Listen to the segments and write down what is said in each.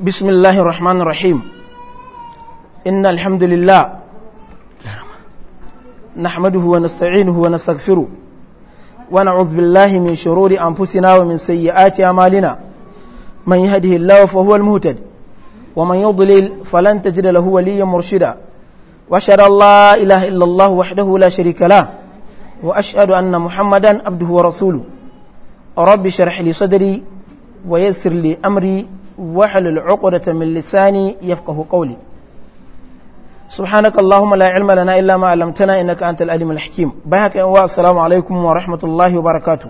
بسم الله الرحمن الرحيم إن الحمد لله نحمده ونستعينه ونستغفره ونعوذ بالله من شرور أنفسنا ومن سيئات أمالنا من يهده الله فهو المهتد ومن يضلل فلن تجد له وليا مرشدا وأشهد أن لا إله إلا الله وحده لا شريك له وأشهد أن محمدا عبده ورسوله رب شرح لي صدري ويسر لي أمري وحل العقدة من لساني يفقه قولي سبحانك اللهم لا علم لنا إلا ما علمتنا إنك أنت الأليم الحكيم بحك أنواء السلام عليكم ورحمة الله وبركاته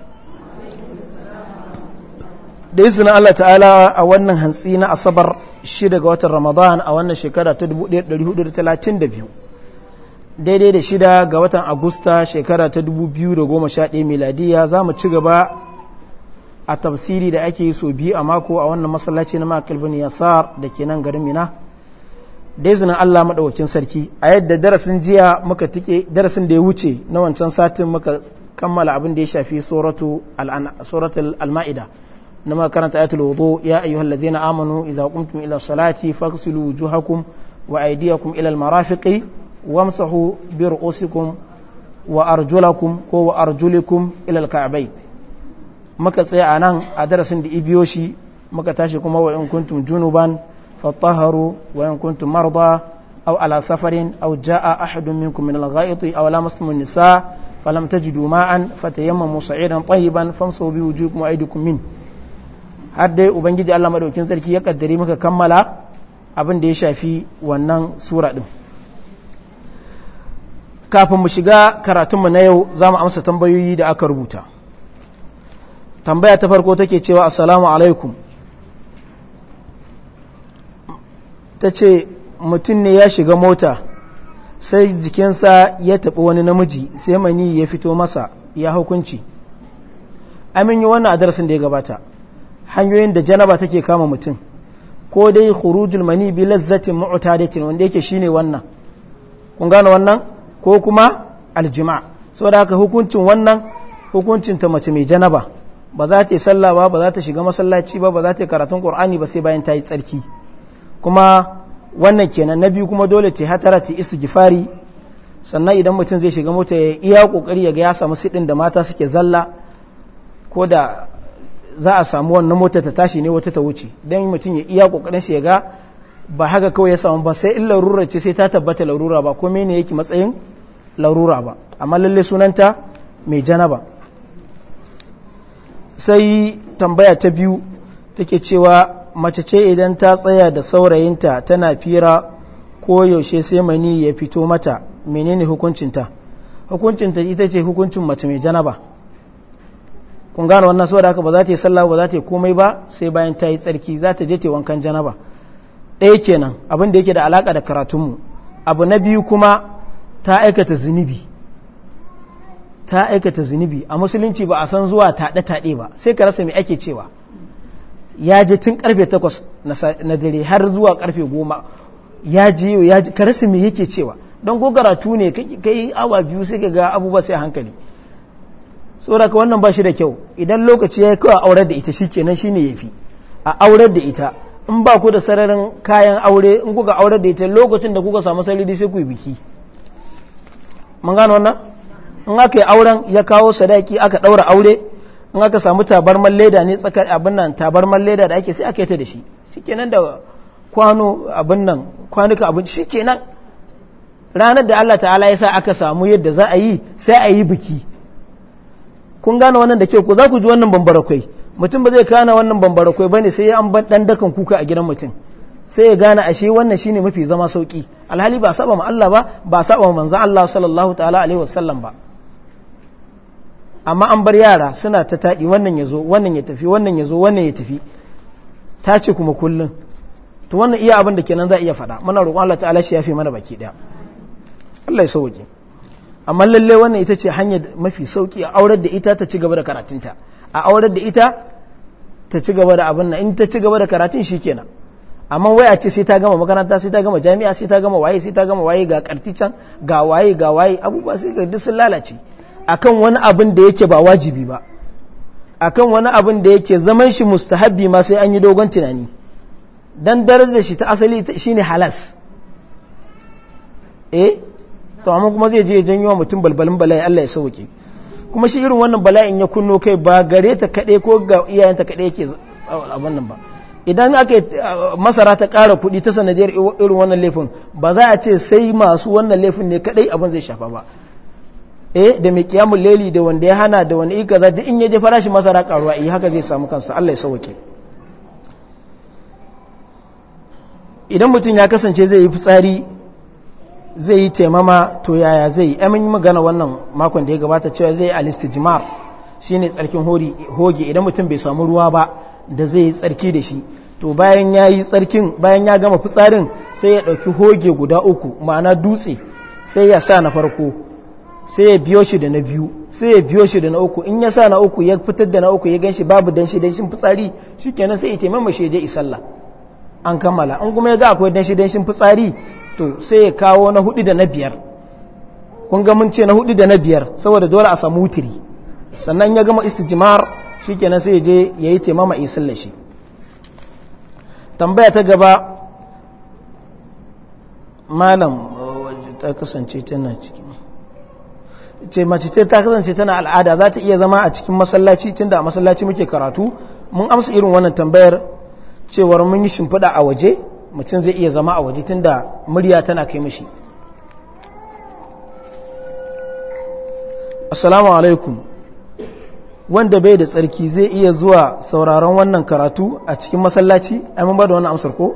بإذن الله تعالى أولنا هنسينا أصبر shida ga watan ramadan a دليه shekara تلاتين 1432 daidai da shida ga watan agusta shekara ta 2011 miladiya za mu ci gaba a tafsiri da ake yi so biyu a mako a wannan masallaci na makilbin yasar da ke nan garin mina da izinin allah maɗaukakin sarki a yadda darasin jiya muka tike darasin da ya wuce na wancan satin muka kammala abin da ya shafi suratu al-ma'ida na makaranta ayatul wudu ya ayyuhal ladzina amanu idza qumtum ila salati faghsilu wujuhakum wa aydiyakum ila al-marafiqi wamsahu bi ru'usikum wa arjulakum ko wa arjulikum ila al-ka'bayn muka tsaya a nan a darasin da ibiyo shi muka tashi kuma wa in kuntum junuban fattaharu wa in kuntum marda aw ala safarin aw jaa ahadun minkum min al-gha'iti aw lamastum nisa nisa falam tajidu ma'an fatayammamu sa'idan tayyiban famsahu bi wujuhikum wa aydikum min har dai ubangiji Allah madaukin sarki ya kaddare muka kammala abin da ya shafi wannan sura din kafin mu shiga karatunmu na yau za mu amsa tambayoyi da aka rubuta tambaya ta farko take cewa assalamu alaikum ta ce mutum ne ya shiga mota sai jikinsa ya taɓi wani namiji sai mani ya fito masa ya hukunci amin yi wannan a da ya gabata hanyoyin da janaba take kama mutum ko dai khurujul mani bi lazzatin mu'tadatin wanda yake shine wannan kun gane wannan ko kuma aljima saboda haka hukuncin wannan hukuncin ta mace mai janaba ba za ta yi sallah ba ba za ta shiga masallaci ba ba za ta yi karatun qur'ani ba sai bayan ta yi tsarki kuma wannan kenan na biyu kuma dole ta hatara ta istighfari sannan idan mutum zai shiga mota ya iya kokari ya ga ya samu sidin da mata suke zalla ko da za a samu wannan mota ta tashi ne wata ta wuce dan mutum ya iya kokarin shi ya ga ba haka kawai ya samu ba sai in larura ce sai ta tabbata larura ba ko ne yake matsayin larura ba amma lalle sunanta mai janaba sai tambaya ta biyu take cewa mace ce idan ta tsaya da saurayinta tana fira ko yaushe sai mani ya fito mata menene hukuncinta hukuncinta ita ce hukuncin mace mai janaba kun gane wannan saboda haka ba za ta yi sallah ba za ta yi komai ba sai bayan ta yi tsarki za ta je ta wankan janaba ɗaya kenan abin da yake da alaka da karatunmu abu na biyu kuma ta aikata zunubi ta aikata zunubi a musulunci ba a san zuwa taɗe-taɗe ba sai ka rasa mai ake cewa ya je tun karfe takwas na dare har zuwa karfe goma ya je ka rasa mai yake cewa don gogara tu ne ka yi awa biyu sai ka ga abubuwa sai hankali tsoron ka wannan ba shi da kyau idan lokaci ya yi kawo aurar da ita shi kenan shi ne ya fi a aurar da ita in ba ku da sararin kayan aure in kuka aurar da ita lokacin da kuka samu sarari sai ku yi biki mun gano wannan in aka yi auren ya kawo sadaki aka ɗaura aure in aka samu tabarman leda ne tsakar abin nan tabarman leda da ake sai aka yi ta da shi shi kenan da kwano abin nan kwanuka abin shi ranar da Allah ta'ala ya sa aka samu yadda za a yi sai a yi biki kun gane wannan da kyau ko za ku ji wannan bambarakwai mutum ba zai kana wannan bambarakwai ba ne sai ya an dan dakan kuka a gidan mutum sai ya gane ashe wannan shine mafi zama sauki alhali ba saba ma Allah ba ba saba manzo Allah sallallahu ta'ala alaihi wasallam ba amma an bar yara suna ta taɗi wannan ya zo wannan ya tafi wannan ya zo wannan ya tafi ta ce kuma kullum to wannan iya abin da kenan za a iya faɗa muna roƙon Allah ta'ala shi ya fi mana baki ɗaya Allah ya sauke amma lalle wannan ita ce hanyar mafi sauki a aurar da ita ta ci gaba da karatunta a aurar da ita ta ci gaba da abin nan in ta ci gaba da karatun shi kenan amma wai a ce sai ta gama makaranta sai ta gama jami'a sai ta gama waye sai ta gama waye ga karti can ga waye ga waye abubuwa sai ga duk sun lalace akan wani abin da yake ba wajibi ba akan wani abin da yake zaman shi mustahabbi ma sai an yi dogon tunani dan darajar shi ta asali shine halas eh to amma kuma zai je janyo mutum balbalin bala'i Allah ya sauke kuma shi irin wannan bala'in ya kunno kai ba gare ta kade ko ga iyayenta kade yake abin nan ba idan aka masara ta ƙara kuɗi ta sanadiyar irin wannan laifin ba za a ce sai masu wannan laifin ne kaɗai abin zai shafa ba eh da mai kiyamun leli da wanda ya hana da wani ikaza duk in ya je farashin masara karuwa yi eh, haka zai samu kansa Allah ya sauke idan mutum ya kasance zai yi fitsari zai yi taimama to yaya zai yi amin eh, magana wannan makon da ya gabata cewa zai yi shi ne tsarkin hoge idan mutum bai samu ruwa ba da zai yi tsarki da shi to bayan ya yi tsarkin bayan ya gama fitsarin sai ya ɗauki hoge guda uku ma'ana dutse sai ya sa na farko sai ya biyo shi da na biyu sai ya biyo shi da na uku in ya sa na uku ya fitar da na uku ya ganshi babu danshi danshin fitsari shikenan sai ya taimama shi je isalla an kammala an kuma ya ga akwai danshi danshin fitsari to sai ya kawo na hudu da na biyar kun ga mun ce na hudu da na biyar saboda dole a samu wutiri sannan ya gama istijmar shikenan sai ya je ya yi taimama isalla shi tambaya ta gaba malam ta kasance tana ciki ce mace ce ta kasance tana al'ada za ta iya zama a cikin masallaci tunda a masallaci muke karatu mun amsa irin wannan tambayar cewar mun yi shimfiɗa a waje mutum zai iya zama a waje tunda murya tana kai mashi assalamu alaikum wanda bai da tsarki zai iya zuwa sauraron wannan karatu a cikin masallaci ai mun ba da wannan amsar ko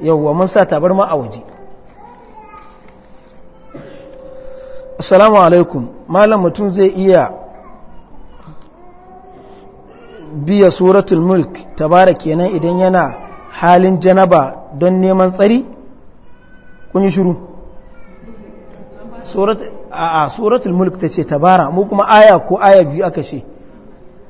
yawwa mun sa tabarma a waje assalamu alaikum malam mutum zai iya biya suratul mulk tabara kenan idan yana halin janaba don neman tsari kun yi shuru suratul mulk ta ce tabara mu kuma aya ko aya biyu aka ce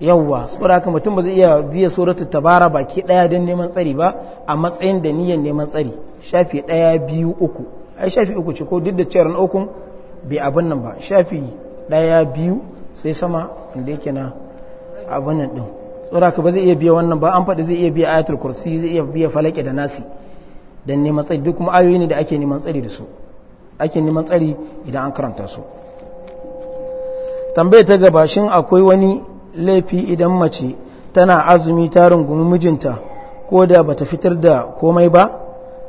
yawwa saboda haka mutum ba zai iya biya suratul tabara ke daya don neman tsari ba a matsayin da niyyar neman tsari shafi daya biyu uku ai shafi uku ce ko duk da cewar ukun bai abin nan ba shafi daya biyu sai sama wanda yake na abin nan din tsora ka ba zai iya biya wannan ba an faɗi zai iya biya ayatul kursi zai iya biya falake da nasi dan neman tsari duk kuma ayoyi ne da ake neman tsari da su ake neman tsari idan an karanta su tambaya ta gaba shin akwai wani laifi idan mace tana azumi ta rungumi mijinta ko da bata fitar da komai ba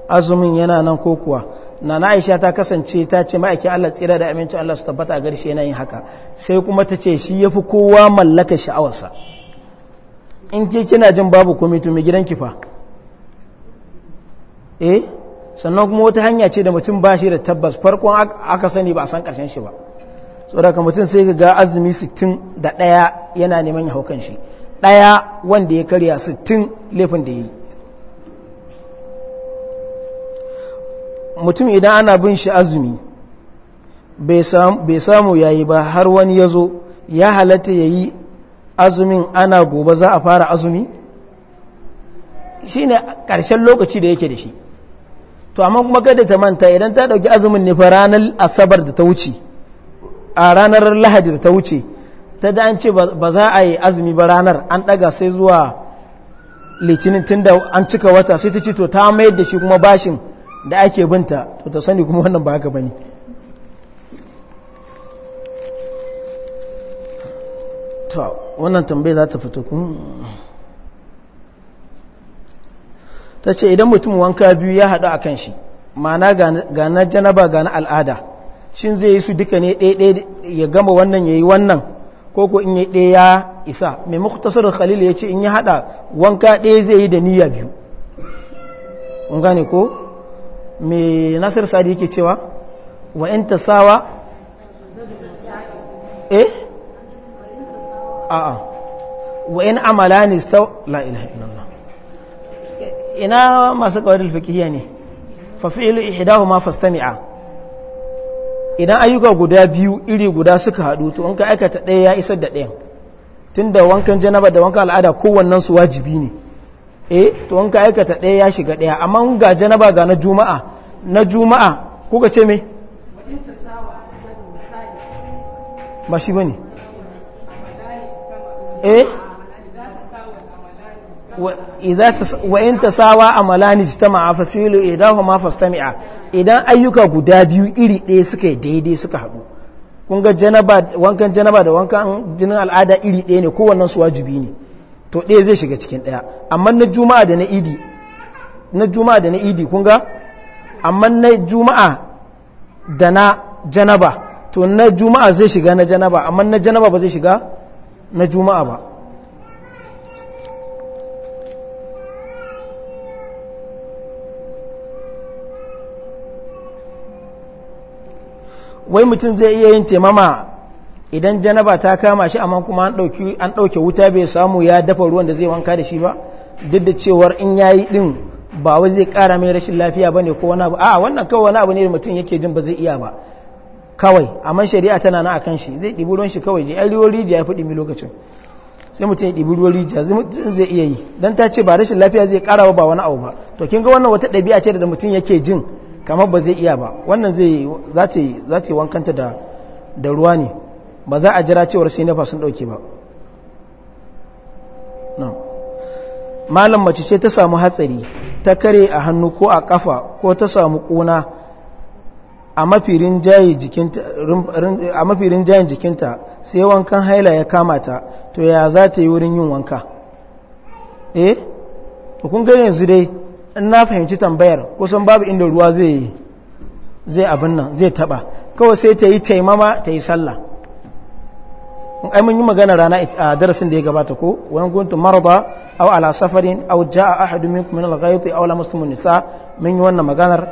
azumin yana nan ko kuwa nana aisha ta kasance ta ce ma'aikin Allah tsira da amincin Allah su tabbata a garshe yana yin haka sai kuma ta ce shi ya fi kowa mallaka sha'awarsa in ke kina jin babu komai tumi gidan kifa eh sannan kuma wata hanya ce da mutum ba shi da tabbas farkon aka sani ba a san karshen shi ba tsoraka mutum sai ka ga azumi 61 yana neman ya haukan shi ɗaya wanda ya karya 60 laifin da ya yi mutum idan ana bin shi azumi bai samu yayi ba har wani ya zo ya halatta ya yi azumin ana gobe za a fara azumi shi ne ƙarshen lokaci da yake da shi to amma kuma kada ta manta idan ta ɗauki azumin ne fa ranar asabar da ta wuce a ranar lahadi da ta wuce ta da an ce ba za a yi azumi ba ranar an ɗaga sai zuwa litinin tun da an cika wata sai ta ce to ta mayar da shi kuma bashin da ake binta to ta sani kuma wannan ba haka bane to wannan tambaye za ta fito kun ta ce idan mutum wanka biyu ya haɗu a kan shi ma'ana mana na janaba na al'ada shin zai yi su duka ne ɗaiɗe ya gama wannan ya yi wannan ko ko in yi ɗaya ya isa mai muktasar khalil ya ce in yi haɗa wanka ɗaya zai yi da niyya biyu in ko mai nasir sadi yake cewa wa in ta sawa eh a'a wa in amala ne stau la ilaha ina masu kawar alfikiyya ne fafi'ilu ihidahu ma fastami'a idan ayyuka guda biyu iri guda suka hadu to in ka aikata ɗaya ya isar da ɗayan tunda wankan janaba da wankan al'ada kowannensu wajibi ne eh to an ka aikata ɗaya ya shiga ɗaya amma ga janaba ga na juma'a na juma'a kuka ce me ba shi ne eh wa in tasawa amalani jitama'a fa filu idahuma fastami'a idan ayyuka guda biyu iri ɗaya suka yi daidai suka haɗu kunga wankan janaba da wankan jinin al'ada iri ɗaya ne kowannen su wajibi ne to ɗaya zai shiga cikin ɗaya amma na juma'a da na idi na juma'a da na idi kun ga amma na juma'a da na janaba to na juma'a zai shiga na janaba amma na janaba ba zai shiga na juma'a ba wai mutum zai iya yin temama idan janaba ta kama shi amma kuma an ɗauke wuta bai samu ya dafa ruwan da zai wanka da shi ba duk da cewar in ya yi din ba wai zai ƙara mai rashin lafiya ba ne ko wani abu a wannan kawai wani abu ne da mutum yake jin ba zai iya ba kawai amma shari'a tana na akan shi zai ɗibi ruwan shi kawai je ai ruwan rijiya ya fi ɗimi lokacin sai mutum ya ɗibi ruwan rijiya zai iya yi don ta ce ba rashin lafiya zai ƙara ba wani abu ba to kin ga wannan wata ɗabi'a ce da mutum yake jin kamar ba zai iya ba wannan zai za ta yi wankanta da ruwa ne ba za a jira cewar sai na sun ɗauke ba malam mace ce ta samu hatsari ta kare a hannu ko a kafa ko ta samu kuna a mafirin jayin jikinta sai wankan haila ya kamata to ya za ta yi wurin yin wanka eh kun gani yanzu dai in na fahimci tambayar kusan babu inda ruwa zai abin nan zai taba kawai sai ta yi taimama ta yi sallah in ai mun yi magana rana a darasin da ya gabata ko wani guntun marada au ala safarin au ja'a ahadu minkum min al-ghayt aw la muslimun nisa mun yi wannan maganar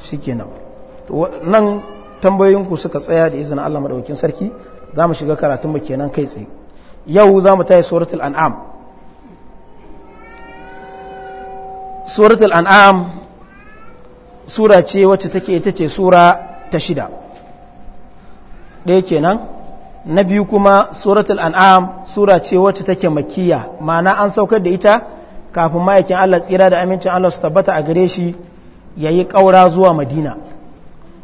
shi ke nan tambayoyin ku suka tsaya da izinin Allah madaukakin sarki za mu shiga karatun mu kenan kai tsaye yau za mu tayi suratul an'am suratul an'am sura ce wacce take ita ce sura ta shida ɗaya kenan na biyu kuma suratul an'am sura ce wacce take makiya ma'ana an saukar da ita kafin ma'aikin Allah tsira da amincin Allah su tabbata a gare shi yayi ƙaura zuwa Madina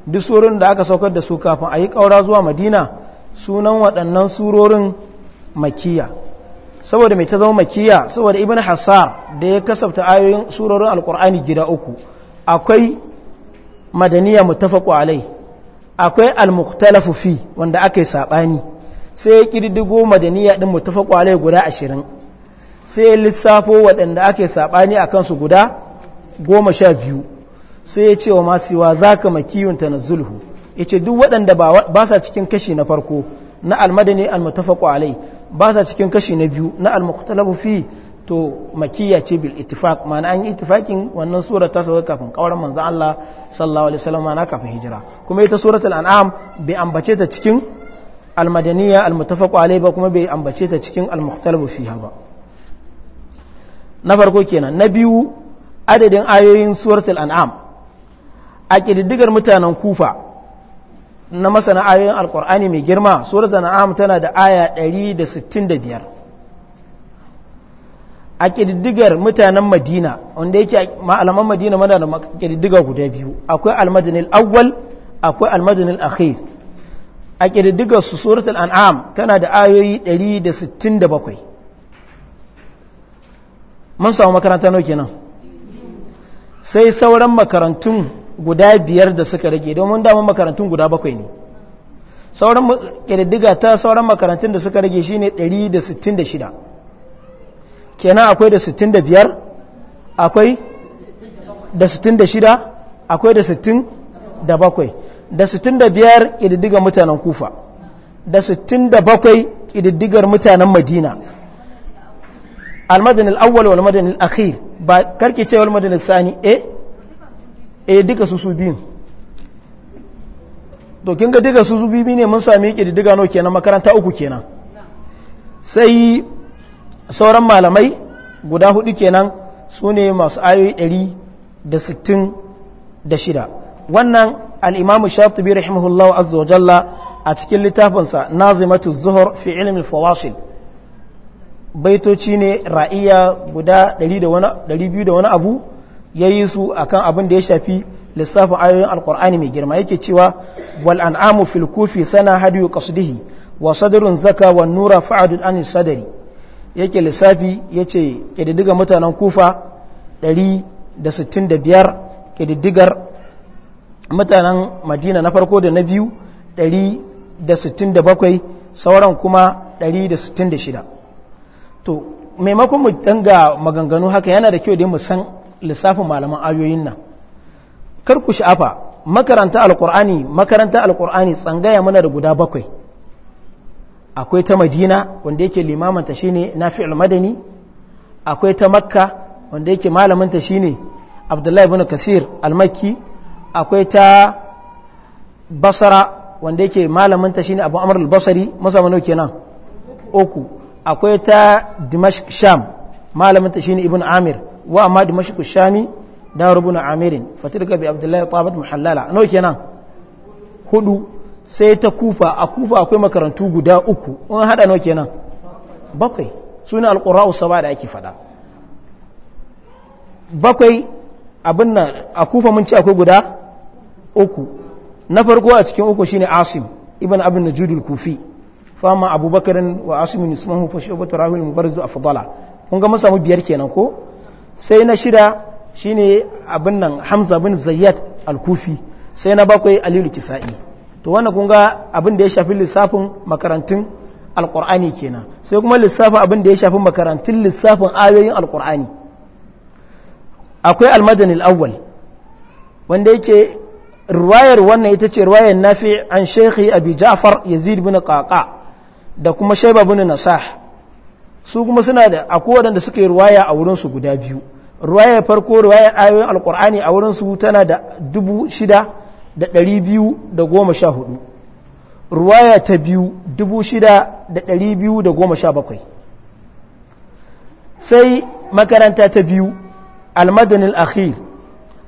duk surorin da aka saukar da su kafin a yi ƙaura zuwa Madina sunan waɗannan surorin makiya saboda mai ta zama makiya saboda ibn Hassar da ya kasafta ayoyin surorin alkur'ani gida uku akwai madaniya tafa alai akwai al-mukhtalafu fi wanda aka saɓani sabani sai ya kirdigo madaniya din mutafaqa alai guda 20 sai ya lissafo waɗanda ake sabani akan su guda biyu sai ya ce wa masiwa zaka makiyun tanazzulhu yace duk waɗanda ba sa cikin kashi na farko na almadani madani al-mutafaqa alai ba sa cikin kashi na biyu na al-mukhtalafu to makiyya ce bil ittifaq ma'ana an yi ittifakin wannan sura ta sauka kafin kauran manzon Allah sallallahu alaihi wasallam ma'ana kafin hijira kuma ita suratul an'am bai ambace ta cikin almadaniya almuttafaqu alaihi ba kuma bai ambace ta cikin almukhtalafu fiha ba na farko kenan na biyu adadin ayoyin suratul an'am a kididdigar mutanen kufa na masana ayoyin alkur'ani mai girma suratul an'am tana da aya 165 a ƙididdigar mutanen madina wanda yake ma'alaman madina mana da ƙididdiga guda biyu akwai almadinil awwal akwai almadinil akhir a ƙididdigar su suratul an'am tana da ayoyi 167 mun samu makaranta nau kenan sai sauran makarantun guda biyar da suka rage domin damar makarantun guda bakwai ne sauran ƙididdiga ta sauran makarantun da suka rage shine 166 kenan akwai da 65 akwai da 66 akwai da 67 da 65 ƙididdigar mutanen kufa da 67 ƙididdigar mutanen madina almadin al'awwal wal madin al'akhir ba karki ce wal madin al'sani eh eh duka su su biyu to ga duka su su biyu ne mun sami ƙididdiga no kenan makaranta uku kenan sai sauran malamai guda hudu kenan su ne masu ayoyi ɗari da sittin da shida wannan al'imamu shatubi rahimahullahu azza jalla a cikin littafinsa nazimatu zuhur fi ilimin fawashil baitoci ne ra'iya guda ɗari biyu da wani abu ya yi su akan abin da ya shafi lissafin ayoyin alkur'ani mai girma yake cewa wal an'amu filkufi sana hadiyu qasdihi wa sadrun zaka wa nura fa'adun an sadari yake lissafi ya ce ƙididdigar mutanen kufa 165 ƙididdigar mutanen madina na farko da na biyu 167 sauran kuma 166 to maimakon mu danga maganganu haka yana da kyau da mu san lissafin malaman ayoyin nan karku ku sha'afa makaranta alkur'ani makaranta alkur'ani tsangaya muna da guda bakwai akwai ta madina wanda yake limamanta shi ne nafi'ul madani akwai ta makka wanda yake malaminta shi ne abdullahi bin kasir almaki akwai ta basara wanda yake malaminta shi ne abu amur albasari masamano nan. uku akwai ta dimashik sham malaminta shi ne ibn amir wa amma dimashik shami da rubuna amirin fatirka bi abdullahi tabat muhallala ke kenan hudu sai ta kufa a kufa akwai makarantu guda uku wani hada nau kenan bakwai suna alƙura'u saba da ake faɗa bakwai abinna a kufa mun ci akwai guda uku na farko a cikin uku shine asim ibn abin na judul kufi fama abubakarin wa asimin hufa shi obata rahul mubarzu a fadala kun ga masamu biyar kenan ko sai na shida shine abin nan hamza bin zayyad al-kufi sai na bakwai alilu kisa'i to wannan kun ga abin da ya shafi lissafin makarantun alkur'ani kenan sai kuma lissafin abin da ya shafi makarantun lissafin ayoyin alkur'ani akwai almadanil awwal wanda yake ruwayar wannan ita ce ruwayar nafi an shekhi abi ja'far yazid bin qaqa da kuma shaiba bin nasah su kuma suna da akwai wadanda suka yi ruwaya a wurinsu guda biyu ruwayar farko ruwayar ayoyin alkur'ani a wurinsu tana da dubu shida da ɗari biyu da goma sha hudu ruwaya ta biyu dubu shida da ɗari biyu da goma sha bakwai sai makaranta ta biyu almadunin akhir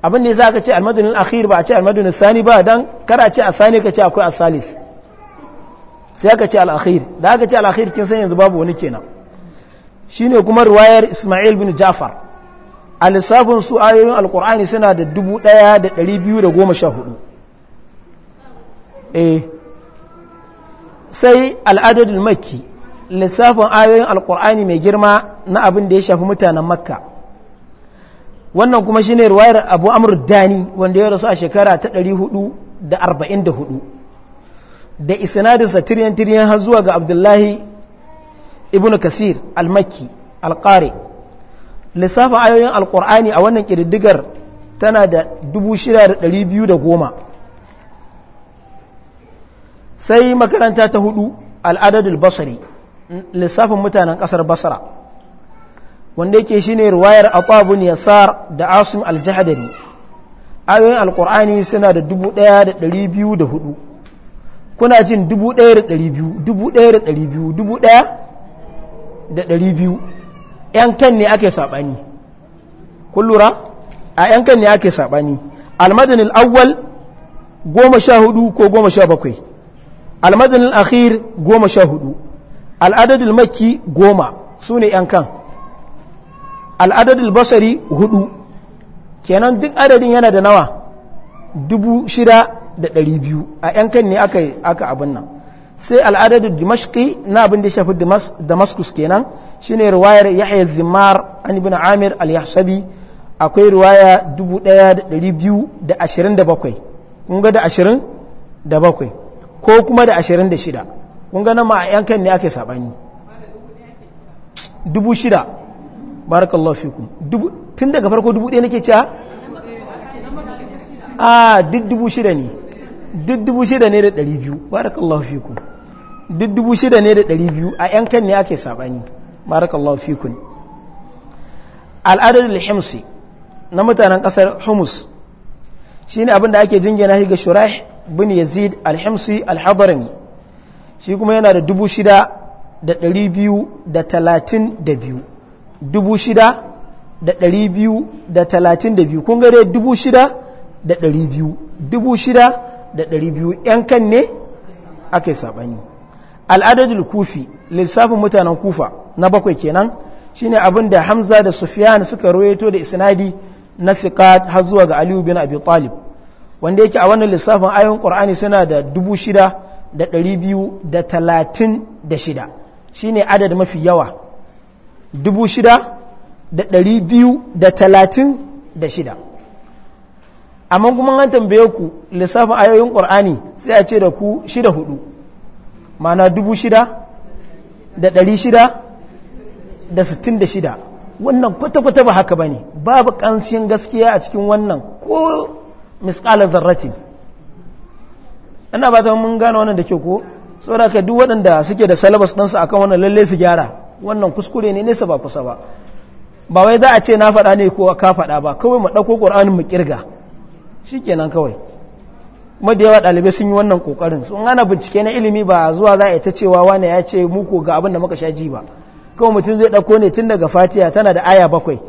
abin da ya za ka ce almadunin akhir ba a ce almadunin sani ba don kar a ce a sani ka ce akwai a salis sai ka ce al'akhir da aka ce al'akhir kin san yanzu babu wani kenan shi ne kuma ruwayar ismail bin jafar a lissafin su ayoyin alkur'ani suna da dubu ɗaya da ɗari biyu da goma sha hudu eh sai al'adadul makki lissafin ayoyin alkur'ani mai girma na abin da ya shafi mutanen makka wannan kuma shine ruwayar abu amur dani wanda ya rasu a shekara ta 444 da isinadinsa tiryan-tiryan har zuwa ga abdullahi ibn kasir al-makki al-qari lissafin ayoyin alkur'ani a wannan ƙiriddigar tana da 6,210 sai makaranta ta hudu al'adadul basari lissafin mutanen kasar basara wanda yake shine ruwayar atabun yasar da asim al ayoyin alkur'ani suna da 1204 kuna jin 1200 biyu 'yan kan ne ake saɓani kullura a 'yan kan ne ake saɓani almadin al'awwal 14 ko 17 almadin al'akhir goma sha hudu al'adadul maki goma su ne ‘yan kan al'adadul basari hudu kenan duk adadin yana da nawa dubu shida da ɗari biyu a ‘yan kan ne aka abin nan sai al'adadul dimashki na abin da shafi damaskus kenan shine ne ruwayar yahya zimar an ibn amir al-yahsabi akwai ruwaya da kun ga da da 27 ko kuma da ashirin da shida kun gana ma a yankan ne ake saɓani dubu shida barakallahu kun. tun daga farko dubu ɗaya nake cewa a duk dubu shida ne duk dubu shida ne da ɗari biyu barakallahu fikum duk dubu shida ne da ɗari biyu a yankan ne ake saɓani barakallahu fikum al'adar himsi na mutanen ƙasar humus shi ne abinda ake jingina shi ga shuraih bin yazid alhamsi alhadarami shi kuma yana da dubu shida da dari biyu da talatin da biyu dubu shida da dari biyu da talatin da biyu kun gare dubu shida da dari biyu dubu shida da dari biyu ‘yan kan ne aka yi saɓani al'adadul kufi lissafin mutanen kufa na bakwai kenan shine abin da hamza da sufiyan suka royeto da isnadi na fiƙat har zuwa ga aliyu bin abi talib wanda yake a wannan lissafin ayon ƙur'ani suna da 6,236 shi ne adad mafi yawa 6,236 amma kuma an tambaye ku lissafin ayoyin ƙur'ani sai a ce da ku 6,4 mana 6,666 wannan kwata-kwata ba haka ba ne babu ƙanshin gaskiya a cikin wannan ko misqala dharratin ina ba ta mun gane wannan da ke ko da ka duk waɗanda suke da salabas ɗansa akan wannan lalle su gyara wannan kuskure ne nesa ba kusa ba ba wai za a ce na faɗa ne ko ka faɗa ba kawai mu ɗauko ƙur'anin mu kirga shikenan kawai kuma yawa ɗalibai sun yi wannan ƙoƙarin sun ana bincike na ilimi ba zuwa za a yi ta cewa wani ya ce muku ga abin da muka sha ji ba kawai mutum zai ɗauko ne tun daga fatiya tana da aya bakwai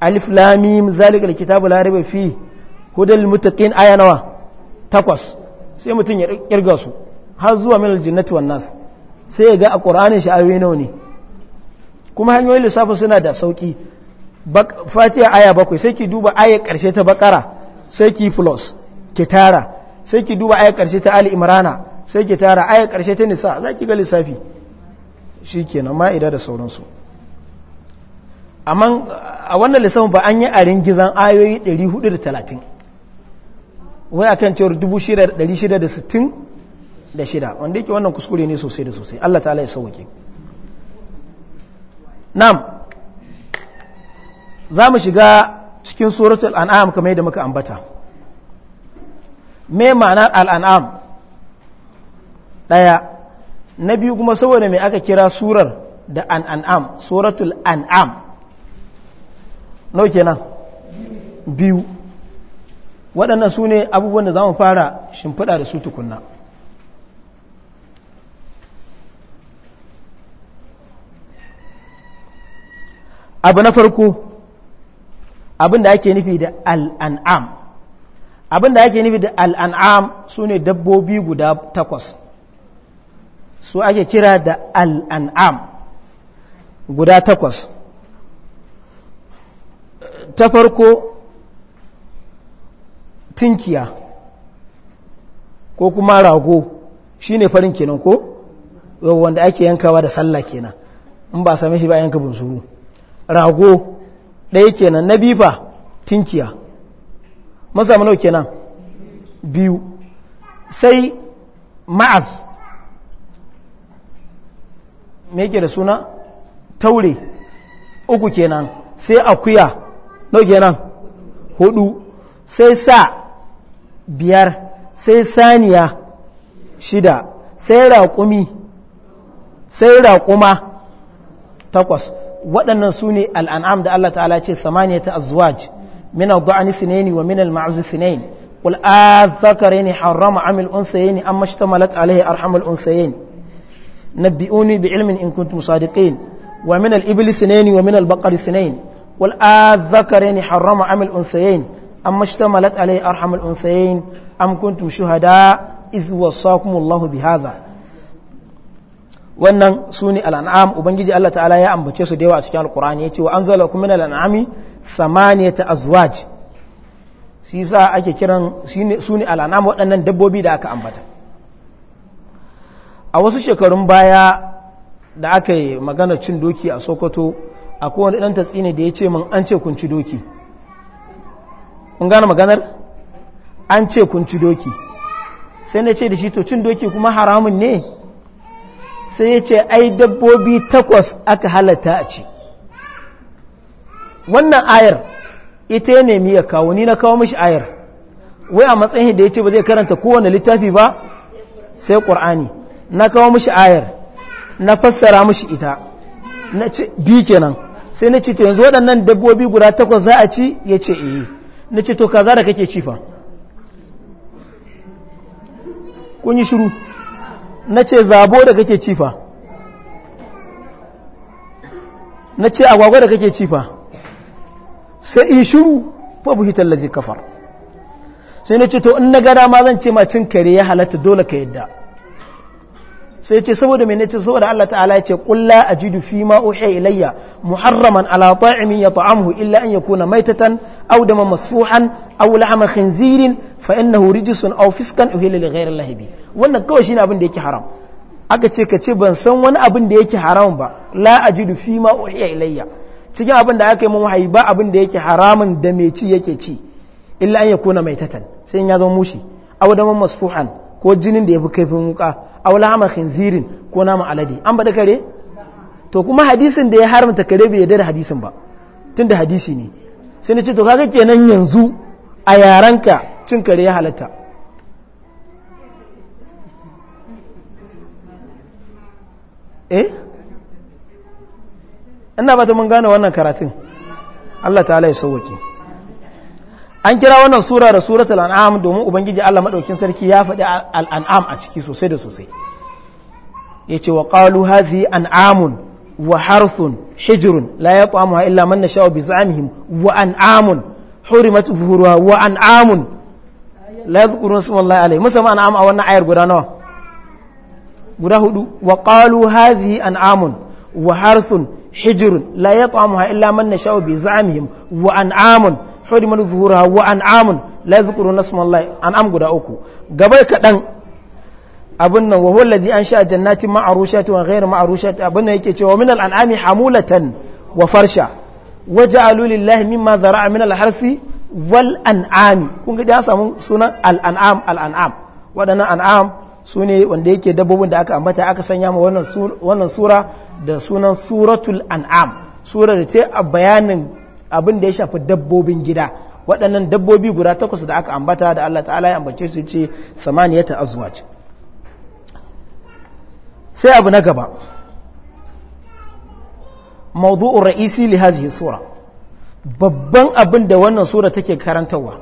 alif lamim zalikal kitabu larabe fi hudal mutakin aya nawa takwas sai mutum ya kirga su har zuwa minal jinnati wan nas sai ya ga a qur'anin shi ayoyi nawa ne kuma hanyoyin lissafin suna da sauki fatiha aya bakwai sai ki duba aya karshe ta bakara sai ki plus ki tara sai ki duba aya karshe ta ali imrana sai ki tara aya karshe ta nisa za ki ga lissafi shi shikenan ma'ida da sauransu amma a wannan lissafin ba an yi a ringizan ayoyi 430 wai akan cewar 666 wanda yake wannan kuskure ne sosai da sosai Allah ta halaye sauwake nam za mu shiga cikin suratul alanam kamar yadda muka ambata me ma'anar al'an'am ɗaya na biyu kuma saboda mai aka kira surar da an'am suratul an'am nau kenan biyu waɗannan su ne abubuwan da za mu fara shimfiɗa da su tukunna abu na farko abin da ake nufi da al'an'am abin da ake nufi da al'an'am su ne dabbobi guda takwas su ake kira da al'an'am guda takwas ta farko tinkiya ko kuma rago shi ne farin kenan ko wanda ake yankawa da sallah kenan in ba same shi ba yanka bunsuru rago ɗaya kenan na bifa tinkiya masa manau kenan biyu sai ma'az me ke da suna taure uku kenan sai akuya nau kenan hudu sai sa biyar sai saniya shida sai raƙumi sai raƙuma takwas waɗannan su ne al'an'am da Allah ta'ala ce samaniya ta azuwaj min al-du'ani sinaini wa min al-ma'azi sinaini wal azakaraini harrama amil unsayaini an mashtamalat alaihi arhamul na biuni bi ilmin in kuntum sadiqin wa min al-ibli sinaini wa min al-baqari sinaini wal azakaraini harrama amil unsayaini أما اشتملت عليه أرحم الأنثيين أم كنتم شهداء إذ وصاكم الله بهذا wannan su ne al'an'am ubangiji Allah ta'ala ya ambace su da yawa a cikin alkur'ani ya ce wa an zala kuma na al'an'ami samaniya ta azwaj shi sa ake kiran su ne al'an'am waɗannan dabbobi da aka ambata a wasu shekarun baya da aka yi magana cin doki a sokoto a kowane ɗan tatsi ne da ya ce min an ce kun ci doki kun gane maganar an ce kun ci doki sai na ce da shi to cin doki kuma haramun ne sai ya ce ai dabbobi takwas aka halatta a ci wannan ayar ita ya nemi ya kawo ni na kawo mashi ayar wai a matsayin da ya ce ba zai karanta kowane littafi ba sai ƙorani na kawo mashi ayar na fassara mashi ita na ce bi kenan sai na ce to yanzu waɗannan dabbobi guda takwas za a ci ya ce iya eh. na ce to kaza da kake cifa kun yi shiru na ce zabo da kake cifa na ce agwagwa da kake cifa sai in shiru babu hitar lafi kafar sai na ce to in na gada ma zan ce macin kare ya halatta dole ka yadda sai ce saboda mai nace saboda Allah ta'ala ya ce kulla ajidu fi ma uhiya ilayya muharraman ala ta'imin yat'amuhu illa an yakuna maitatan aw daman masfuhan au lahma khinzirin fa innahu rijsun au fiskan uhilla ghayri Allah wannan kawai shine abin da yake haram aka ce ka ce ban san wani abin da yake haram ba la ajidu fi ma ilayya cikin abin da aka yi mun wahayi ba abin da yake haramun da mai ci yake ci illa an kuna maitatan sai in ya zama mushi da daman masfuhan ko jinin da ya fi kaifin wuka wula lahama khinzirin ko nama alade an bada kare to kuma hadisin da ya haramta kare bai yadda da hadisin ba tunda hadisi ne sai ce to kaga kenan yanzu a yaranka cin kare ya halatta eh ina ba ta mun gane wannan karatun Allah ta'ala ya sauwake an kira wannan sura da suratul an'am domin ubangiji Allah madaukin sarki ya faɗi al'an'am a ciki sosai da sosai yace wa qalu hadhihi an'amun wa harthun hijrun la yat'amuha illa man nasha'u bi za'mihim wa an'amun hurimat zuhuruha wa an'amun la yadhkuruna isma Allah alayhi musamman an'am a wannan ayar guda nawa guda hudu wa qalu hadhihi an'amun wa harthun hijrun la yat'amuha illa man nasha'u bi za'mihim wa an'amun hurimar zuhura wa an'amun la zikuru na smallah an'am guda uku gabar kaɗan abin nan wahon ladi an sha jannatin ma'arushati wa ghairu ma'arushati abin nan yake cewa min an'ami hamulatan wa farsha waje alulillahi mimma a min alharfi wal an'ami kun ga ya samu sunan al'an'am al'an'am waɗannan an'am su ne wanda yake dabbobin da aka ambata aka sanya ma wannan sura da sunan suratul an'am sura da ta bayanin abin da ya shafi dabbobin gida waɗannan dabbobi guda takwas da aka ambata da Allah ta'ala ya ambace su ce samaniyata azwaj sai abu na gaba mawdu'ur ra'isi li hadhihi sura babban abin da wannan sura take karantawa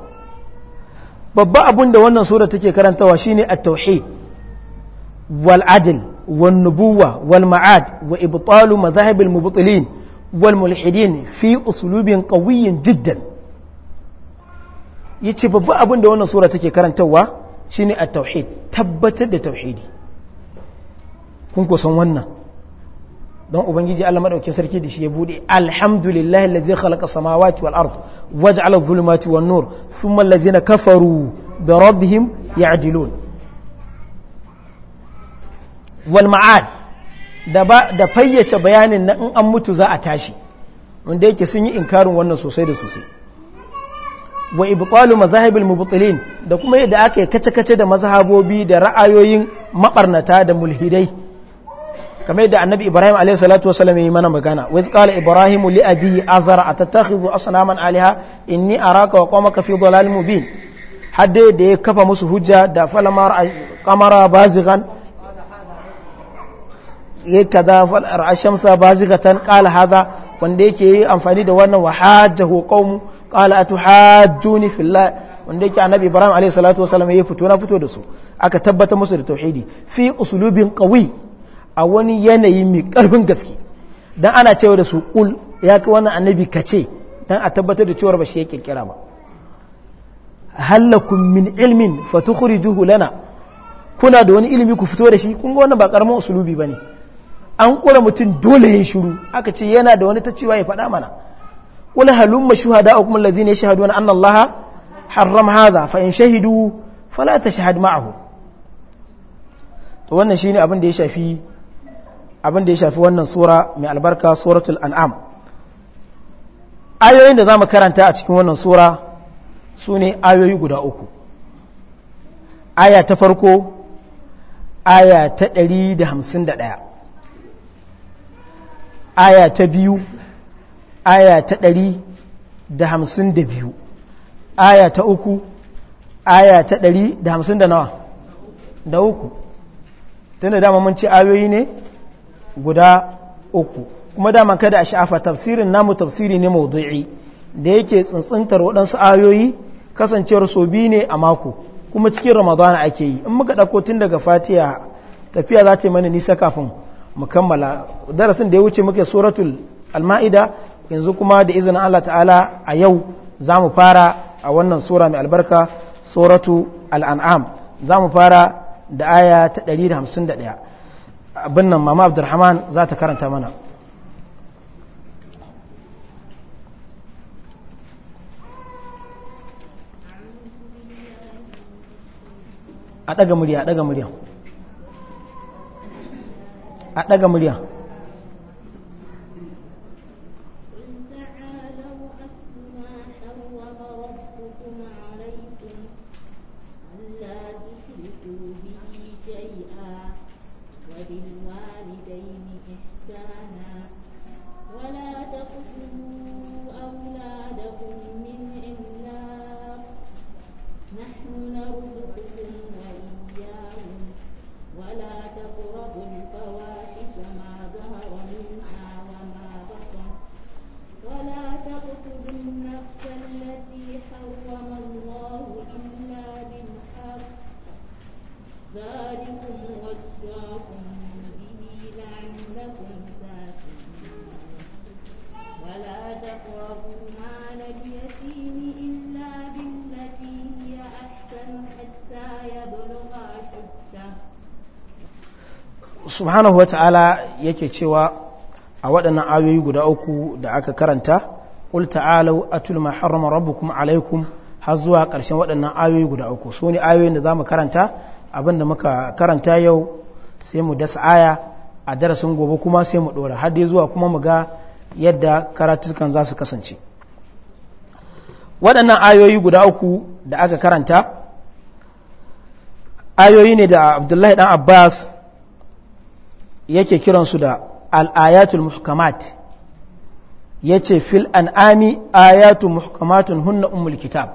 babba abin da wannan sura take karantawa shine at-tauhid wal adl wan nubuwa wal ma'ad wa ibtalu madhahib al mubtilin والملحدين في أسلوب قوي جدا yace babba abin da wannan sura take karantarwa shine at-tauhid tabbatar da tauhidi kun ko san wannan don ubangiji Allah madauke sarki da shi ya bude alhamdulillahi alladhi khalaqa samawati wal ard waja'ala adh-dhulumati wan nur thumma alladhina kafaru bi rabbihim ya'dilun wal ma'ad da fayyace bayanin na in an mutu za a tashi wanda yake sun yi inkarin wannan sosai da sosai wa ibqalu mazahibil mubtilin da kuma yadda aka yi kace-kace da mazhabobi da ra'ayoyin mabarnata da mulhidai kamar yadda annabi ibrahim alayhi salatu wasallam yi mana magana wa qala ibrahim li abihi azara atattakhidhu asnaman alaha inni araka wa qawmaka fi dhalalin mubin hadde da ya kafa musu hujja da falamar qamara bazighan ya kaza fal arshamsa bazikatan qala hadha wanda yake yi amfani da wannan wahajjahu qaumu qala atuhajjuni fillah wanda yake annabi ibrahim alayhi salatu wasallam ya fito na fito da su aka tabbata musu da tauhidi fi uslubin qawi a wani yanayi mai karfin gaske dan ana cewa da su kul ya kai wannan annabi kace dan a tabbatar da cewa ba shi ya kirkira ba halakum min ilmin fatukhrijuhu lana kuna da wani ilimi ku fito da shi kun ga wannan ba karamin usulubi bane an kura mutum dole yin shiru aka ce yana da wani ta cewa ya faɗa mana qul halumma shuhada'ukum alladhina yashhaduna shahadu allaha harrama hadha fa in shahidu falata tashhad ma'ahu to wannan shine abin da ya shafi abin da ya shafi wannan sura mai albarka suratul an'am ayoyin da zamu karanta a cikin wannan sura sune ayoyi guda uku aya ta farko aya ta 151 aya ta biyu aya ta ɗari da hamsin da biyu aya ta uku aya ta ɗari da hamsin da nawa da uku tunda dama mun ci ayoyi ne guda uku kuma dama kada a sha'afa tafsirin namu tafsiri ne maudu'i da yake tsintsintar waɗansu ayoyi kasancewar so biyu ne a mako kuma cikin ramadana ake yi in muka ɗauko tun daga fatiya tafiya za ta yi mana nisa kafin mu darasin da ya wuce muke suratul al-ma'ida yanzu kuma da izinin Allah ta'ala a yau za mu fara a wannan sura mai albarka suratu al'an'am za mu fara da aya ta 151 abin nan mama abdurrahman za ta karanta mana a ɗaga murya a ɗaga murya a ɗaga murya subhanahu wa ta'ala yake cewa a waɗannan ayoyi guda uku da aka karanta ƙul ta'alau atul ma harama rabbukum alaikum har zuwa ƙarshen waɗannan ayoyi guda uku su ne ayoyin da za mu karanta abinda muka karanta yau sai mu dasa aya a darasin gobe kuma sai mu ɗora har dai zuwa kuma mu ga yadda karatukan za su kasance waɗannan ayoyi guda uku da aka karanta ayoyi ne da abdullahi ɗan abbas yake kiransu da al'ayatul muhkamat ya ce fil an'ami ayatu muhkamatun hunna umul kitab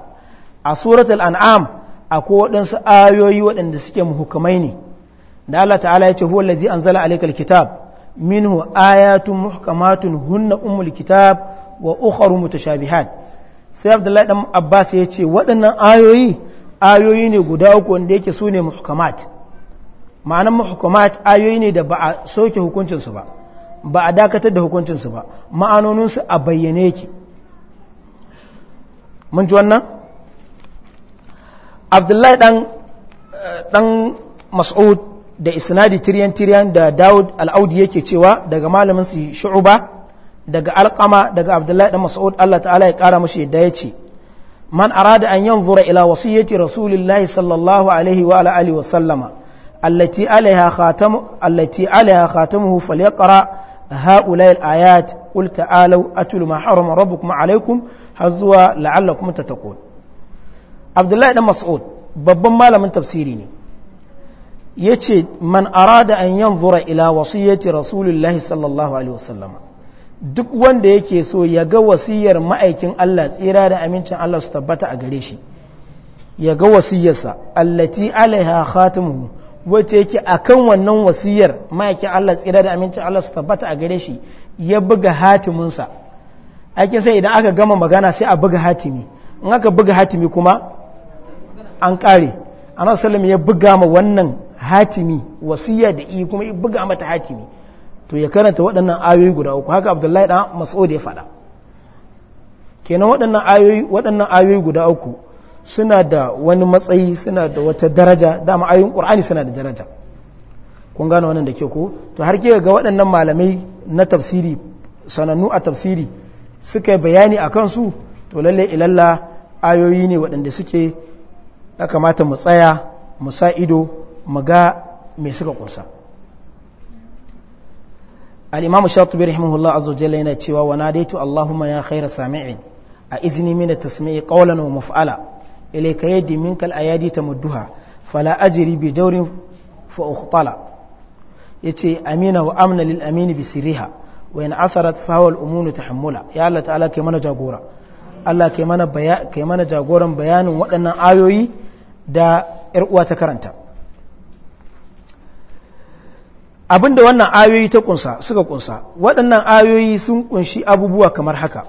a suratul an'am akwai waɗansu ayoyi waɗanda suke muhukamai ne da Allah ta'ala ya ce huwa lazi an zala alaikal kitab minhu ayatun muhkamatun hunna umul kitab wa ukharu mutashabihat sai abdullahi dan abbas ya ce waɗannan ayoyi ayoyi ne guda uku wanda yake su ne muhkamat ma'anan muhkumat ayoyi ne da ba a soke hukuncinsu ba ba a dakatar da hukuncinsu ba ma'anoninsu a bayyane yake mun ji wannan abdullahi ɗan mas'ud da isnadi tiryan tiryan da Dawud al-audi yake cewa daga malamin su shu'uba daga alkama daga abdullahi ɗan mas'ud Allah ta'ala ya kara mashi yadda yace man arada an yanzura ila wasiyyati rasulillahi sallallahu alaihi wa ala'ali wasallama allati alaiha khatamu allati alaiha khatamuhu falyaqra ha'ula'i al-ayat qul ta'alu atul ma harama rabbukum alaikum har zuwa la'allakum tattaqun abdullahi dan mas'ud babban malamin tafsiri ne yace man arada an yanzura ila wasiyyati rasulillahi sallallahu alaihi wasallama duk wanda yake so ya ga wasiyar ma'aikin Allah tsira da amincin Allah su tabbata a gare shi ya ga wasiyarsa allati alaiha khatimuhu wacce yake a kan wannan wasiyar ma'aikin Allah tsira da amincin Allah su tabbata a gare shi ya buga hatiminsa ake sai idan aka gama magana sai a buga hatimi in aka buga hatimi kuma an kare ana salam ya buga ma wannan hatimi wasiya da iya kuma ya buga mata hatimi to ya karanta waɗannan ayoyi guda uku haka abdullahi ɗan da ya faɗa kenan waɗannan ayoyi guda uku suna da wani matsayi suna da wata daraja dama ayoyin qur'ani suna da daraja kun gane wannan da ke ko to har ke ga waɗannan malamai na tafsiri sanannu a tafsiri suka bayani a kansu to lalle ilalla ayoyi ne waɗanda suke ya kamata mu tsaya mu sa ido mu ga me suka kusa al-imam shatibi rahimahullah azza jalla yana cewa wa nadaitu allahumma ya khaira sami'in a izini mina tasmii qawlan wa maf'ala ilayka yadi minkal ayadi tamudduha fala ajri bi jawrin fa ukhtala yace amina wa amna lil amini bi sirriha wa in atharat fa huwa al tahammula ya Allah ta'ala kai mana jagora Allah ke mana kai mana jagoran bayanin waɗannan ayoyi da ƴar uwa ta karanta abinda wannan ayoyi ta kunsa suka kunsa waɗannan ayoyi sun kunshi abubuwa kamar haka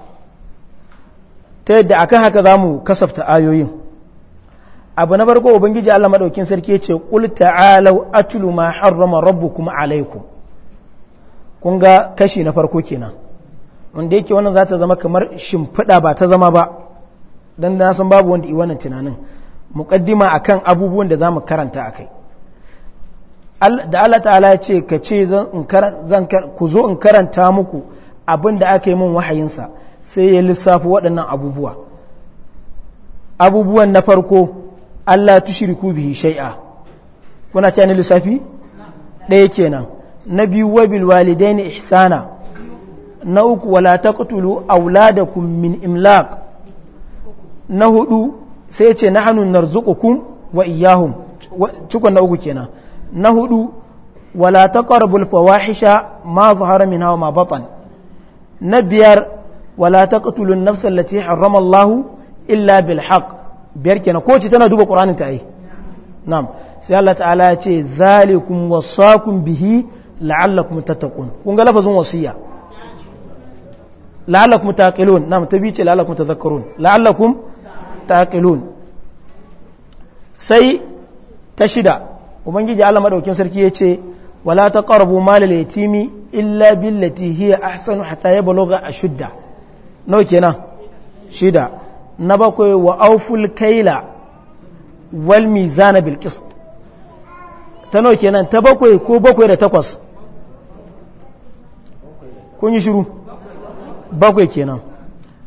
ta yadda akan haka zamu kasafta ayoyin abu na farko ubangiji Allah madaukin sarki yace qul ta'alu atlu ma harrama rabbukum alaykum kun ga kashi na farko kenan wanda yake wannan zata zama kamar shimfida ba ta zama ba dan na san babu wanda yi wannan tunanin muqaddima akan abubuwan da zamu karanta akai da Allah ta'ala ya ce ka ce zan ku zo in karanta muku abin da aka yi min wahayinsa sai ya lissafi waɗannan abubuwa abubuwan na farko Allah tushiriku bihi shai'a. kuna ta lissafi ɗaya kenan na biyu wabil walidaini ihsana na uku wala taqtulu auladakum min imlaq na hudu sai ce nahnu narzuqukum wa iyyahum cikon na uku kenan na hudu wala taqrabul fawahisha ma zahara minha hawa ma batan na biyar wala taqtulun nafsa allati harrama illa bil biyar kenan ko ce tana duba ƙuranin ta yi na'am sai Allah ta'ala ya ce zalikum wasakum bihi la'allakum tattaqun kun ga lafazin wasiya la'allakum taqilun na'am ta bice la'allakum tadhakkarun la'allakum taqilun sai ta shida ubangiji Allah maɗaukin sarki ya ce wala ta taqrabu malal timi illa billati hiya ahsanu hatta yablugha ashudda no kenan shida na bakwai wa auful kaila wal mizana bil qist ta nawa kenan ta bakwai ko bakwai da takwas kun yi shiru bakwai kenan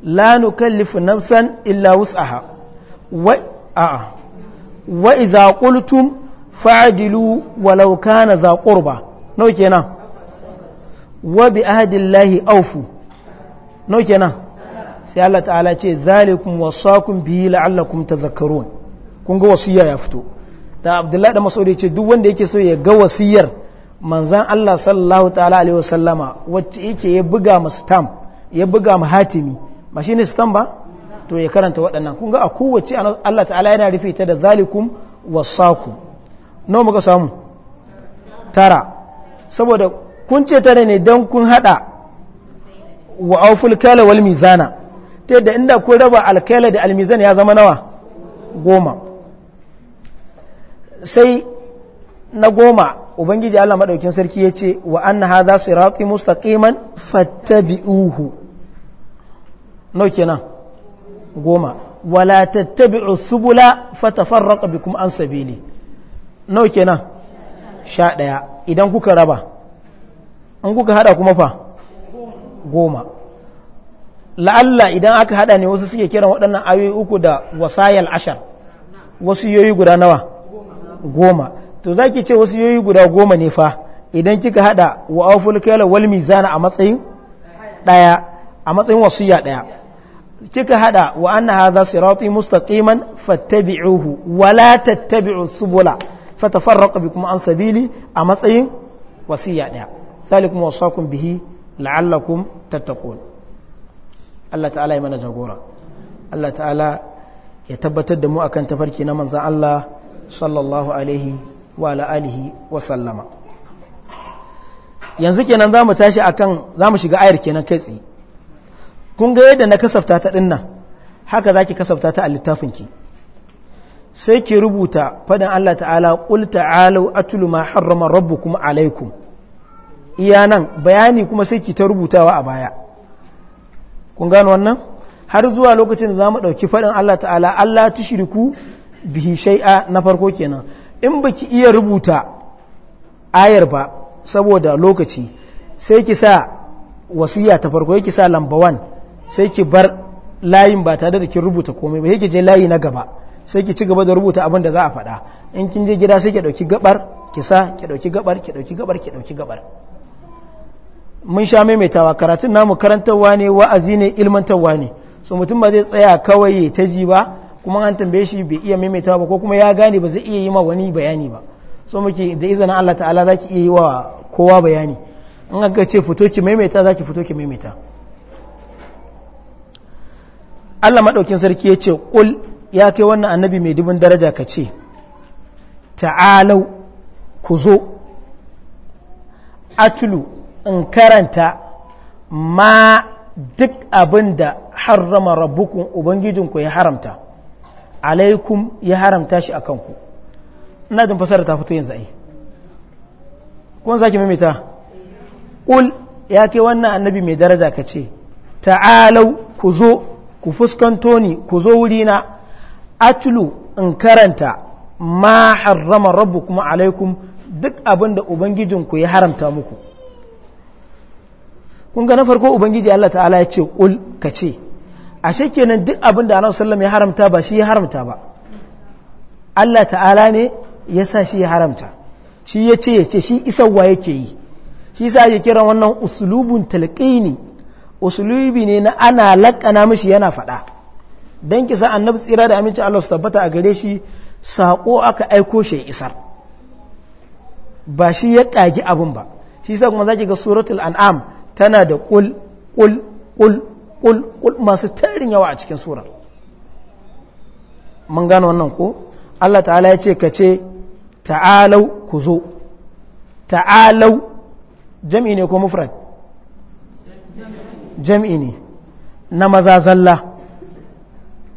la nukallifu nafsan illa wus'aha wa a'a wa idza qultum fa'dilu walau kana za qurba nawa kenan wa bi ahdillahi aufu nawa kenan sai Allah ta'ala ce zalikum wasakum bihi la'allakum tadhakkarun kun ga wasiya ya fito da Abdullahi da Mas'ud ce duk wanda yake so ya ga wasiyar manzan Allah sallallahu ta'ala alaihi wasallama wacce yake ya buga ma stamp ya buga ma hatimi ba shine stamp ba to ya karanta waɗannan kun ga a kowace Allah ta'ala yana rufe ta da zalikum wasakum nawa muka samu tara saboda kun ce tare ne don kun hada wa auful kala wal mizana ta yadda inda ko raba alkaila da almizan ya zama nawa goma sai na goma ubangiji allah maɗaukin sarki ya ce wa an na haza su raƙi mustaƙiman fattabi'uhu no kenan goma wala tattabi'u subula bi kuma an sabili no kenan sha ɗaya idan kuka raba an kuka haɗa kuma fa goma la'alla idan aka hada ne wasu suke kiran waɗannan ayoyi uku da wasayal ashar wasu yoyi guda nawa goma to za ki ce wasu yoyi guda goma ne fa idan kika hada wa auful kela walmi zana a matsayin daya a matsayin wasiya ɗaya kika hada wa anna hadha sirati mustaƙiman fattabi'uhu wala tattabi'u subula fatafarraqu kuma an sabili a matsayin wasiya ɗaya zalikum wasaqum bihi la'allakum tattakun. Allah ta'ala ya mana jagora Allah ta'ala ya tabbatar da mu akan tafarki na manzan Allah sallallahu alaihi wa la'alihi wa sallama yanzu kenan za mu tashi akan za mu shiga ayar kenan kai tsaye kun ga yadda na kasafta ta nan haka za ki kasafta ta a littafinki sai ki rubuta faɗin Allah ta'ala ƙul ta'alau atulu ma harrama kuma alaikum iya nan bayani kuma sai ki ta rubutawa a baya kun gano wannan har zuwa lokacin da za mu ɗauki faɗin Allah ta'ala Allah ta shirku bihi shai'a na farko kenan in baki iya rubuta ayar ba saboda lokaci sai ki sa wasiya ta farko ki sa lamba 1 sai ki bar layin ba tare da kin rubuta komai ba yake je layi na gaba sai ki ci gaba da rubuta abin da za a faɗa in kin je gida sai ki ɗauki gabar ki sa ki ɗauki gabar ki ɗauki gabar ki ɗauki gabar mun sha maimaitawa karatun namu karantarwa ne wa'azi ne ilmantarwa ne so mutum ba zai tsaya kawai ta ji ba kuma an tambaye shi bai iya maimaitawa ba ko kuma ya gane ba zai iya yi ma wani bayani ba so muke da izina Allah ta'ala za ki iya yi wa kowa bayani in aka ce fito ki maimaita za ki fito ki maimaita Allah maɗaukin sarki ya ce kul ya kai wannan annabi mai dubin daraja ka ce ta'alau ku zo atulu in karanta ma duk abin da harrama rabbukun ubangijinku ya haramta alaikum ya haramta shi a kanku ina jin da ta fito yin za'i kun sake mimita ƙul ya ke wannan annabi mai daraja ka ce ta'alau ku zo ku fuskanto ni ku zo wuri wurina atulu in karanta ma harrama rabbukun alaikum duk abin da ubangijinku ya haramta muku kun ga na farko ubangiji Allah ta'ala ya ce kul ka ce ashe kenan duk abin da Annabi sallallahu ya haramta ba shi ya haramta ba Allah ta'ala ne ya sa shi ya haramta shi ya ce ya ce shi isarwa yake yi shi sa ya kira wannan usulubun talqini usulubi ne na ana lakana mashi yana faɗa dan kisa annabi tsira da aminci Allah su tabbata a gare shi sako aka aiko shi isar ba shi ya kagi abin ba shi sa kuma zaki ga suratul an'am tana da ƙul ƙul ƙul ƙul ƙul masu tarin yawa a cikin sura mun gano wannan ko Allah ta'ala ya ce ka ce ta'alau ku zo ta'alau jam'i ne ko mufrad jam'i ne na maza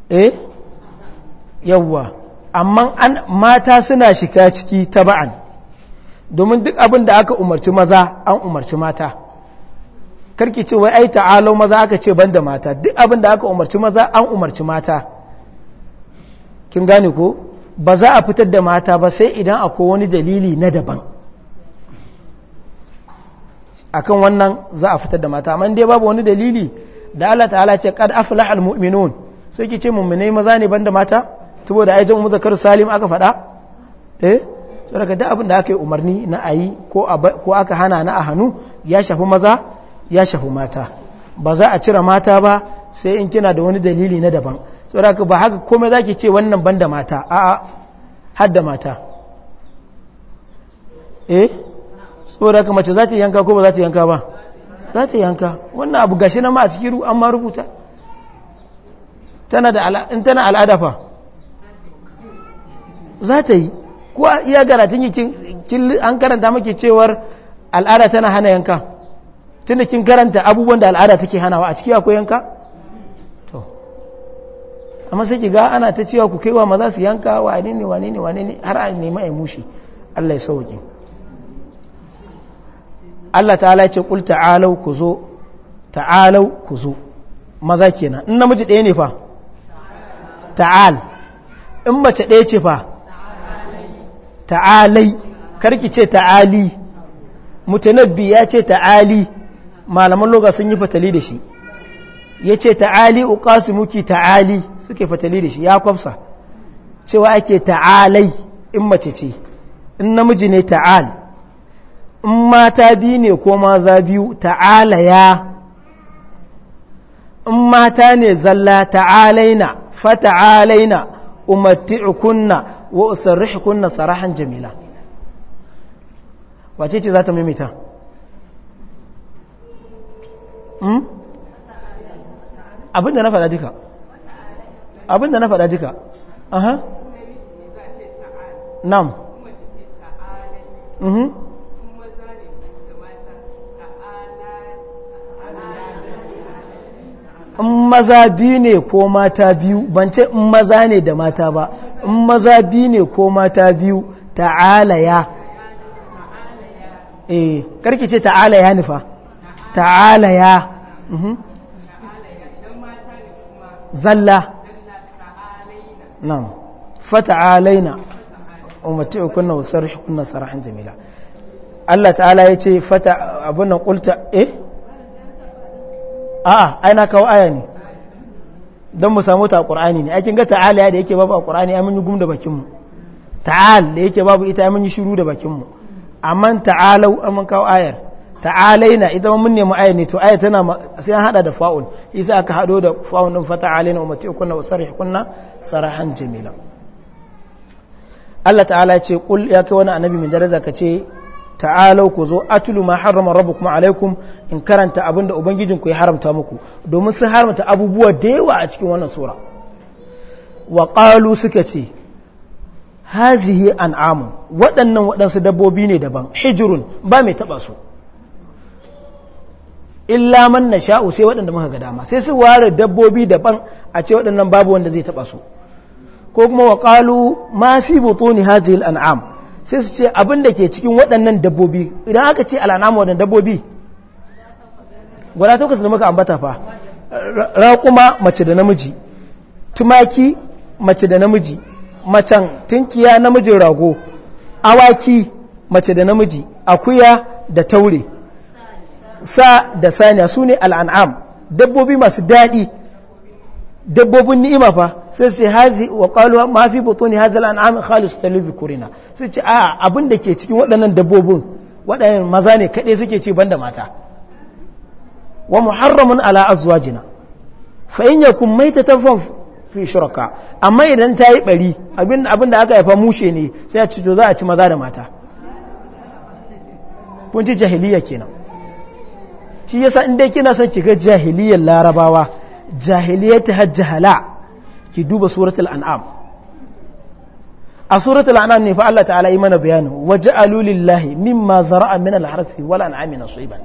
eh yawwa amma an mata suna shiga ciki ta ba'an domin duk abin da aka umarci maza an umarci mata karki ce wai ai ta'alau maza aka ce banda mata duk abin da aka umarci maza an umarci mata kin gane ko ba za a fitar da mata ba sai idan akwai wani dalili na daban akan wannan za a fitar da mata amma dai babu wani dalili da Allah ta'ala ce qad aflaha almu'minun sai ki ce mu'minai maza ne banda mata saboda ai jamu zakar salim aka faɗa eh saboda duk abin da aka yi umarni na ayi ko ko aka hana na a hannu ya shafi maza ya shafi mata ba za a cire mata ba sai in kina da wani dalili na daban da ba haka komai zaki ce wannan banda mata a'a hadda mata eh da haka mace za ta yanka ko ba za ta yanka ba za ta yanka wannan abu gashi na ma a cikin an ma rubuta tana da in tana al'ada fa za ta yi ko iya garatin yi an karanta maki cewar al'ada tana hana yanka tunda kin karanta abubuwan da al'ada take hanawa a ciki akwai yanka to amma sai ki ga ana ta cewa ku kaiwa maza su yanka wane ne wane ne wane ne har a nema ya mushi Allah ya sauki Allah ta'ala ya ce kul ta'alau ku zo ta'alau ku zo maza kenan in namiji ɗaya ne fa ta'al in mace ɗaya ce fa ta'alai karki ce ta'ali mutanabbi ya ce ta'ali malaman loga sun yi fatali da shi ya ce ta'ali uƙasu muki ta'ali suke fatali da shi ya kwamsa cewa ake ta'alai in mace ce in namiji ne ta'al in mata biyu ne ko maza biyu ta'ala ya in mata ne zalla ta'alaina fata'alaina ukunna wa usarrihukunna sarahan jamila wace ce za ta mimita Hmm? abinda na faɗa duka abinda na faɗa duka aha nam mm-hmm. in maza biyu ne ko mata biyu ban ce in maza ne da mata ba in maza biyu ne ko mata biyu ta'ala ya eh karki ce ta'ala ya nufa ta'ala ya mhm, zalla nan fata'alaina umarci hukunna wasar na sarahan jamila Allah ta'ala ya ce fata abin nan kulta eh a'a aina kawo aya ne don mu samu ta ƙur'ani ne aikin ga ta'ala da yake babu a ƙur'ani ya munyi gum da bakinmu ta'al da yake babu ita ya munyi shiru da bakinmu amma ta'alau an mun kawo ayar ta'alaina idan mun nemi aya ne to aya tana sai an hada da fa'ul isa aka hado da fa'ul din fata'alaina umati kunna wasarih kunna sarahan jamila Allah ta'ala ya ce kul ya kai wani annabi min daraja ka ce ta'alau ku zo atulu ma harrama rabbukum alaikum in karanta da abinda ku ya haramta muku domin sun haramta abubuwa da yawa a cikin wannan sura wa qalu suka ce hazihi an'amu waɗannan waɗansu dabbobi ne daban hijrun ba mai taba su illa man na sha'u sai waɗanda muka ga dama sai su ware dabbobi daban a ce waɗannan babu wanda zai taɓa su ko kuma wa ƙalu ma fi butuni hazil an'am sai su ce abin da ke cikin waɗannan dabbobi idan aka ce al'an'am waɗannan dabbobi gwada takwas da muka ambata fa raƙuma mace da namiji tumaki mace da namiji macen tunkiya namijin rago awaki mace da namiji akuya da taure sa da saniya su ne al'an'am dabbobi masu daɗi dabbobin ni'ima fa sai sai hazi wa qalu ma fi ne hadha al'an'am khalis kurina sai ce a abin da ke cikin waɗannan dabbobin waɗannan maza ne kaɗai suke ci ban da mata wa muharramun ala azwajina fa in ta tafan fi shuraka amma idan ta yi bari abin da aka haifa mushe ne sai a ci to za a ci maza da mata kun ci jahiliya kenan shi yasa in dai kina son ga jahiliyar larabawa jahiliyata hala ki duba suratul an'am a suratul an'am ne fa Allah ta'ala yi mana bayanin waja'alu lillahi mimma zara'a min al-harthi wal an'ami nasiban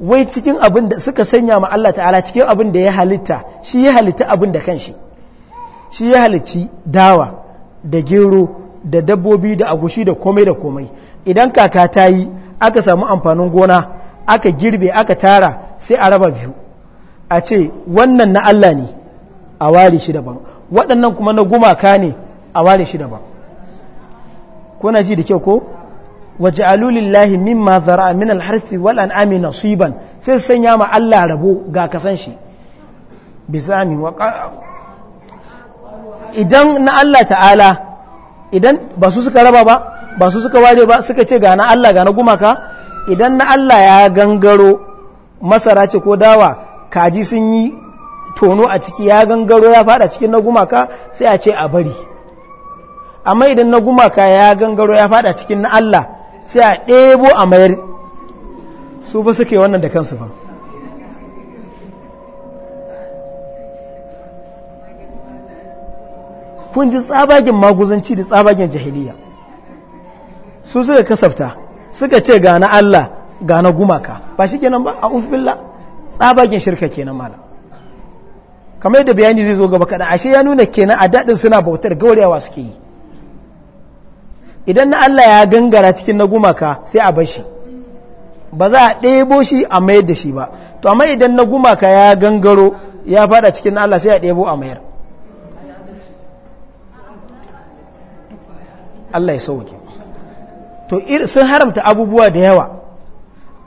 wai cikin abin da suka sanya ma Allah ta'ala cikin abin da ya halitta shi ya halitta abin da kanshi shi ya halici dawa da gero da dabbobi da agushi da komai da komai idan kaka ta yi aka samu amfanin gona aka girbe aka tara sai a raba biyu a ce wannan na Allah ne a ware shi daban waɗannan kuma na gumaka ne a ware shi daban kuna ji da kyau ko waje alulillahi ma zara'a min alharfi wal an'ami ban, sai sanya ma Allah rabo ga kasan shi idan na Allah ta'ala idan ba su suka raba ba ba su suka ware ba suka ce ga na Allah ga na gumaka idan na Allah ya gangaro masara ce ko dawa kaji sun yi tono a ciki ya gangaro ya fada cikin na gumaka sai a ce a bari amma idan na gumaka ya gangaro ya fada cikin na Allah sai a ɗebo a mayar su ba suke wannan da kansu ba kun ji tsabagen maguzanci da tsabagen jahiliya su suka kasafta suka ce ga na Allah ga na gumaka ba shi kenan ba a ufilla tsabagen shirka kenan malam kamar yadda bayani zai zo gaba kaɗan ashe ya nuna kenan a daɗin suna bautar gauriyawa suke yi idan na Allah ya gangara cikin na gumaka sai a bar shi ba za a ɗebo shi a mayar da shi ba to amma idan na gumaka ya gangaro ya fada cikin na Allah sai a debo a mayar Allah ya sauke to sun haramta abubuwa da yawa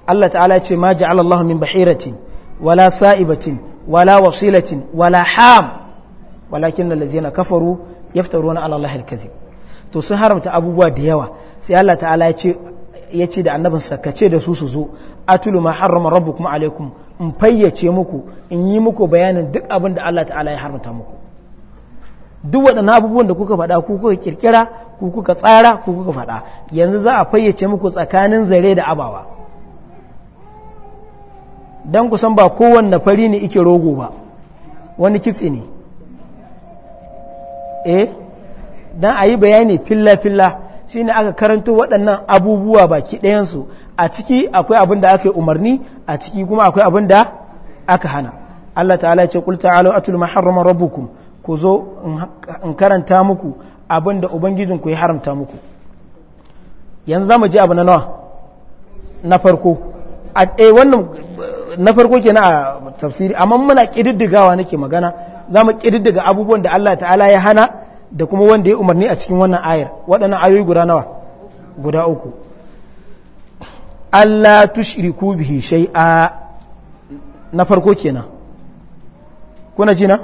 Allah ta'ala ce ma ja'ala Allah min bahiratin wala sa'ibatin wala wasilatin wala ham walakin allazina kafaru yaftaruna ala Allah al-kadhib to sun haramta abubuwa da yawa sai Allah ta'ala ya ce ya da annabin sakace da su su zo atulu ma harrama rabbukum alaikum in fayyace muku in yi muku bayanin duk abin da Allah ta'ala ya haramta muku duk waɗannan abubuwan da kuka faɗa ku kuka kirkira ku kuka tsara ku kuka faɗa yanzu za a fayyace muku tsakanin zare da abawa don kusan ba kowanne fari ne ike rogo ba wani kitse ne eh don a yi bayani filla-filla shi ne aka karanto waɗannan abubuwa baki ɗayansu a ciki akwai abin da aka yi umarni a ciki kuma akwai abin da aka hana Allah ta'ala ce kul alo atul maharrama rabbukum ku zo in karanta muku abin da ku ya haramta muku yanzu za mu ji abu na nawa na farko a eh, wannan na farko ke na tafsiri amma muna ƙididdigawa nake magana za mu ƙididdiga abubuwan da Allah ta'ala ya hana da kuma wanda ya umarni a cikin wannan ayar waɗannan ayoyi guda nawa guda uku Allah tushriku bihi shay'a na farko kenan kuna jina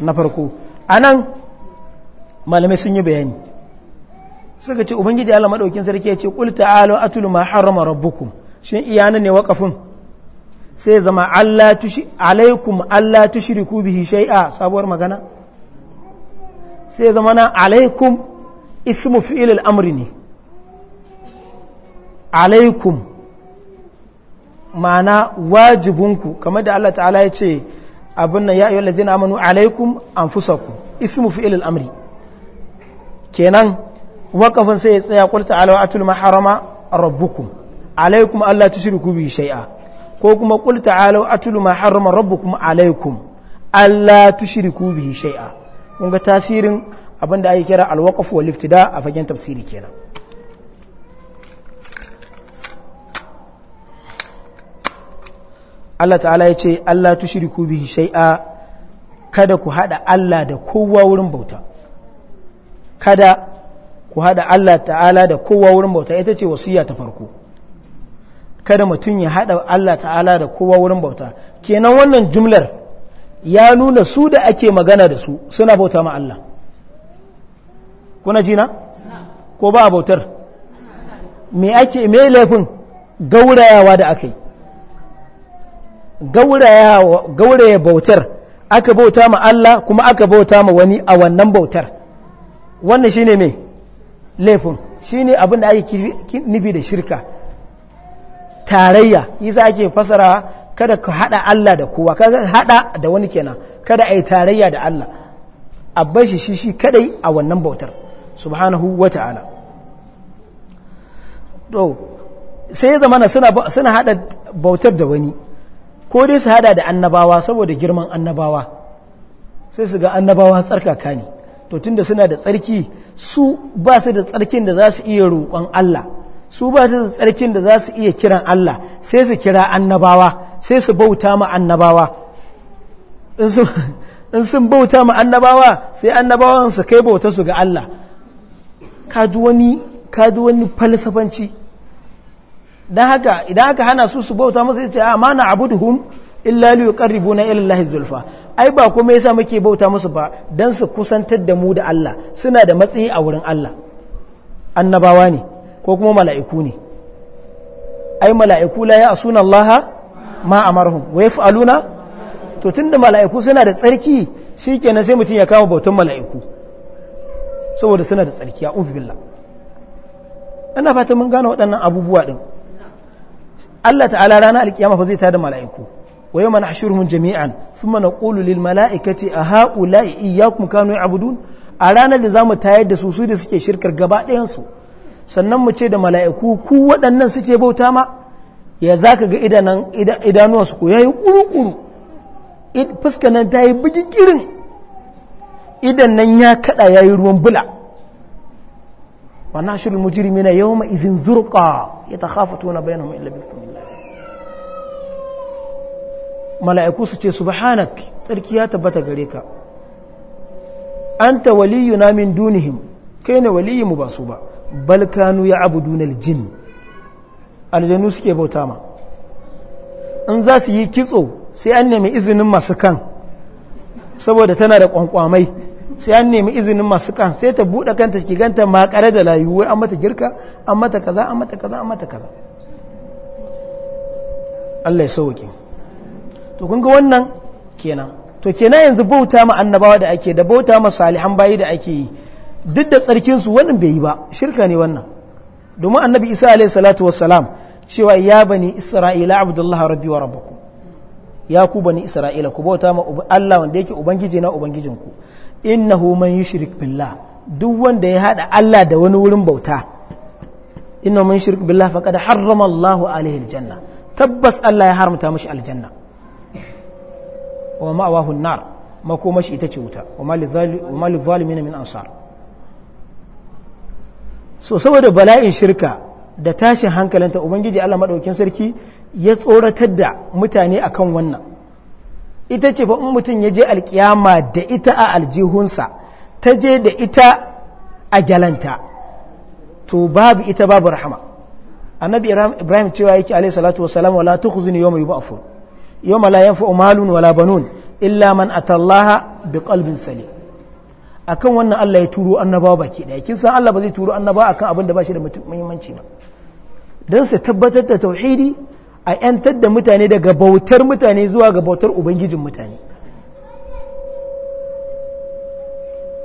na farko nan malamai sun yi bayani suka ce ubangiji Allah maɗaukin sarki ya ce alo a atul ma harrama rabbukum shin nan ne waƙafin sai zama Allah alaikum Allah tushriku bihi shai'a sabuwar magana sai zama na alaikum ismu fi'il amri ne alaikum ma'ana wajibinku kamar da Allah ta'ala ya ce abin nan ya ayyuhal ladina amanu alaikum anfusakum ismu fi ilil amri kenan wakafin sai ya tsaya qul ta'ala wa atul maharama rabbukum alaikum alla tushriku bi shay'a ko kuma qul ta'ala wa atul maharama rabbukum alaikum alla tushriku bi shay'a kun ga tasirin abin da ake kira alwakafu wa wal a fagen tafsiri kenan Allah ta'ala ya ce Allah tu ku bi shai'a kada ku haɗa Allah da kowa wurin bauta kada ku haɗa Allah ta'ala da kowa wurin bauta ita ce wasiya ta farko kada mutum ya haɗa Allah ta'ala da kowa wurin bauta kenan wannan jumlar ya nuna su da ake magana da su suna bauta ma Allah kuna jina ko ba bautar me ake me laifin gaurayawa da aka yi gauraya bautar aka bauta ma Allah kuma aka bauta ma wani a wannan bautar wannan shine mai laifin shine abin da ake nufi da shirka tarayya isa ake fasara kada ka hada Allah da kowa kada hada da wani kenan kada ai tarayya da Allah abba shi shi shi kadai a wannan bautar subhanahu wata'ala to sai zamana zama suna suna hada bautar da wani ko dai su hada da annabawa saboda girman annabawa sai su ga annabawa tsarkaka ne to tunda suna da tsarki su ba su da tsarkin da za su iya roƙon Allah su ba su da tsarkin da za su iya kiran Allah sai su kira annabawa sai su bauta ma annabawa in sun bauta ma annabawa sai annabawan su kai bauta su ga Allah ji wani falsafanci dan haka idan aka hana su su bauta masu ya ce a ah, ma abuduhum illa li yuqarribuna ila allahi zulfa ai ba kuma yasa muke bauta musu ba dan su kusantar da mu da Allah suna da matsayi a wurin Allah annabawa ne ko kuma mala'iku ne ai mala'iku la ya asuna Allah ma amarhum wa yaf'aluna to tunda mala'iku suna da tsarki shikenan sai mutum ya kama bautan mala'iku saboda suna da tsarki a uzbillah ana fata mun gane waɗannan abubuwa din Allah ta'ala rana alkiyama fa zai tada mala'iku wa yawma nahshuruhum jami'an thumma naqulu lil mala'ikati a ha'ula'i iyyakum kanu ya'budun a ranar da zamu tayar da su su da suke shirkar gaba ɗayan su sannan mu ce da mala'iku ku waɗannan suke bauta ma ya zaka ga idanan idanuwansu ko yayi kurukuru fuskanan ta yi bigigirin idan nan ya kada yayi ruwan bula wa nashrul mujrimina yawma idhin zurqa yatakhafatuna bainahum illa bi bismillah mala'iku su ce subhanak tsarki ya tabbata gare ka anta waliyuna min dunihim kai ne waliyinmu ba su ba bal kanu ya abuduna aljin aljanu suke bauta ma in za su yi kitso sai an nemi izinin masu kan saboda tana da kwankwamai sai an nemi izinin masu kan sai ta buɗe kanta ki ganta ma ƙare da layu wai an mata girka an mata kaza an mata kaza an mata kaza Allah ya sauke to kun ga wannan kenan to kenan yanzu bauta ma annabawa da ake da bauta ma salihan bayi da ake yi duk da tsarkin su wannan bai yi ba shirka ne wannan domin annabi Isa alayhi salatu wassalam cewa ya bani isra'ila abdullahi rabbi wa rabbukum ya ku isra'ila ku bauta ma Allah wanda yake ubangije na ubangijinku innahu man yushrik billah duk wanda ya hada Allah da wani wurin bauta inna man yushrik billah faqad harrama Allahu alaihi aljanna tabbas Allah ya haramta mashi aljanna wa ma'awahu an-nar makomashi ita ce wuta wa ma lidh-dhalimin min ansar so saboda bala'in shirka da tashin hankalinta ubangiji Allah madaukakin sarki ya tsoratar da mutane akan wannan ita ce ba in mutum ya je alkiyama da ita a aljihunsa ta je da ita a gyalanta to babu ita babu rahama annabi ibrahim cewa yake alaihi salatu wasalam wala tukhzini yawma yub'athun yawma la yanfa'u malun wala banun illa man atallaha biqalbin salim akan wannan Allah ya turo annabawa baki daya kin san Allah ba zai turo annabawa akan abin da ba shi da muhimmanci ba dan su tabbatar da tauhidi a ‘yantar da mutane daga bautar mutane zuwa ga bautar ubangijin mutane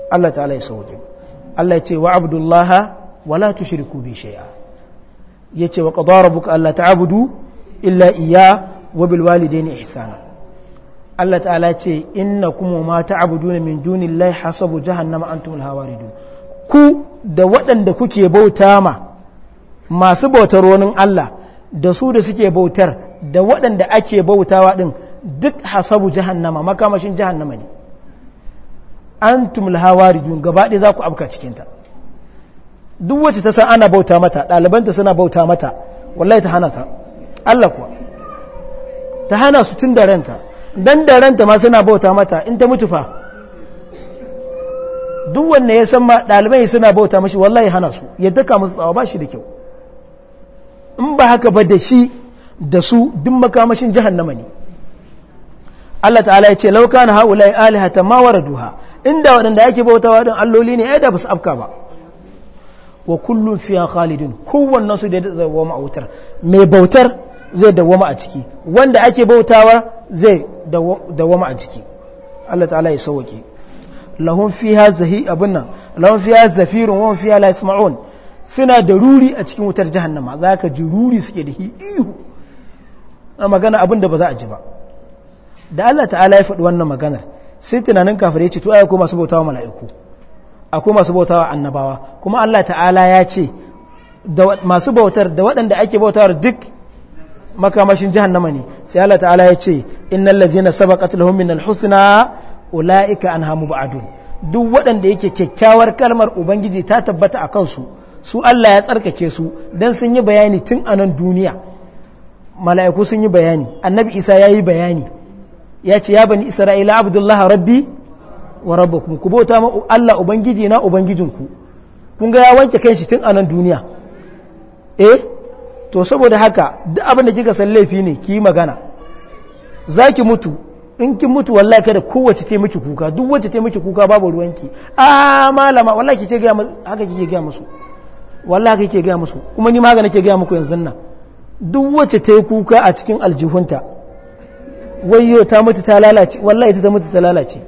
Allah ta'ala ya sauke Allah ya ce wa abdullaha wala shirku bi shay'a ya ce wa qadara buka Allah ta abudu illa iya wa bil walidaini ihsana Allah ta'ala ce kuma ma ta ta'buduna min dunillahi hasabu jahannama antumul hawaridun ku da waɗanda kuke bauta ma masu bautar wani Allah da su da suke bautar da waɗanda ake bautawa ɗin duk hasabu jahannama makamashin jahannama ne an tumul hawarijun gabaɗe za ku abuka cikinta duk wacce ta san ana bauta mata ɗalibanta suna bauta mata wallahi ta hana ta Allah kuwa ta hana su tun da ranta don da ranta ma suna bauta mata in ta mutu fa duk wanne ya san ma ɗalibai suna bauta mashi wallahi hana su yadda ka musu tsawa ba shi da kyau in ba haka ba da shi da su duk makamashin jahannama ne Allah ta'ala ya ce lauka na haulai alihata ma duha inda waɗanda yake bautawa don alloli ne da ba su afka ba wa kullum fiya khalidun kowannan su da ya dawoma a wutar mai bautar zai dawoma a ciki wanda ake bautawa zai dawoma a ciki Allah ta'ala ya sauke lahun fiha zahi abin nan lahun fiha zafirun wa la suna da ruri a cikin wutar jahannama za ka ji ruri suke da ihu a magana abin da ba za a ji ba da Allah ta'ala ya faɗi wannan maganar sai tunanin kafir ya ce to ya ko masu bautawa mala'iku a akwai masu bautawa annabawa kuma Allah ta'ala ya ce masu bautar da waɗanda ake bautawar duk makamashin jahannama ne sai Allah ta'ala ya ce innal ladhina sabaqat lahum minal husna ulaika anha mubadun duk waɗanda yake kyakkyawar kalmar ubangiji ta tabbata a kansu su Allah ya tsarkake su don sun yi bayani tun a nan duniya mala'iku sun yi bayani annabi isa ya yi bayani ya ce ya bani isra'ila abdullahi rabbi wa rabbakum ku bauta ma Allah ubangiji na ubangijinku kun ga ya wanke kanshi tun a nan duniya eh to saboda haka duk abin da kika san laifi ne ki yi magana za ki mutu in kin mutu wallahi kada kowace ta miki kuka duk wacce ta miki kuka babu ruwanki a ah, malama wallahi ki ce ga haka kike ga musu wallahi ke gaya musu kuma ni magana ke gaya muku yanzu nan duk wacce ta yi kuka a cikin aljihunta wayo ta mutu ta lalace wallahi ta mutu ta lalace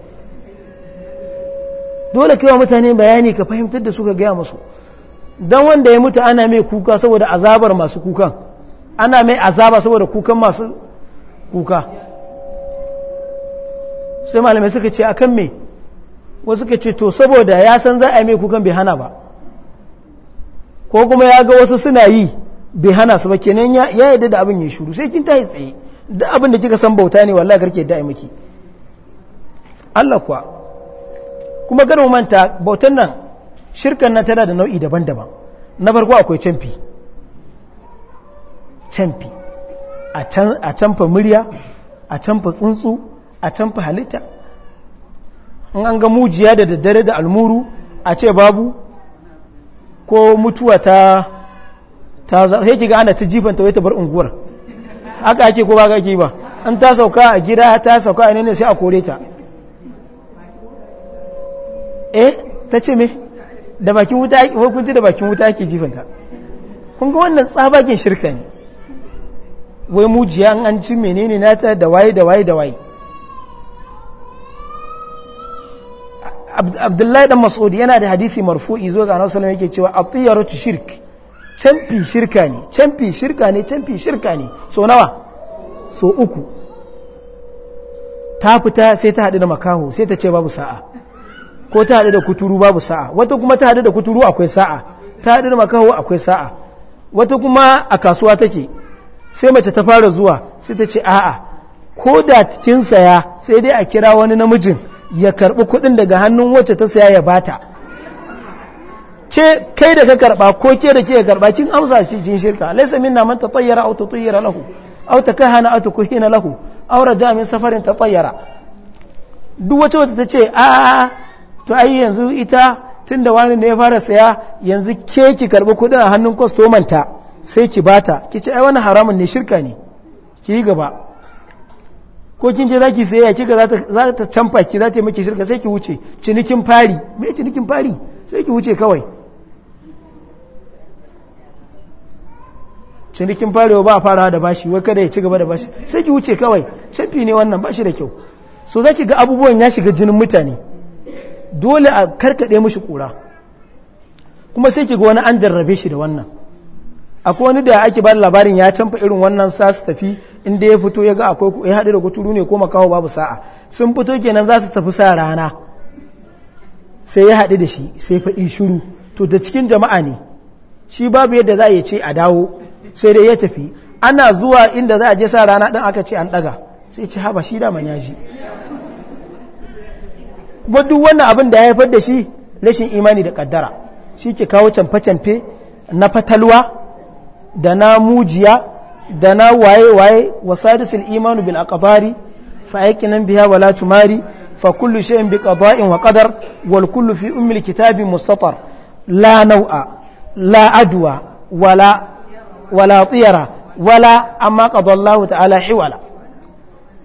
dole kai wa mutane bayani ka fahimtar da su ka gaya musu dan wanda ya mutu ana mai kuka saboda azabar masu kukan ana mai azaba saboda kukan masu kuka sai malamai suka ce akan me wasu suka ce to saboda ya san za a yi mai kukan bai hana ba ko kuma ya ga wasu suna yi bai hana su ba kenan ya yadda da abin ya shuru sai kin yi tsaye da abin da kika san bauta ne wallahi karke da'i miki Allah kuwa kuma garin manta bautan nan shirkan na tana da nau'i daban-daban na farko akwai canfi canfi a canfa murya a canfa tsuntsu a canfa halitta in an ga mujiya da daddare da almuru a ce babu ko mutuwa ta ta sai kiga ana ta jifanta wai ta bar unguwar haka ake ko ba ga ake ba an ta sauka a gida ta sauka a nene sai a kore ta eh ta ce me da bakin wuta hukunci da bakin wuta ake jifanta kun ga wannan tsabagen shirka ne wai mujiya an ci menene nata da waye da waye da waye abdullahi dan masudi yana da hadisi marfu'i zo ga annabi yake cewa at-tiyaratu shirk canfi shirka ne canfi shirka ne canfi shirka ne so nawa so uku ta fita sai ta haɗu da makaho sai ta ce babu sa'a ko ta haɗu da kuturu babu sa'a wata kuma ta haɗu da kuturu akwai sa'a ta haɗu da makaho akwai sa'a wata kuma a kasuwa take sai mace ta fara zuwa sai ta ce a'a ko da kin saya sai dai a kira wani namijin ya karbi kuɗin daga hannun wacce ta saya ya bata ke kai da ka karɓa ko ke da ke karba kin amsa ce cin shirka laisa minna man tatayyara aw tatayyara lahu aw takahana aw tukhina lahu aw raja min safarin tatayyara duk wacce wacce ta ce a to ai yanzu ita tunda wani ne ya fara saya yanzu ke ki karɓi kuɗin a hannun kwastoman ta sai ki bata ki ai wani haramun ne shirka ne ki yi gaba ko kin je zaki ya kika za ta canfa ki za ta yi miki shirka sai ki wuce cinikin fari me cinikin fari sai ki wuce kawai cinikin fari ba farawa da bashi wai kada ya ci gaba da bashi sai ki wuce kawai canfi ne wannan bashi da kyau so za ki ga abubuwan ya shiga jinin mutane dole a karkade mishi kura kuma sai ki ga wani an jarrabe shi da wannan akwai wani da ake ba labarin ya canfa irin wannan sa su tafi inda ya fito ya ga akwai ya haɗu da kuturu ne ko makaho babu sa'a sun fito kenan za su tafi sa rana sai ya haɗu da shi sai faɗi shuru to da cikin jama'a ne shi babu yadda za a ce a dawo sai dai ya tafi ana zuwa inda za a je sa rana ɗin aka ce an ɗaga sai ci haba shi daman ya ji kuma duk wannan abin da ya haifar da shi rashin imani da ƙaddara shi ke kawo camfe-camfe na fatalwa da na mujiya da na waye waye wa sadisul imanu bil akabari fa nan biya wala tumari fa kullu shay'in bi qada'in wa qadar wal kullu fi ummil kitabi mustatar la nau'a la aduwa wala wala wala amma qadallahu ta'ala hiwala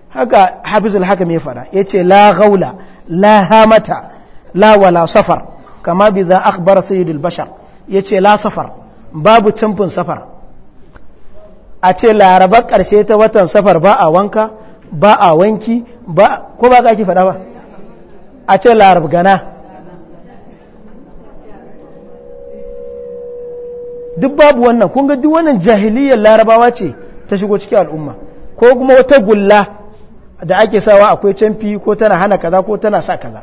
haka hafizul hakam ya fada yace la ghaula la hamata la wala safar kama bi za akhbara sayyidul bashar yace la safar babu canfin safar a ce larabar ƙarshe ta watan safar ba a wanka ba a wanki ba ko ba ka ake faɗa ba a ce larab gana duk babu wannan kunga duk wannan jahiliyar larabawa ce ta shigo cikin al'umma ko kuma wata gulla da ake sawa akwai canfi ko tana hana kaza ko tana sa kaza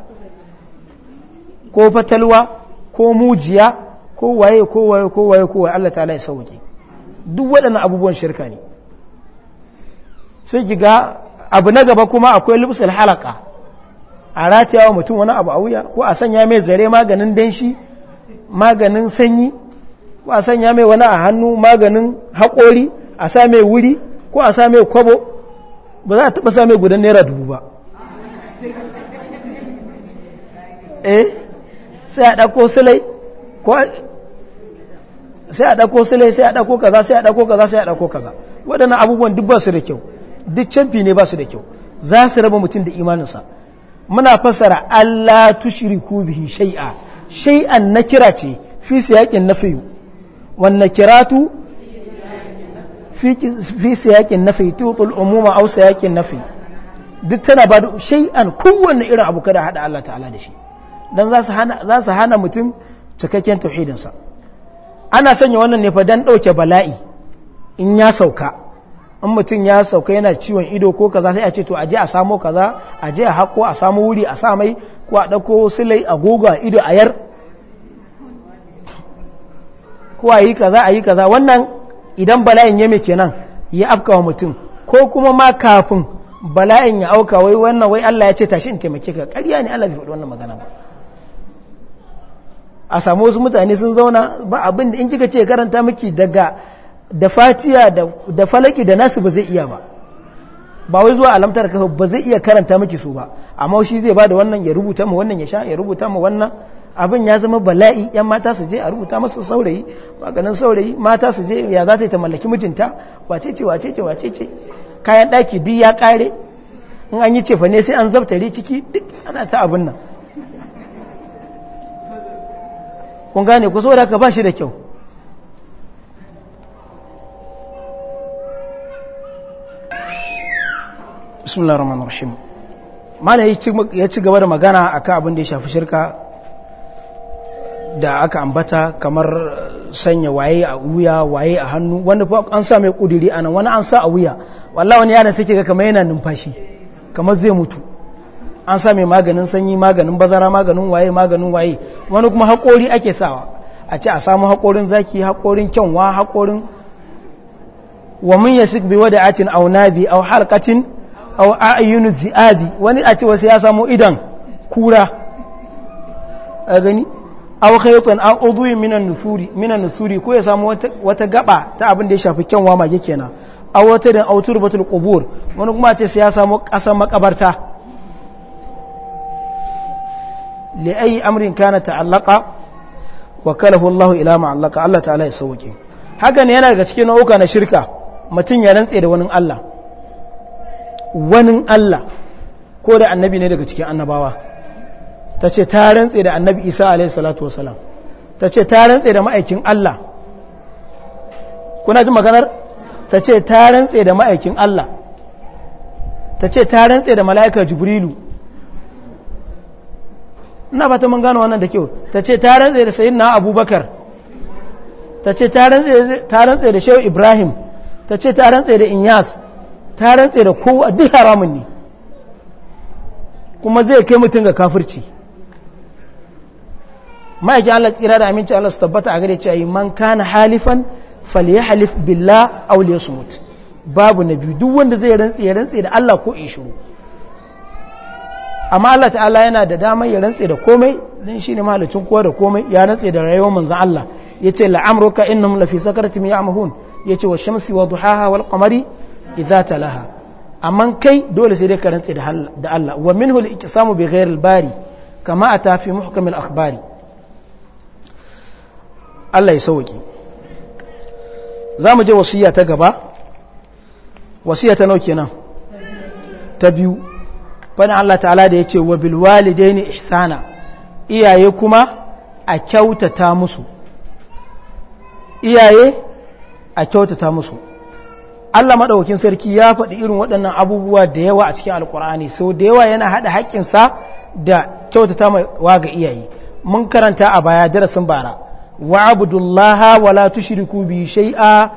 ko fatalwa ko mujiya ko waye ko waye ko waye ko waye Allah ta ya sauke duk waɗannan abubuwan shirka ne sai ki ga abu na gaba kuma akwai lubsul halaka a rataya wa mutum wani abu a wuya ko a sanya mai zare maganin danshi maganin sanyi ko a sanya mai wani a hannu maganin haƙori a sa mai wuri ko a sa mai kwabo ba za a taɓa sa mai gudan naira dubu ba eh? sai a ɗako silai sai a ɗako sai a ɗako kaza sai a ɗako kaza sai a ɗako kaza waɗannan abubuwan duk ba su da kyau duk canfi ne ba su da kyau za su raba mutum da imaninsa muna fasara Allah ku bihi shay'a shay'an kira ce fi siyaqin nafyu kira tu fi siyaqin nafyi au su yaƙin na nafyi duk tana ba da shay'an kowanne irin abu kada hada Allah ta'ala da shi don za su hana mutum cikakken tauhidinsa ana sanya wannan ne fa dan ɗauke bala'i in ya sauka in mutum ya sauka yana ciwon ido ko kaza sai a ce to a je a samo kaza a je a hako a samo wuri a sa mai ko a ɗauko silai a goga ido a yar ko a yi kaza a yi kaza wannan idan bala'in ya mai kenan ya afkawa mutum ko kuma ma kafin bala'in ya auka wai wannan wai Allah ya ce tashi in taimake ka ƙarya ne Allah bai faɗi wannan magana ba a samu wasu mutane sun zauna ba abin da in kika ce karanta miki daga da fatiya da falaki da nasu ba zai iya ba ba wai zuwa alamtar kafa ba zai iya karanta miki su ba amma shi zai ba da wannan ya rubuta mu wannan ya sha ya rubuta mu wannan abin ya zama bala'i yan mata su je a rubuta masa saurayi maganin saurayi mata su je ya za ta yi ta mallaki mijinta wace ce wace ce wace ce kayan ɗaki duk ya ƙare in an yi cefa ne sai an zabtare ciki duk ana ta abin nan kun gane ku saboda ka ba shi da kyau bismillah rahman rahim mana ya ci gaba da magana akan abin da ya shafi shirka da aka ambata kamar sanya waye a wuya waye a hannu wanda fa an sa mai kudiri anan wani an sa a wuya wallahi wani yana sai ga kamar yana numfashi kamar zai mutu an sami maganin sanyi maganin bazara maganin waye maganin waye wani kuma haƙori ake sawa a ce a samu haƙorin zaki haƙorin kyanwa haƙorin wa mun ya sik bi wada atin au nabi au halkatin au ayyunu zi'abi wani a ce wasu ya samu idan kura a gani au khaytan au udwi minan nusuri minan nusuri ko ya samu wata gaba ta abin da ya shafi kyanwa mage kenan a wata da autur kubur qubur wani kuma ce sai ya samu ƙasar makabarta li'ayi amrin kana ta'allaka wa kalahu Allah ila ma'allaka Allah ta'ala ya sauke haka ne yana daga cikin nau'uka na shirka mutum ya rantse da wani Allah ko da annabi ne daga cikin annabawa ta ce da annabi Isa alaihi salatu wasalam ta ce ta da ma'aikin Allah kuna ji maganar tace ce da ma'aikin Allah ta ce ta rantse da mala'ikar jibrilu ina ba ta mun gano wannan da kyau ta ce ta rantse da sayin na abubakar ta ce ta rantse da shehu ibrahim ta ce ta rantse da inyas ta rantse da kowa duk haramun ne kuma zai kai mutum ga kafirci ma'aikin allah tsira da aminci allah su tabbata a gare cewa man kana halifan ya halif billah auliyar su mutu babu na biyu duk wanda zai rantse ya rantse da allah ko in shiru amma Allah ta'ala yana da damar ya rantse da komai don shi ne kowa da komai ya rantse da rayuwar manzan Allah ya ce la'amurka innum lafi sakartim ya amahun ya ce wa shamsi wa duhaha wal qamari idza talaha amma kai dole sai dai ka rantse da Allah wa minhu al-iqsamu bi ghayr al-bari kama ata fi muhkam al-akhbari Allah ya sauki zamu je wasiya ta gaba wasiya ta nauke kenan ta biyu fana Allah ta'ala da ya ce wa bilwalidai ne ihsana iyaye kuma a kyautata musu iyaye a kyautata musu Allah maɗaukin sarki ya faɗi irin waɗannan abubuwa da yawa a cikin alkur'ani sau da yawa yana haɗa haƙƙinsa da kyautata wa ga iyaye mun karanta a baya darasin bara wa abudullaha wala tushriku bi shay'a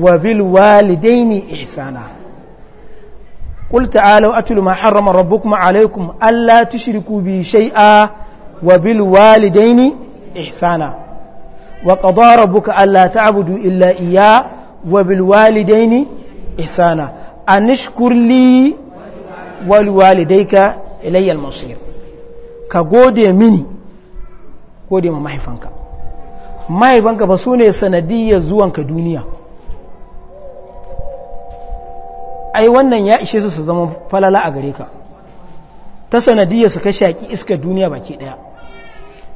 wa bilwalidaini ihsana قل تعالوا أتلوا ما حرم ربكم عليكم ألا تشركوا بي شيئا وبالوالدين إحسانا وقضى ربك ألا تعبدوا إلا إياه وبالوالدين إحسانا أن اشكر لي ولوالديك إلي المصير كقودي مني قودي ما محفنك mahaifanka ba su ne sanadiyyar زوان duniya ai wannan ya ishe su su zama falala a gare ka ta sanadiyar su ka shaƙi iskar duniya baki ɗaya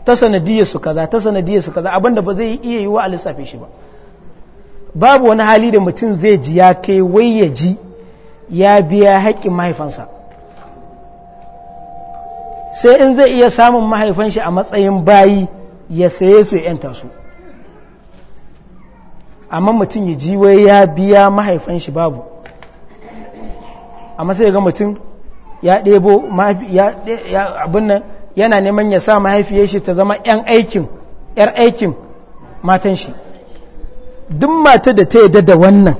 ta sanadiyar su kaza ta sanadiyar su kaza abinda ba zai iya yi wa a lissafe shi ba babu wani hali da mutum zai ji ya kai wai ya ji ya biya haƙƙin mahaifansa sai in zai iya samun mahaifan shi a matsayin bayi ya saye su ya yanta su amma mutum ya ji wai ya biya mahaifan shi babu amma sai ga mutum ya ɗebo abin nan yana neman ya sa mahaifiyar shi ta zama 'yan aikin 'yar aikin matan shi duk mata da ta yadda da wannan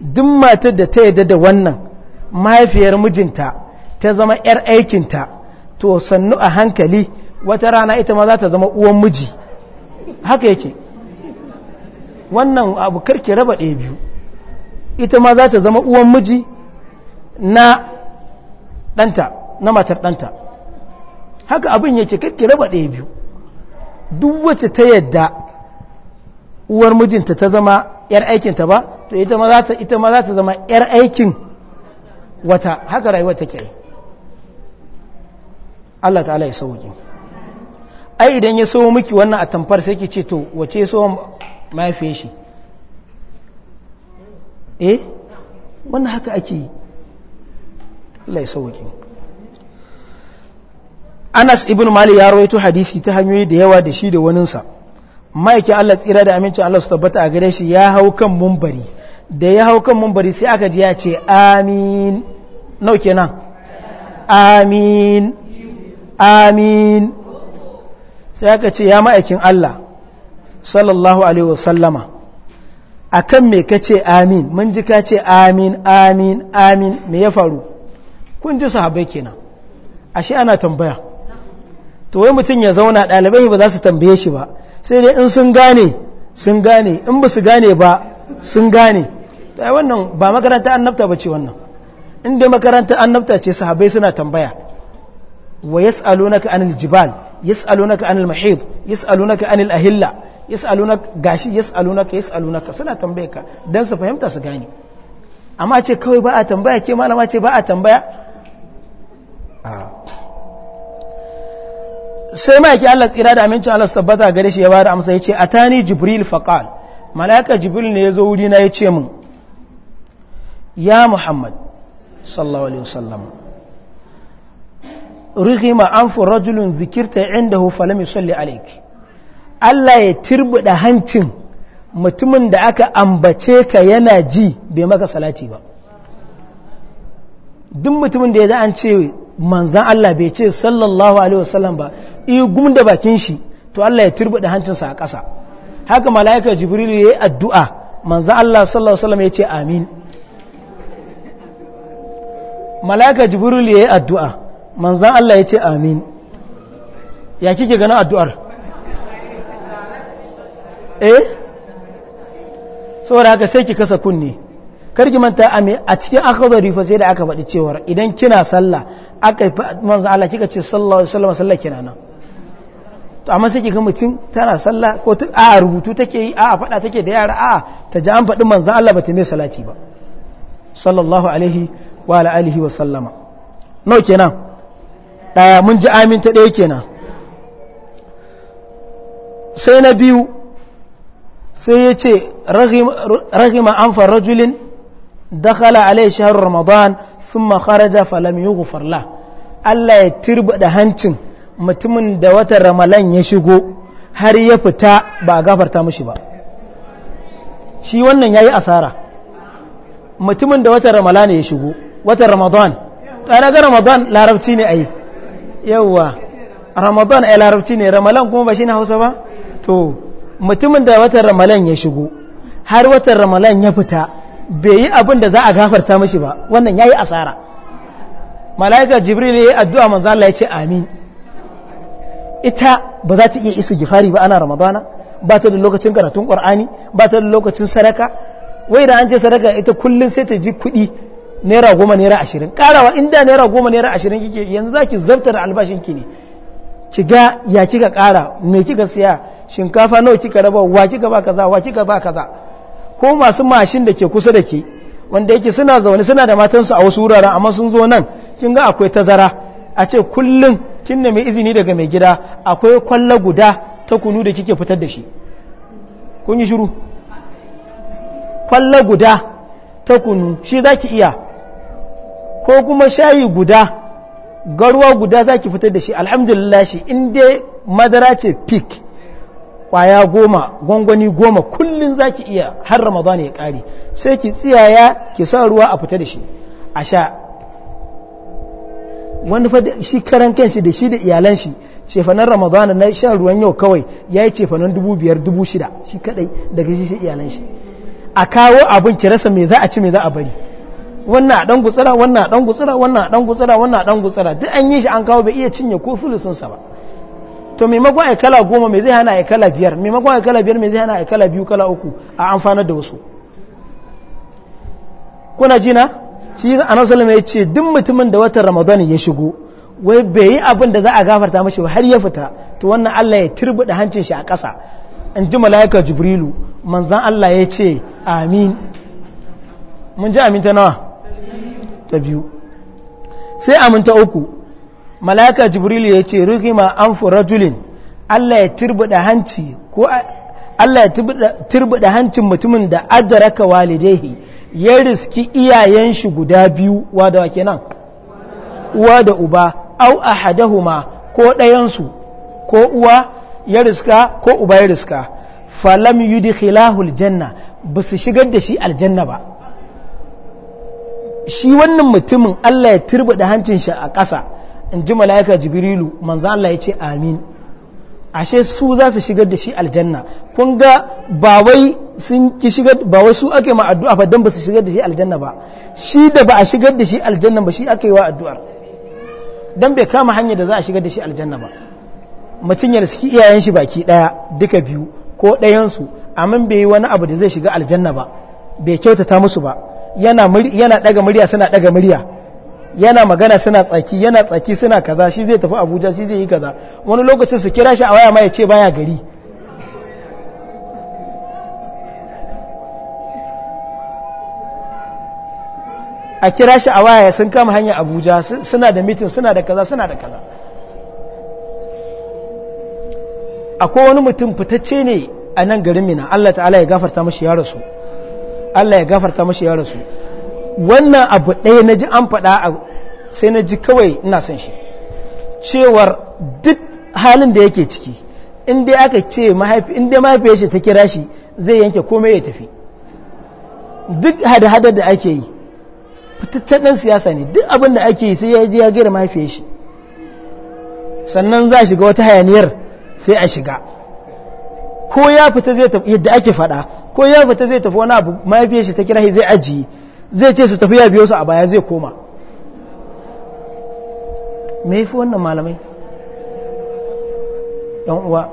duk mata da ta yadda da wannan mahaifiyar mijinta ta zama 'yar aikinta to sannu a hankali wata rana ita ma za ta zama uwan miji haka yake wannan abu karki raba ɗaya biyu ita ma za ta zama uwan miji na ɗanta na matar ɗanta haka abin yake kakki raba ɗaya biyu duk wacce ta yadda uwar mijinta ta zama 'yar aikinta ba to ita ma za ta zama 'yar aikin wata haka rayuwa take yi Allah ta'ala ya sauki ai idan ya so miki wannan a tamfar sai ki ce to wace ya sawo shi eh wannan haka ake yi Allah ya sauki Anas ibn Malik ya rawaito hadisi ta hanyoyi da yawa da shi da waninsa ma'aikin Allah tsira da amincin Allah su tabbata a gare shi ya hau kan mumbari da ya hau kan mumbari sai aka ji ya ce amin nau kenan amin amin sai aka ce ya ma'aikin Allah sallallahu alaihi wasallama akan me kace amin mun ji kace amin amin amin me ya faru kun ji sahabai kenan ashe ana tambaya to wai mutum ya zauna dalibai ba za su tambaye shi ba sai dai in sun gane sun gane in ba su gane ba sun gane to ai wannan ba makaranta annabta ba ce wannan Inda makaranta annabta ce sahabai suna tambaya wa yas'alunaka anil jibal yas'alunaka anil mahid yas'alunaka anil ahilla yas'alunaka gashi yas'alunaka yas'alunaka suna tambaye ka dan su fahimta su gane amma ce kawai ba a tambaya ke malama ce ba a tambaya sai ma'aiki Allah tsira da amincin Allah su tabbata gare shi ya da amsa ya ce a tani jibril faƙal mala'ika jibril ne ya zo wuri na ya ce min ya muhammad sallallahu alaihi wasallam rigima an fi rajulun zikirta inda hufala mai salli alaiki Allah ya tirbuɗa hancin mutumin da aka ambace ka yana ji bai maka salati ba duk mutumin da ya za an ce manzan Allah bai ce sallallahu alaihi wasallam ba iya gumda bakin shi to Allah ya da hancinsa a ƙasa haka mala'ikar jibril ya yi addu'a manzan Allah sallallahu alaihi wasallam ya ce amin mala'ikar jibril ya yi addu'a manzan Allah ya ce amin ya kike ganin addu'ar eh saboda haka sai ki kasa kunne karki manta a cikin akhadari fa sai da aka faɗi cewar idan kina sallah aka yi manzo Allah kika ce sallallahu alaihi wasallam sallah kenan to amma sai kika mutum tana sallah ko ta a rubutu take yi a fada take da yara a ta ji an faɗi manzo Allah bata ta mai salati ba sallallahu alaihi wa ala alihi wa sallama no kenan daya mun ji amin ta daya kenan sai na biyu sai ya ce rahima an farajulin dakhala alaihi shahr ramadan thumma kharaja falam yughfar farla. Allah ya da hancin mutumin da watan ramalan ya shigo har ya fita ba a gafarta mushi ba shi wannan ya yi asara mutumin da watan ramalan ya shigo watan ramadan ƙara ga ramadan larabci ne a yi yauwa ramadan yi larabci ne ramalan kuma ba shi na hausa ba to mutumin da watan ramalan ya shigo har watan ramalan ya fita bai yi abin da za a gafarta mashi ba wannan ya yi asara mala'ika jibril ya yi addu'a manzala ya ce amin ita ba za ta iya isa gifari ba ana ramadana ba ta da lokacin karatun ƙwar'ani ba ta da lokacin sadaka wai da an ce sadaka ita kullum sai ta ji kuɗi naira goma naira ashirin ƙarawa inda naira goma naira ashirin kike yanzu za ki zartar albashin ki ne ki ga ya kika ƙara mai kika siya shinkafa nawa kika raba wa kika ba kaza wa kika ba kaza ko masu mashin da ke kusa da ke wanda yake suna zaune suna da matansu a wasu wuraren amma sun zo nan kin ga akwai tazara a ce kullum kin nemi izini daga mai gida akwai kwalla guda ta kunu da kike fitar da shi kun yi shiru Kwallo guda ta kunu shi za ki iya ko kuma shayi guda garuwa guda za ki fitar da shi alhamdulillah shi inda madara ce pik kwaya goma gwangwani goma kullum za ki iya har ramadana ya ƙari sai ki tsiyaya ki sa ruwa a fita da shi a sha wani fada shi karan kanshi da shi da iyalan shi cefanen ramadana na shan ruwan yau kawai ya yi cefanen dubu biyar dubu shida shi kadai daga shi iyalan shi a kawo abin ki rasa me za a ci me za a bari wannan a dan gutsura wannan a dan gutsura wannan a dan gutsura wannan a dan gutsura duk an yi shi an kawo bai iya cinye ko fulusunsa ba to maimakon a kala goma mai zai hana a kala biyar maimakon a kala biyar mai zai hana a kala biyu kala uku a amfanar da wasu kuna jina shi anan salama ya ce duk mutumin da watan ramadan ya shigo wai bai yi abin da za a gafarta mashi har ya fita to wannan allah ya turbuɗe hancin shi a ƙasa in ji mala'ika jibrilu manzan allah ya ce amin mun ji aminta nawa ta biyu sai aminta uku malaka jibril ya ce rugima an furajulin Allah ya turbida hancin mutumin da adaraka walidaihi ya riski iyayen shi guda biyu wa da kenan uwa da uba au a hadahuma ko ɗayansu ko uwa ya riska ko uba ya riska falam khilahul janna ba su shigar da shi aljanna ba shi wannan mutumin Allah ya turbida hancin shi a ƙasa in ji mala'ika jibrilu manzo Allah ya ce amin ashe su za su shigar da shi aljanna kun ga ba wai su ake ma addu'a fa dan ba su shigar da shi aljanna ba shi da ba a shigar da shi aljanna ba shi ake yi wa addu'ar dan bai kama hanyar da za a shigar da shi aljanna ba mutum ya riski iyayen shi baki daya duka biyu ko ɗayansu, su amma bai yi wani abu da zai shiga aljanna ba bai kyautata musu ba yana yana daga murya suna daga murya yana magana suna tsaki yana tsaki suna kaza shi zai tafi abuja shi zai yi kaza wani lokacin su kira shi a waya ma ya ce baya gari a kira shi a waya sun kama hanyar abuja suna da mitin suna da kaza suna da kaza akwai wani mutum fitacce ne a nan garin mina allah ta'ala ya gafarta mashi ya rasu allah ya gafarta mashi ya rasu wannan abu ɗaya na ji an faɗa a sai na ji kawai ina son shi cewar duk halin da yake ciki inda aka ce mahaifi inda mahaifiyar ta kira shi zai yanke komai ya tafi duk hada-hada da ake yi fitaccen ɗan siyasa ne duk abin da ake yi sai ya ji ya mahaifi ya shi sannan za a shiga wata hayaniyar sai a shiga ko ya fita zai tafi yadda ake faɗa ko ya fita zai tafi wani abu mahaifiyar ta kira shi zai ajiye zai ce su tafiya biyo su a baya zai koma me fi wannan malamai yanuwa uwa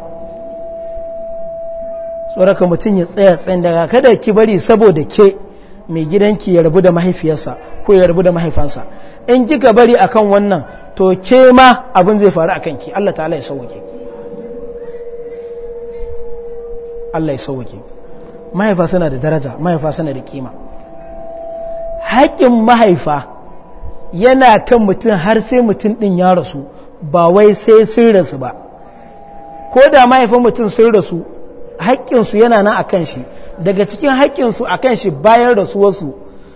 tsoraka mutum ya tsaya tsayin daga kada ki bari saboda ke mai gidanki ya rabu da mahaifiyarsa ko ya rabu da mahaifansa in kika bari akan wannan to ke ma abin zai faru akan ki Allah ta ya sauwake Allah ya sauwake mahaifa suna da daraja mahaifa suna da kima haƙƙin mahaifa yana kan mutum har sai mutum ɗin ya rasu ba wai sai sun rasu ba ko da mahaifin mutum sun rasu haƙƙinsu yana nan a kan shi daga cikin haƙƙinsu a kan shi bayan rasuwarsu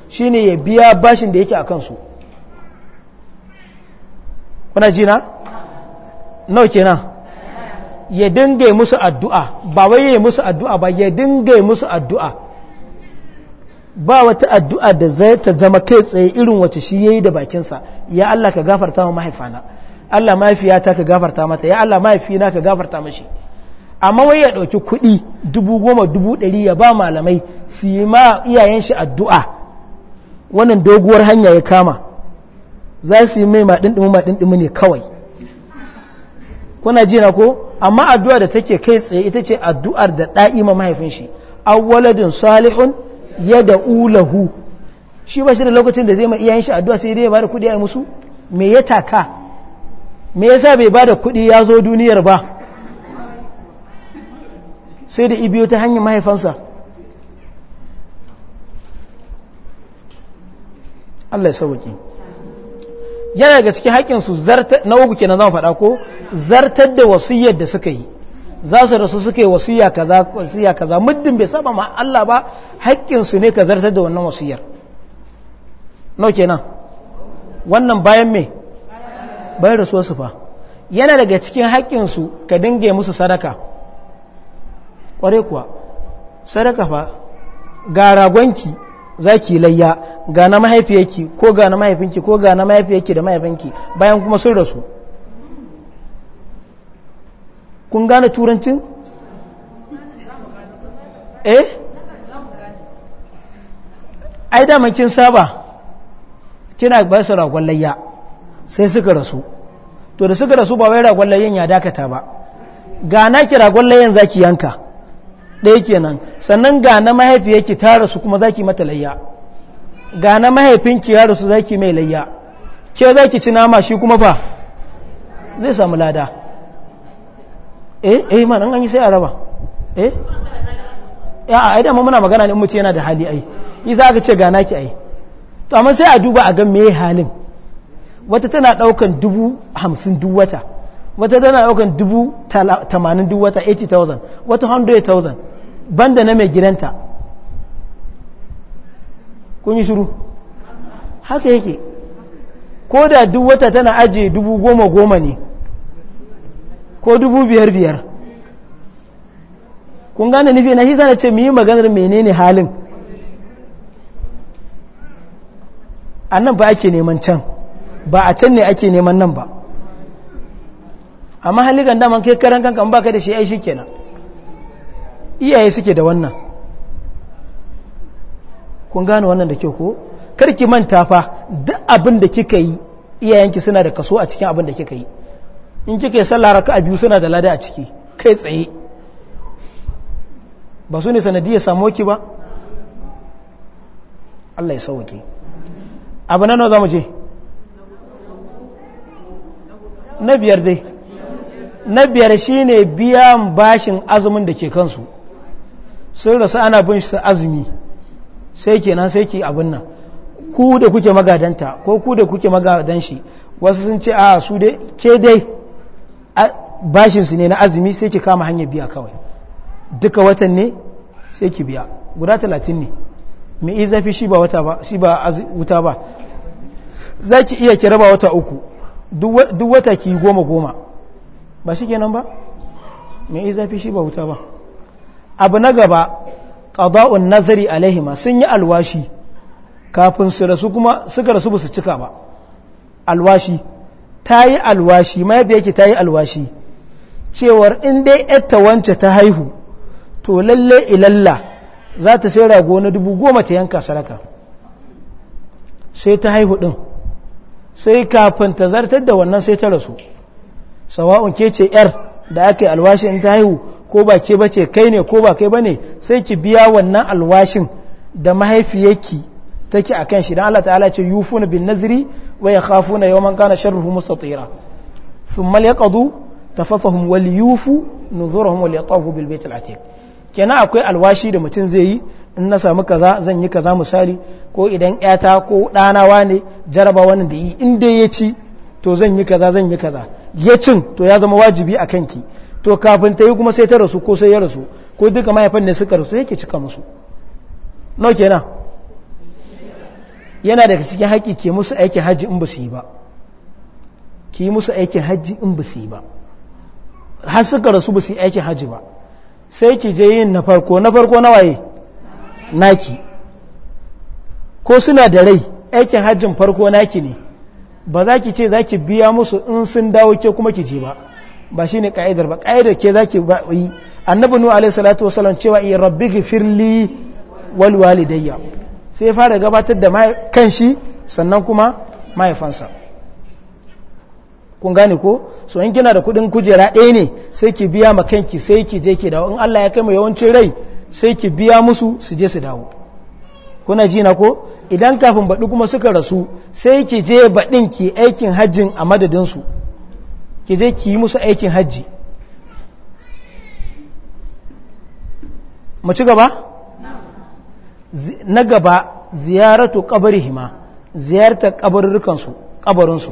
shi ne ya biya bashin da yake a kansu kuna ji na? nau kenan ya dinga musu addu'a ba wai ya musu addu'a ba ya dinga musu addu'a ba wata addu'a da zai ta zama kai tsaye irin wace shi ya yi da bakinsa ya Allah ka gafarta wa mahaifana Allah mahaifiyata ka gafarta mata ya Allah mahaifina ka gafarta mashi amma wai ya ɗauki kuɗi dubu goma dubu ɗari ya ba malamai su yi ma iyayen shi addu'a wannan doguwar hanya ya kama za su yi mai maɗinɗimi maɗinɗimi ne kawai kuna jina ko amma addu'a da take kai tsaye ita ce addu'ar da ɗa'ima mahaifin shi awwaladun salihun ya da ulahu shi ba shi da lokacin da zai ma iyayen shi addu'a sai dai ya bada kuɗi a musu me ya taka me sa bai ba da kuɗi ya zo duniyar ba sai da ibiyo ta hanyar mahaifansa Allah ya sauki yana daga cikin haƙƙinsu na uku na zama faɗa ko zartar da wasu yadda suka yi za su rasu suke wasiya kaza wasiya kaza muddin bai saba ma Allah ba haƙƙin ne ka zartar da wannan wasiyar no kenan wannan bayan me bayan rasu su fa yana daga cikin haƙƙin su ka dinga musu sadaka ƙware kuwa sadaka fa ga ragonki zaki layya ga na mahaifiyarki ko ga na mahaifinki ko ga na mahaifiyarki da mahaifinki bayan kuma sun rasu kun gane turancin eh ai daman saba kina ba su ragon layya sai suka rasu to da suka rasu ba wai ragon layyan ya dakata ba ga ki ragon layyan zaki yanka ɗaya kenan sannan ga na mahaifiyarki ta rasu kuma zaki mata layya ga na mahaifinki ya rasu zaki mai layya ke zaki ci nama shi kuma fa zai samu lada Eh, eh ma man an yi sai a raba eh ya ai da muna magana ne mutum yana da hali ai yi za ka ce gana ki ai to amma sai a duba a ga me halin wata tana daukan dubu hamsin duk wata wata tana daukan dubu tamanin duk wata 80,000 wata 100,000 banda na mai gidanta kun yi shiru haka yake ko da duk wata tana ajiye dubu goma goma ne ko dubu biyar biyar kun gane nufi na shi zana ce mu yi maganar menene halin annan ba ake neman can ba a can ne ake neman nan ba amma ganda daman kai karan kankan ka da shi ai shi kenan iyaye suke da wannan kun gane wannan da kyau ko karki manta fa duk abin da kika yi iyayenki suna da kaso a cikin abin da kika yi in kike sallah raka'a biyu suna da lada a ciki kai tsaye ba su ne sanadiyya samu ki ba Allah ya sauke abu nan za mu je na biyar dai na biyar shine biyan bashin azumin da ke kansu sun rasu ana bin shi azumi sai kenan sai ke abin nan ku da kuke magadanta ko ku da kuke magadan shi wasu sun ce a su dai ke dai bashinsu ne na azumi sai ki kama hanyar biya kawai duka watan ne sai ki biya guda talatin ne mai iya zafi shi ba wuta ba za ki iya ki raba wata uku duk wata ki goma goma ba shi kenan ba mai iya zafi shi ba wuta ba abu na gaba ƙaba'un nazari alaihima sun yi alwashi kafin su rasu kuma suka rasu ba su cika ba alwashi ta yi alwashi mahaifiyarki ta yi alwashi cewar in dai yatta wance ta haihu to lalle ilalla za ta sai rago na dubu goma ta yanka saraka sai ta haihu ɗin sai kafin ta zartar da wannan sai ta rasu sawa'un ke ce yar da aka yi alwashi in ta haihu ko ba ke ba ce kai ne ko ba kai ba ne sai ki biya wannan alwashin da mahaifiyarki take a kan shi don Allah ta'ala ce na bin naziri ويخافون يوما كان شره مستطيرا ثم ليقضوا تفثهم وليوفوا نذورهم وليطافوا بالبيت العتيق kenan akwai alwashi da mutum zai yi in na samu kaza zan yi kaza misali ko idan yata ko ɗanawa ne jaraba wani da yi in ya ci to zan yi kaza zan yi kaza ya cin to ya zama wajibi a kanki to kafin ta yi kuma sai ta rasu ko sai ya rasu ko duka mahaifan ne suka rasu yake cika musu no kenan yana daga cikin haƙi ke musu aikin hajji in ba su yi ba ke musu aikin hajji in ba su yi ba har suka rasu ba su yi aikin hajji ba sai ki je yin na farko na farko na waye naki ko suna da rai aikin hajjin farko naki ne ba za ki ce za ki biya musu in sun dawo ke kuma ki je ba ba shi ne ƙa'idar ba ƙa'idar ke za ki yi annabi nu alaihi salatu wasalam cewa iya rabbi gifirli walwali walidayya sai ya fara gabatar da kanshi sannan kuma mahaifansa kun gane ko so in kina da kudin kujera ɗaya ne sai ki biya ma kanki sai ki je ki dawo in Allah ya kai mai yawancin rai sai ki biya musu su je su dawo kuna ji na ko idan kafin baɗi kuma suka rasu sai ki je baɗin ki aikin hajjin a madadinsu ki je ki yi musu aikin hajji mu ci gaba? na gaba ziyaratu hima ziyarta kabarurkansu kabarinsu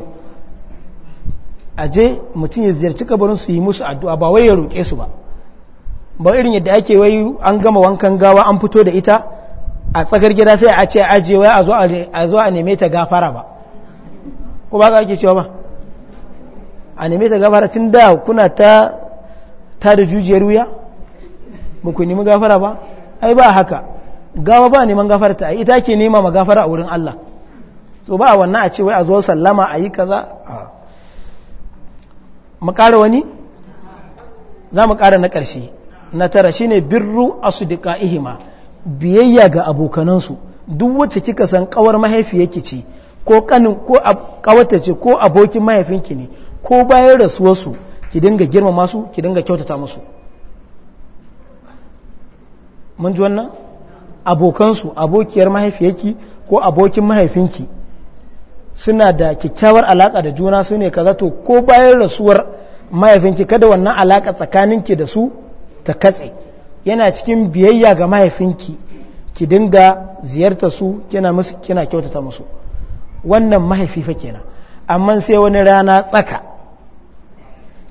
aje mutum ya ziyarci kabarinsu yi musu addu'a ba wai ya roƙe su ba ba irin yadda ake wai an gama wankan gawa an fito da ita a tsakar gida sai a ce aje wai a zo a neme ta gafara ba ko ba ka ake cewa ba a neme ta gafara tun da kuna ta ta da jujiyar wuya ba ku nemi gafara ba ai ba haka gawa ba neman gafara ta ita ke nema ma gafara a wurin Allah to ba wannan a ce wai a zo sallama a yi kaza a mu wani za mu ƙara na ƙarshe na tara shine birru asudika ihima biyayya ga abokanansu duk wacce kika san kawar mahaifiyarki ce ko kanin ko kawata ce ko abokin mahaifinki ne ko bayan rasuwarsu ki dinga girmama su ki dinga kyautata musu mun ji wannan abokansu abokiyar mahaifiyarki ko abokin mahaifinki suna da kyakkyawar alaka da juna su ne kaza to ko bayan rasuwar mahaifinki kada wannan alaka tsakaninki da su ta katse yana cikin biyayya ga mahaifinki ki dinga ziyartar su kina musu kina kyautata musu wannan mahaifi fa kenan amma sai wani rana tsaka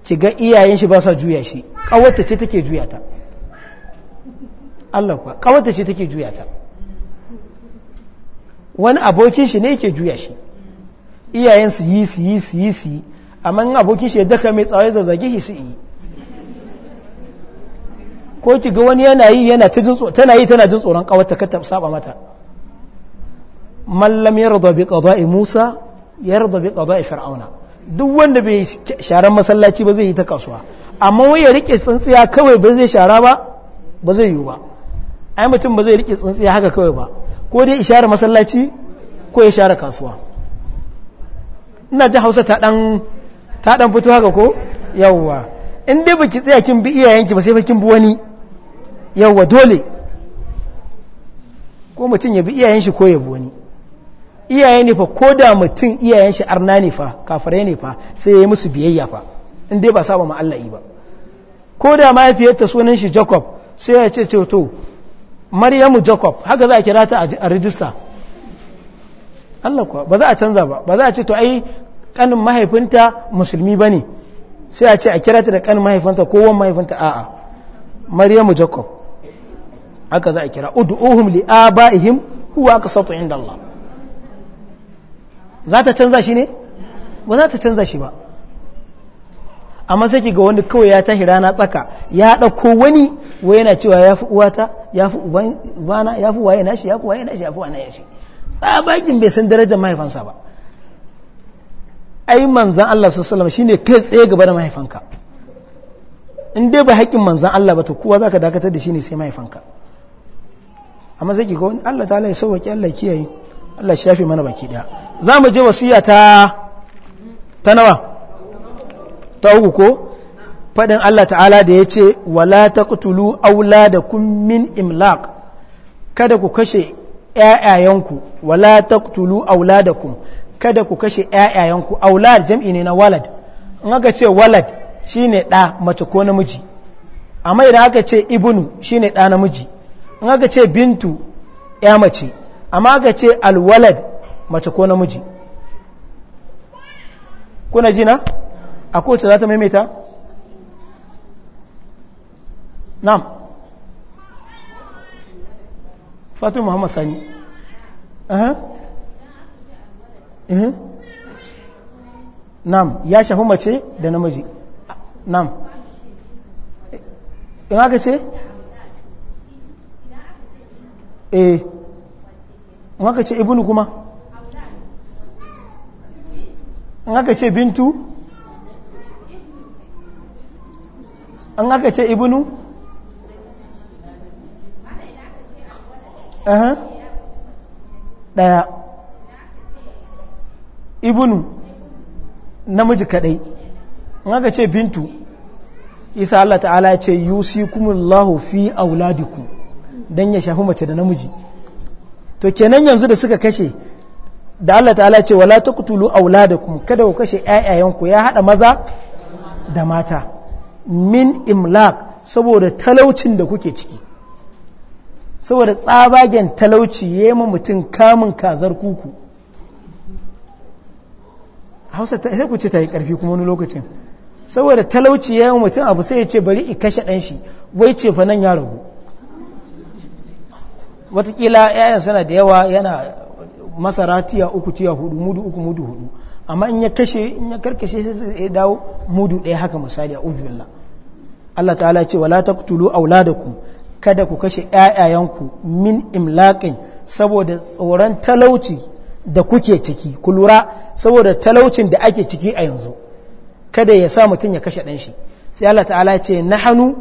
ki ga iyayen shi ba sa juya shi ƙawarta ce take juya ta Allah kuwa kawata ce take juya ta wani abokin shi ne yake juya shi iyayen su yi su yi su yi su yi amma in abokin shi ya daka mai tsawai zazzage shi su yi ko ki ga wani yana yi yana ta jin tana yi tana jin tsoron kawata ka ta saba mata Mallam ya yarda bi qada'i Musa ya yarda bi qada'i Fir'auna duk wanda bai sharan masallaci ba zai yi ta kasuwa amma wai ya rike tsantsiya kawai ba zai shara ba ba zai yi ba ai mutum ba zai rike tsintsiya haka kawai ba ko dai ishara masallaci ko ya share kasuwa ina ji hausa ta dan ta dan fito haka ko yawwa in dai baki tsaya kin bi iyayenki ba sai fa kin bi wani yawwa dole ko mutum ya bi iyayen shi ko ya bi wani iyaye ne fa ko da mutum iyayen shi arna ne fa kafare ne fa sai ya yi musu biyayya fa in dai ba saba ma Allah yi ba ko da mahaifiyarta sunan shi Jacob sai ya ce to maryamu jacob haka za a kira ta a rijista Allah kuwa ba za a canza ba ba za a ce to ai kanin mahaifinta musulmi ba ne sai a ce a kira ta da kanin mahaifinta kowon mahaifinta a'a maryamu jacob haka za a kira udu'uhum li aba'ihim huwa ka sautu inda Allah za ta canza shi ne ba za ta canza shi ba amma sai ki ga wani kawai ya tashi rana tsaka ya ɗauko wani wai yana cewa ya fi uwata ya fi ubana ya fi waye nashi ya fi waye nashi ya fi waye nashi tsabakin bai san darajar mahaifansa ba ai manzan Allah su salama ne kai tsaye gaba da mahaifanka in dai ba haƙƙin manzan Allah ba to kowa za ka dakatar da shi ne sai mahaifanka amma sai ki ga wani Allah ta ya sauwaƙi Allah kiyaye Allah shafe mana baki ɗaya za mu je wasiya ta ta nawa ta uku ko faɗin Allah ta'ala da ya ce wala ta kutulu aula da min imlaq kada ku kashe ‘ya'yayenku wala ta kutulu aula da kada ku kashe ‘ya'yayenku aula jam'i ne na walad in aka ce walad shi ne ɗa mace ko namiji amma idan aka ce ibnu shine ne ɗa namiji in aka ce bintu ‘ya mace amma aka ce alwalad mace ko namiji kuna jina? a kowace za ta maimaita? na'am fatin muhammad sani na'am ya shafi mace da namiji na'am in aka ce? eh in aka ce ibinu kuma in aka ce bintu an aka ce ibnu ɗaya ibnu namiji kaɗai an aka ce bintu isa Allah ta'ala ce yusikumullahu fi auladikum dan ya shafi mace da namiji to kenan yanzu da suka kashe da Allah ta'ala ce wala taqtulu auladakum kada ku kashe ƴaƴayenku ya haɗa maza da mata min imlak saboda talaucin da kuke ciki saboda tsabagen talauci ya yi mutum kamun kazar kuku hausa ta ku ce ta yi ƙarfi kuma wani lokacin saboda talauci ya yi mutum abu sai ya ce bari i kashe ɗan shi wai ce fa nan ya ragu watakila yayan sana da yawa yana masara tiya uku tiya hudu mudu uku mudu hudu amma in ya kashe in ya karkashe sai ya dawo mudu ɗaya haka misali a uzbillah Allah ta'ala ce wala taqtulu auladakum kada ku kashe ƴaƴayanku min imlaqin saboda tsoron talauci da kuke ciki ku lura saboda talaucin da ake ciki a yanzu kada ya sa mutum ya kashe ɗanshi sai Allah ta'ala ce na hannu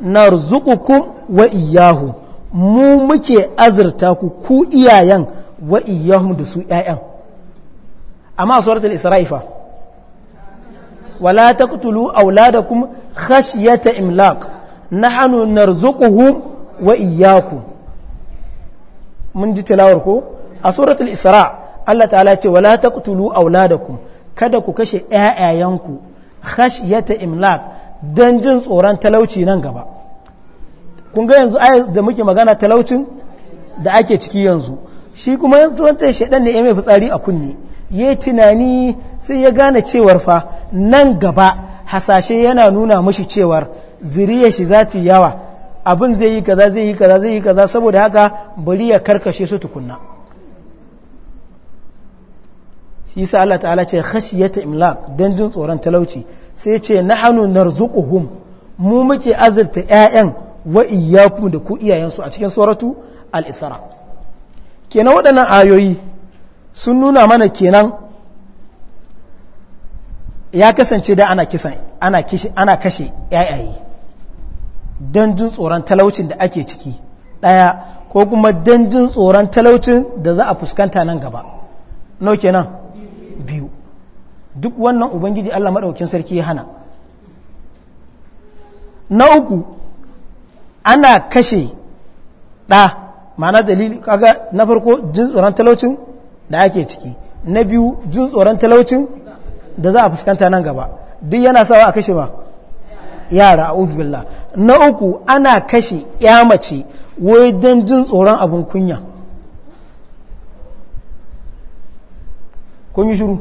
na rizukukum wa iyahu mu muke azurta ku ku iyayen wa iyahu da su ƴaƴan amma suratul isra'ifa wala taqtulu auladakum khashyata imlaq nahnu narzuquhum wa iyyakum mun ji tilawar ko a suratul isra Allah ta'ala ce wala taqtulu auladakum kada ku kashe ƴaƴayanku khashyata imlaq dan jin tsoron talauci nan gaba kun ga yanzu ayat da muke magana talaucin da ake ciki yanzu shi kuma yanzu wanda shedan ne ya mai fitsari a kunne yayi tunani sai ya gane cewar fa nan gaba hasashe yana nuna mashi cewar ziriya shi za ta yawa abin zai yi kaza zai yi kaza zai yi kaza saboda haka bari ya karkashe su tukunna shi yasa Allah ta'ala ce khashiyata imlaq dan jin tsoron talauci sai ce nahanu narzuquhum mu muke azurta ƴaƴan wa iyyakum da ku iyayensu a cikin suratu al-isra kenan waɗannan ayoyi sun nuna mana kenan ya kasance da ana kisan ana kishi ana kashe yayaye don jin tsoron talaucin da ake ciki daya ko kuma don jin tsoron talaucin da za a fuskanta nan gaba no kenan biyu duk wannan ubangiji Allah madaukakin sarki ya hana na uku ana kashe ɗa ma'ana dalili kaga na farko jin tsoron talaucin da ake ciki na biyu jin tsoron talaucin da za a fuskanta nan gaba duk yana sawa a kashe ba yara a billah na uku ana kashe ya mace wai don jin tsoron abin kunya kun yi shuru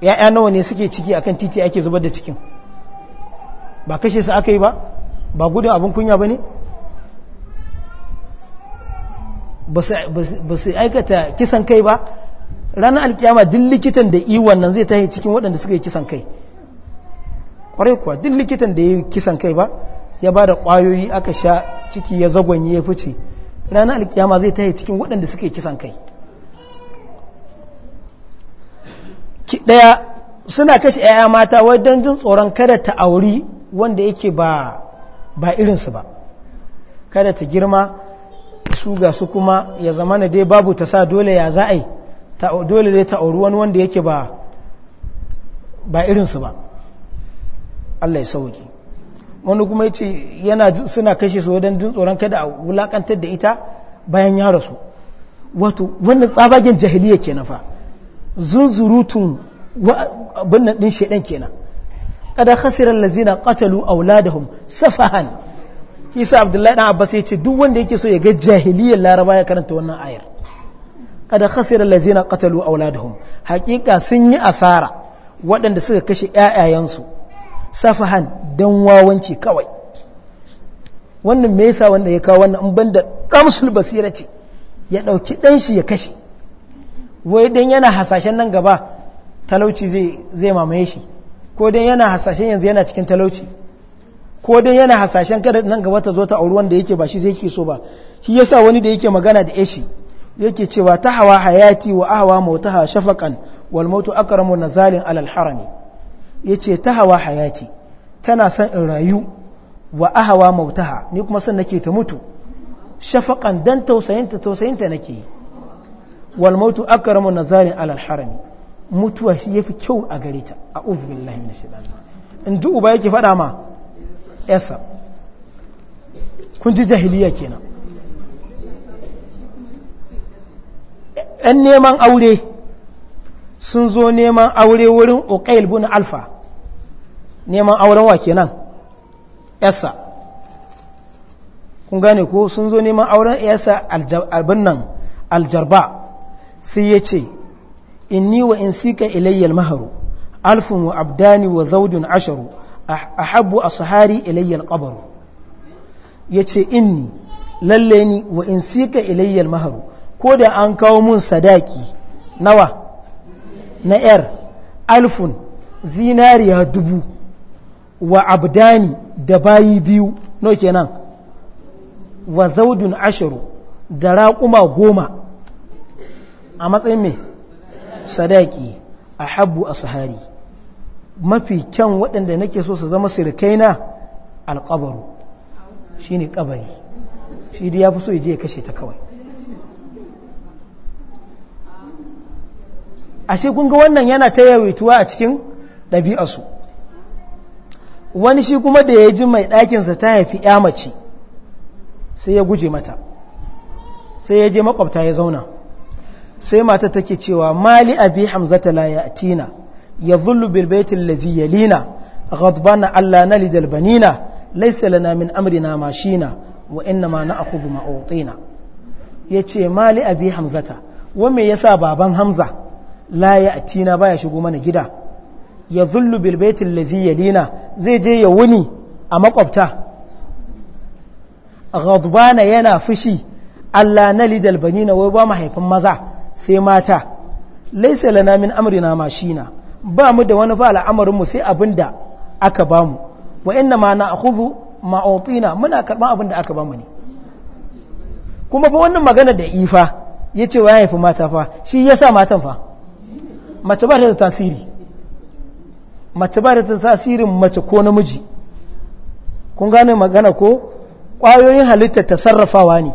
ya'ya nawa ne suke ciki a kan titi ake zubar da cikin ba kashe su aka yi ba ba gudun abin kunya ba ne ba su aikata kisan kai ba ranar alkiyama duk likitan da yi wannan zai yi cikin waɗanda suka yi kisan kai kwarai kuwa duk likitan da ya yi kisan kai ba ya ba da ƙwayoyi aka sha ciki ya zagonye ya fice ranar alkiyama zai ta yi cikin waɗanda suka yi kisan kai ɗaya suna kashe 'ya'ya mata wajen jin tsoron kada ta auri wanda yake ba ba irinsu ba kada ta girma su ga su kuma ya zama na dai babu ta sa dole ya za a dole ne ta auri wani wanda yake ba ba irinsu ba Allah ya sauki wani kuma yace yana suna kashe su wajen jin tsoron kada a wulakantar da ita bayan ya rasu wato wannan tsabagen jahiliya kenan fa zunzurutun abinnan din shedan kenan kada khasiran lazina qatalu auladahum safahan Isa Abdullahi dan Abbas yace duk wanda yake so ya ga jahiliyar Laraba ya karanta wannan ayar kada khasira lazina qatalu auladahum haqiqa sun yi asara waɗanda suka kashe ƴaƴayensu safahan dan wawanci kawai wannan me yasa wanda ya kawo wannan in banda damsul basirati ya dauki dan shi ya kashe wai dan yana hasashen nan gaba talauci zai zai mamaye shi ko dan yana hasashen yanzu yana cikin talauci ko dan yana hasashen kada nan gaba ta zo ta auri wanda yake ba shi zai ke so ba shi yasa wani da yake magana da eshi yake cewa ta hawa hayati wa ahwa mautaha shafaqan wal akaramu na nazalin alal harami yace ta hawa hayati tana son in rayu wa ahwa mautaha ni kuma son nake ta mutu shafakan dan tausayinta tausayinta nake yi wal akaramu na nazalin alal harami mutuwa shi yafi kyau a gare ta a'udhu billahi na shida. in ji uba yake faɗa ma yasa kun ji jahiliya kenan 'yan neman aure sun zo neman aure wurin uqail bin alfa neman auren wa kenan yasa kun gane ko sun zo neman auren yasa albin nan aljarba sai ya ce inni wa in sika ilayyal maharu alfin wa abdani wa zaudun asharu a ah, habbu a sahari ilayyal ƙabaru ya ce inni lallai ni wa in sika ilayyal maharu ko da an kawo mun sadaki nawa na ‘yar alfun zinariya dubu wa abdani da bayi biyu no kenan wa zaudun ashiru da raƙuma goma a matsayin mai sadaki a habu a sahari mafi kyan waɗanda nake so su zama sirkaina alƙabaru shi ne ƙabari shi dai ya fi so ya je ya kashe ta kawai ashe kun ga wannan yana ta yawaituwa a cikin ɗabi'arsu wani shi kuma da ya ji mai ɗakinsa ta haifi ya mace sai ya guje mata sai ya je makwabta ya zauna sai mata take cewa mali abi hamzata la ya atina ya zullu bilbaitin lazi ya lina ghadbana allah na lidal banina laisa lana min amrina mashina wa inna ma na akhudhu ma Ya yace mali abi hamzata wa me yasa baban hamza la ya atina baya shigo mana gida ya zullu bil baitil ladhi lina zai je ya wuni a makwabta ghadbana yana fushi Allah na lidal na wai ba mu maza sai mata laysa lana min amrina mashina ba mu da wani fa sai abin da aka ba mu wa inna ma na'khudhu ma'utina muna karban da aka ba mu ne kuma fa wannan magana da ifa yace ya haifi mata fa shi yasa matan fa mace ba ta da tasiri mace ba ta da tasirin mace ko namiji kun gane magana ko ƙwayoyin halitta ta sarrafawa ne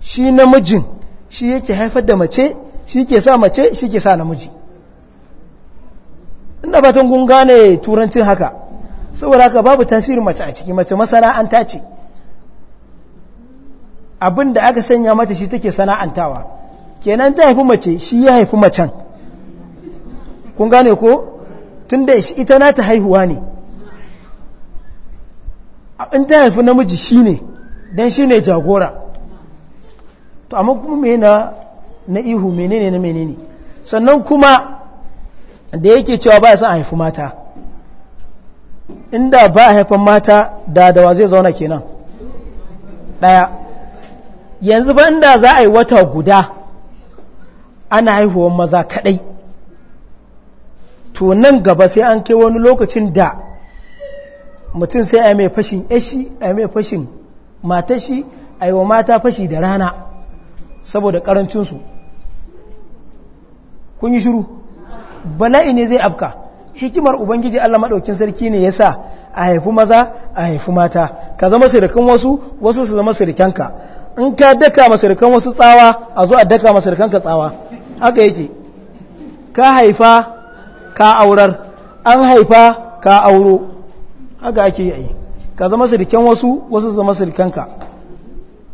shi namijin shi yake haifar da mace shi ke sa mace shi ke sa namiji ina fatan kun gane turancin haka saboda haka babu tasirin mace a ciki mace masana'anta ce abinda da aka sanya mata shi take sana'antawa kenan ta haifi mace shi ya haifi macen kun gane ko tun da ita na ta haihuwa ne in ta haifi namiji shi ne don shi ne jagora to amma kuma mai na ihu menene na menene sannan kuma da yake cewa ba ya san haifi mata inda ba a haifan mata da dawa zai zauna kenan ɗaya yanzu ban da za a yi wata guda ana haihuwan maza kaɗai to nan gaba sai an kai wani lokacin da mutum sai a mai fashin eshi a mai fashin matashi a yi wa mata fashi da rana saboda karancinsu kun yi shiru bala'i ne zai afka hikimar ubangiji allah maɗaukin sarki ne ya sa a haifi maza a haifi mata ka zama sirikan wasu wasu su zama sirikanka in ka daka masirikan wasu tsawa a zo a daka masirikanka tsawa haka yake ka haifa ka aurar an haifa ka auro haka ake yi ka zama sirken wasu wasu zama sirkenka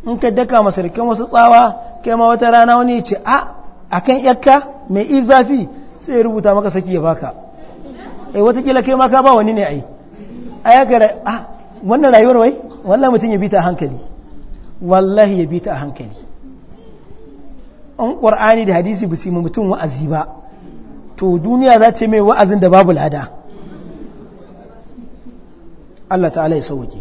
in ka daka ma sirken wasu tsawa kai ma wata rana wani ce a akan yakka mai izafi sai ya rubuta maka saki ya baka ai eh, watakila kai ma ka ba wani ne ai ai ka a wannan rayuwar wai wallahi mutum ya bi ta hankali wallahi ya bi ta hankali an qur'ani da hadisi bisi mutum wa'azi ba to duniya za ta mai wa'azin da babu lada Allah ta'ala ya sauke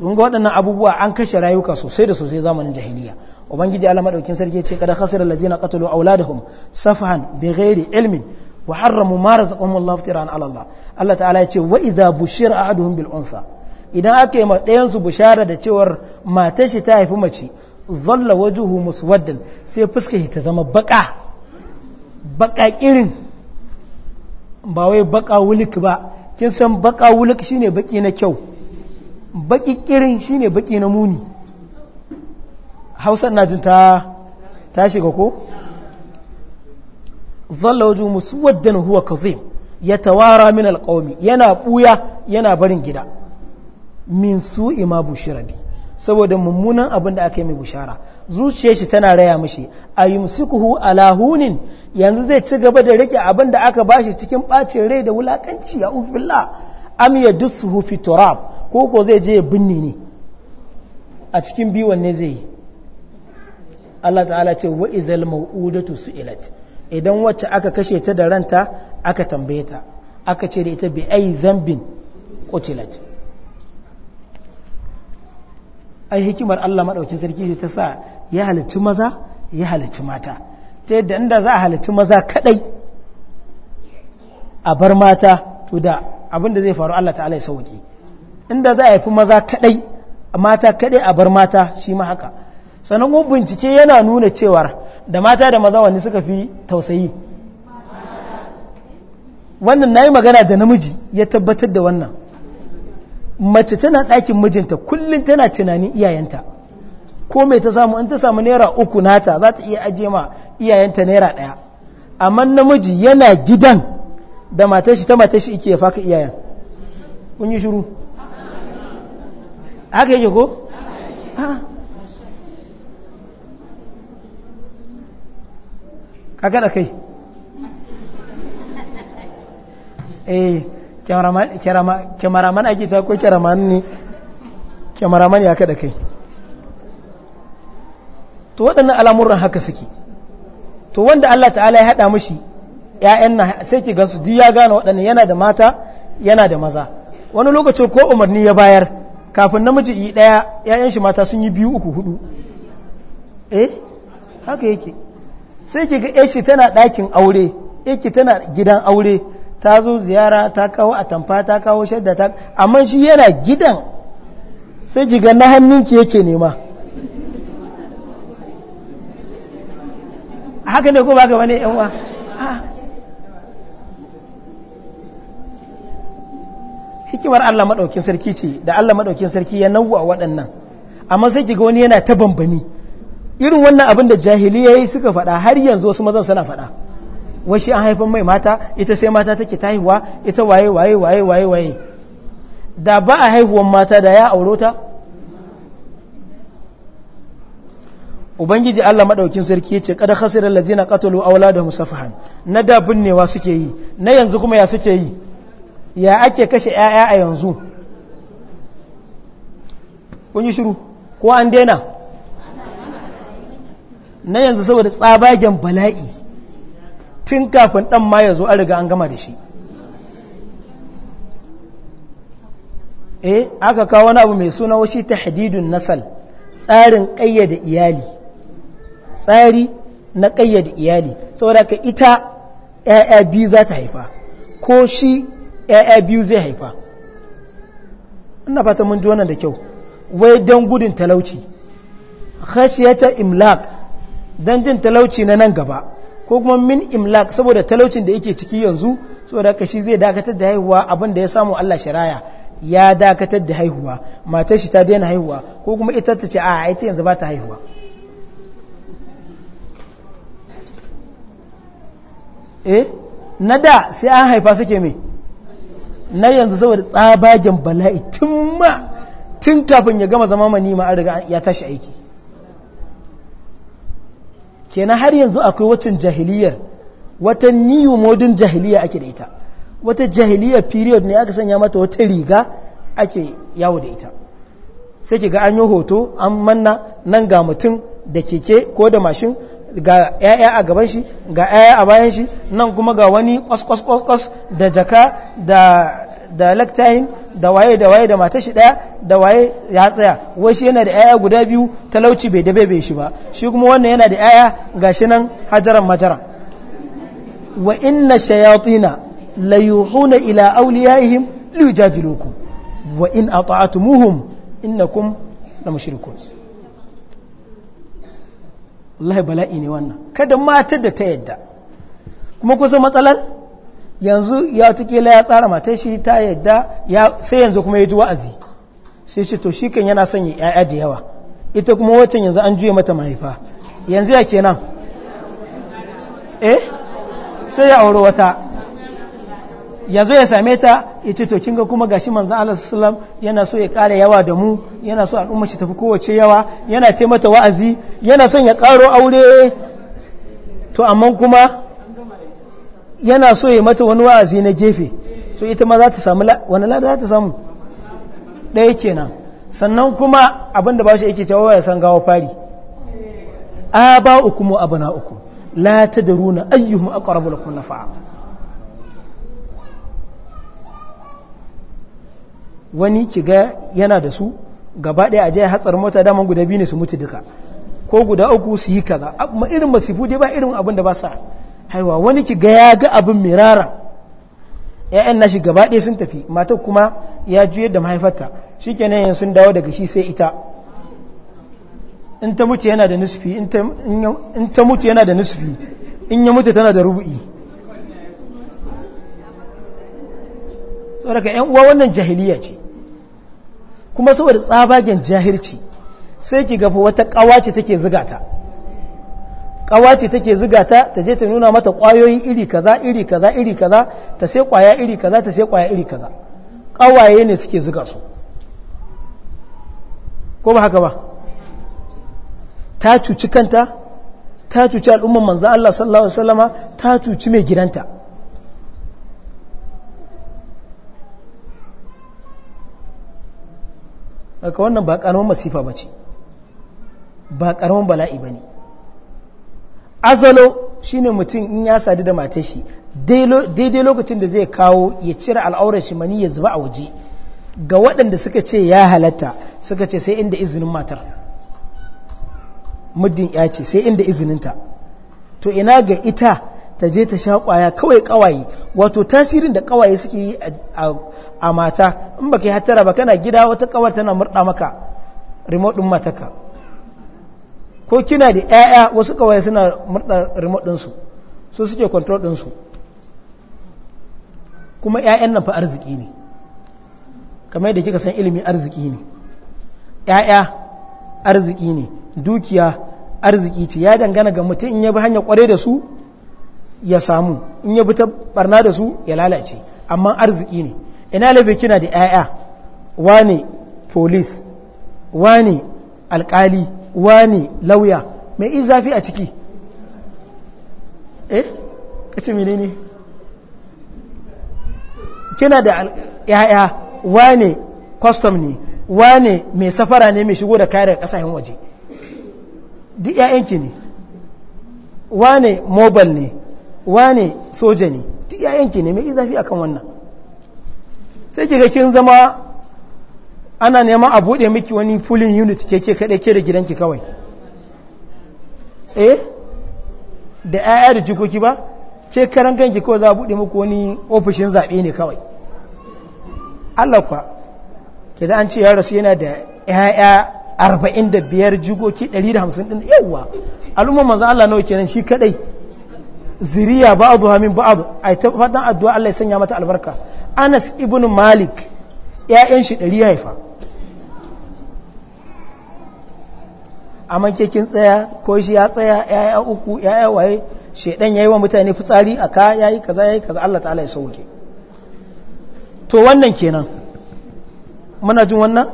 don ga waɗannan abubuwa an kashe rayuka sosai da sosai zamanin jahiliya ubangiji ala madaukin sarki ce kada khasira alladhina qatalu awladahum safahan bighairi ilmin wa harramu ma razaqahum Allah iftiran ala Allah Allah ta'ala ya ce wa idha bushira ahaduhum bil unsa idan aka yi ma ɗayan su bushara da cewar matar shi ta haifi mace zalla wajuhu muswaddan sai fuskar ta zama baka baka irin ba wai baka wulik ba kin san baka wulik shine baki na kyau baki kirin shine baki na muni hausar najin ta ta shiga ko zalla wajen muswaddan huwa kazim ya tawara min alƙaumi yana ɓuya yana barin gida min su ima bushirabi saboda mummunan abin da aka yi mai bishara zuciyar shi tana raya mashi a yi musikuhu alahunin yanzu zai ci gaba da rike abin da aka bashi cikin ɓacin rai da wulakanci ya ufila am ya dusuhu fi turab ko ko zai je binne ne a cikin biwan ne zai yi Allah ta'ala ce wa idhal mau'udatu su'ilat idan wacce aka kashe ta da ranta aka tambaye ta aka ce da ita bi ai zambin qutilat ai hikimar Allah maɗaukin sarki ce ta sa ya halicci maza ya halicci mata ta yadda inda za a halicci maza kadai a bar mata to da abin da zai faru Allah ta'ala ya sauki inda za a haifi maza kadai mata kadai a bar mata shi ma haka sannan kuma bincike yana nuna cewar da mata da maza wani suka fi tausayi wannan nayi magana da namiji ya tabbatar da wannan mace tana ɗakin mijinta kullum tana tunanin iyayenta ko mai ta samu in ta samu naira uku nata za ta iya ajiye ma iyayenta naira ɗaya amma namiji yana gidan da matar shi ta matar ike ya faka iyayen kun yi shiru haka yake ko? kai eh kyamaraman ake ta ko kyamaraman ne kyamaraman ya kada kai to waɗannan al'amuran haka suke to wanda Allah ta'ala ya haɗa mashi ‘ya'yan na sai ki gansu duk ya gane waɗannan yana da mata yana da maza wani lokacin ko umarni ya bayar kafin namiji yi ɗaya ‘ya'yan shi mata sun yi biyu uku hudu eh haka yake sai ki ga ‘yashi tana ɗakin aure ‘yaki tana gidan aure ta zo ziyara ta kawo a tamfa ta kawo shadda ta amma shi yana gidan sai jiga na hannunki yake nema haka ne ko ba ga wani yanwa ah. hikimar Allah maɗaukin sarki ce da Allah maɗaukin sarki ya nauwa waɗannan amma sai kiga wani yana ta bambami irin wannan abin da jahiliya yi suka faɗa har yanzu wasu mazan suna faɗa wai shi an haifan mai mata ita sai mata take ta haihuwa ita waye waye waye waye waye da ba a haihuwan mata da ya auro ta ubangiji Allah maɗaukin sarki ce kada khasiral ladina aula awladahum safahan na da binnewa suke yi na yanzu kuma ya suke yi ya ake kashe yaya a yanzu kun yi shiru ko an daina na yanzu saboda tsabagen bala'i tun kafin ɗan ma ya zo a riga an gama da shi eh aka kawo wani abu mai suna washi ta hadidun nasal tsarin ƙayyade iyali tsari na ƙayyade iyali saboda ka ita ‘ya'ya biyu za ta haifa ko shi ‘ya'ya biyu zai haifa ina fata mun ji wannan da kyau wai don gudun talauci khashiyata imlak don jin talauci na nan gaba ko kuma min imlak saboda talaucin da yake ciki yanzu saboda haka shi zai dakatar da haihuwa abin da ya samu Allah shari'a ya dakatar da haihuwa matar shi ta daina haihuwa ko kuma ita ta ce a ita yanzu ba ta haihuwa eh na da sai an haifa suke mai na yanzu saboda tsabagen bala'i tun ma tun kafin ya gama zama manima an riga ya tashi aiki kenan har yanzu akwai wacin jahiliyar wata new modern jahiliya ake da ita wata jahiliyar period ne aka sanya mata wata riga ake yawo da ita sai ki ga an yi hoto an manna nan ga mutum da keke ko da mashin ga 'ya'ya a gaban shi ga 'ya'ya a bayan shi nan kuma ga wani kwaskwaskwas da jaka da da da waye da waye da matar shi daya da waye ya tsaya wai yana da yaya guda biyu talauci bai dabe bai shi ba shi kuma wannan yana da yaya ga gashi nan hajaran majara wa inna shayatina layuhuna ila awliyaihim liyujadilukum wa in ata'atumuhum innakum la mushrikun wallahi bala'i ne wannan kada matar da ta yadda kuma kusa matsalar yanzu ya tukila ya tsara mata shi ta yadda sai yanzu kuma ya ji wa'azi sai ce to shi kan yana son ya'ya da yawa ita kuma wacce yanzu an juya mata mahaifa yanzu ya ke nan eh sai ya auri wata ya zo ya same ta ya ce to kinga kuma gashi manzan Allah sallam yana so ya kare yawa da mu yana so al'umma shi tafi kowace yawa yana taimata wa'azi yana son ya karo aure to amma kuma yana so ya mata wani wa'azi na gefe so ita ma za ta samu wani lada za ta samu ɗaya kenan sannan kuma abinda ba shi yake cewa ya san gawa fari a ba uku mu abu na uku la ta da runa ayyuhun akwarabu da kuna fa'a wani kiga yana da su gaba ɗaya a jaya hatsar mota dama guda biyu ne su mutu duka ko guda uku su yi kaza irin masifu dai ba irin abin da ba sa haiwa wani ki ga ya ga abin mirara ‘ya'yan nashi gaba ɗaya sun tafi matar kuma ya juyar da mahaifarta shi ke nan sun dawo daga shi sai ita in ta mutu yana da nusfi in ta mutu yana da nusfi in ya mutu tana da rubu'i tsoraka ‘yan uwa wannan jahiliya ce kuma saboda tsabagen jahilci sai ki gafa wata kawace ce take ta. kawace take ziga ta ta je ta nuna mata kwayoyi iri kaza iri kaza iri kaza ta sai kwaya iri kaza ta sai kwaya iri kaza kawaye ne suke ziga su ko ba haka ba ta cuci kanta ta cuci al'umman manzan Allah sallallahu alaihi wasallama ta cuci mai gidanta aka wannan ba karamin masifa ba ce ba karamin bala'i ba ne azalo shine mutum in ya sadu da matar shi daidai lokacin da zai kawo ya cire al'aurar shi mani ya zuba a waje ga waɗanda suka ce ya halatta suka ce sai inda izinin matar muddin ya ce sai inda izininta to ina ga ita ta je ta sha kwaya kawai kawaye wato tasirin da kawaye suke yi a mata in ba ka yi hattara ba kana gida wata kawar tana murɗa maka remote ɗin mataka ko kina da 'ya'ya wasu kawai suna murda remote ɗinsu su suke control ɗinsu kuma 'ya'yan nan fa arziki ne kamar da kika san ilimi arziki ne 'ya'ya arziki ne dukiya arziki ce ya dangana ga mutum in ya bi hanyar kware da su ya samu in ya bi ta barna da su ya lalace amma arziki ne ina labe kina da 'ya'ya wane polis wane alkali wani lauya mai in zafi a ciki eh kace mene ne kina da ya'ya wani custom ne wani mai safara ne mai shigo da kayar kasashen waje di ya'yanki ne wani mobile ne wani soja ne di ya'yanki ne mai in zafi akan wannan sai kiga kin zama ana neman a bude miki wani fulin unit keke kaɗai ke da gidanki kawai eh da 'ya'ya da jikoki ba ce karan ganki kawai za a bude muku wani ofishin zaɓe ne kawai Allah kwa ke da an ce ya rasu yana da 'ya'ya 45 jikoki 150 ɗin yawwa al'umma manzan Allah nawa kenan shi kaɗai ziriya ba a zuwa min ba a zuwa a addu'a Allah ya sanya mata albarka anas ibn malik ‘ya'yan shi ɗari ya haifa a makekin tsaya ko shi ya tsaya yaya uku yaya waye shedan yayi wa mutane fitsari a ka yayi kaza yayi kaza Allah ta'ala ya sauke to wannan kenan muna jin wannan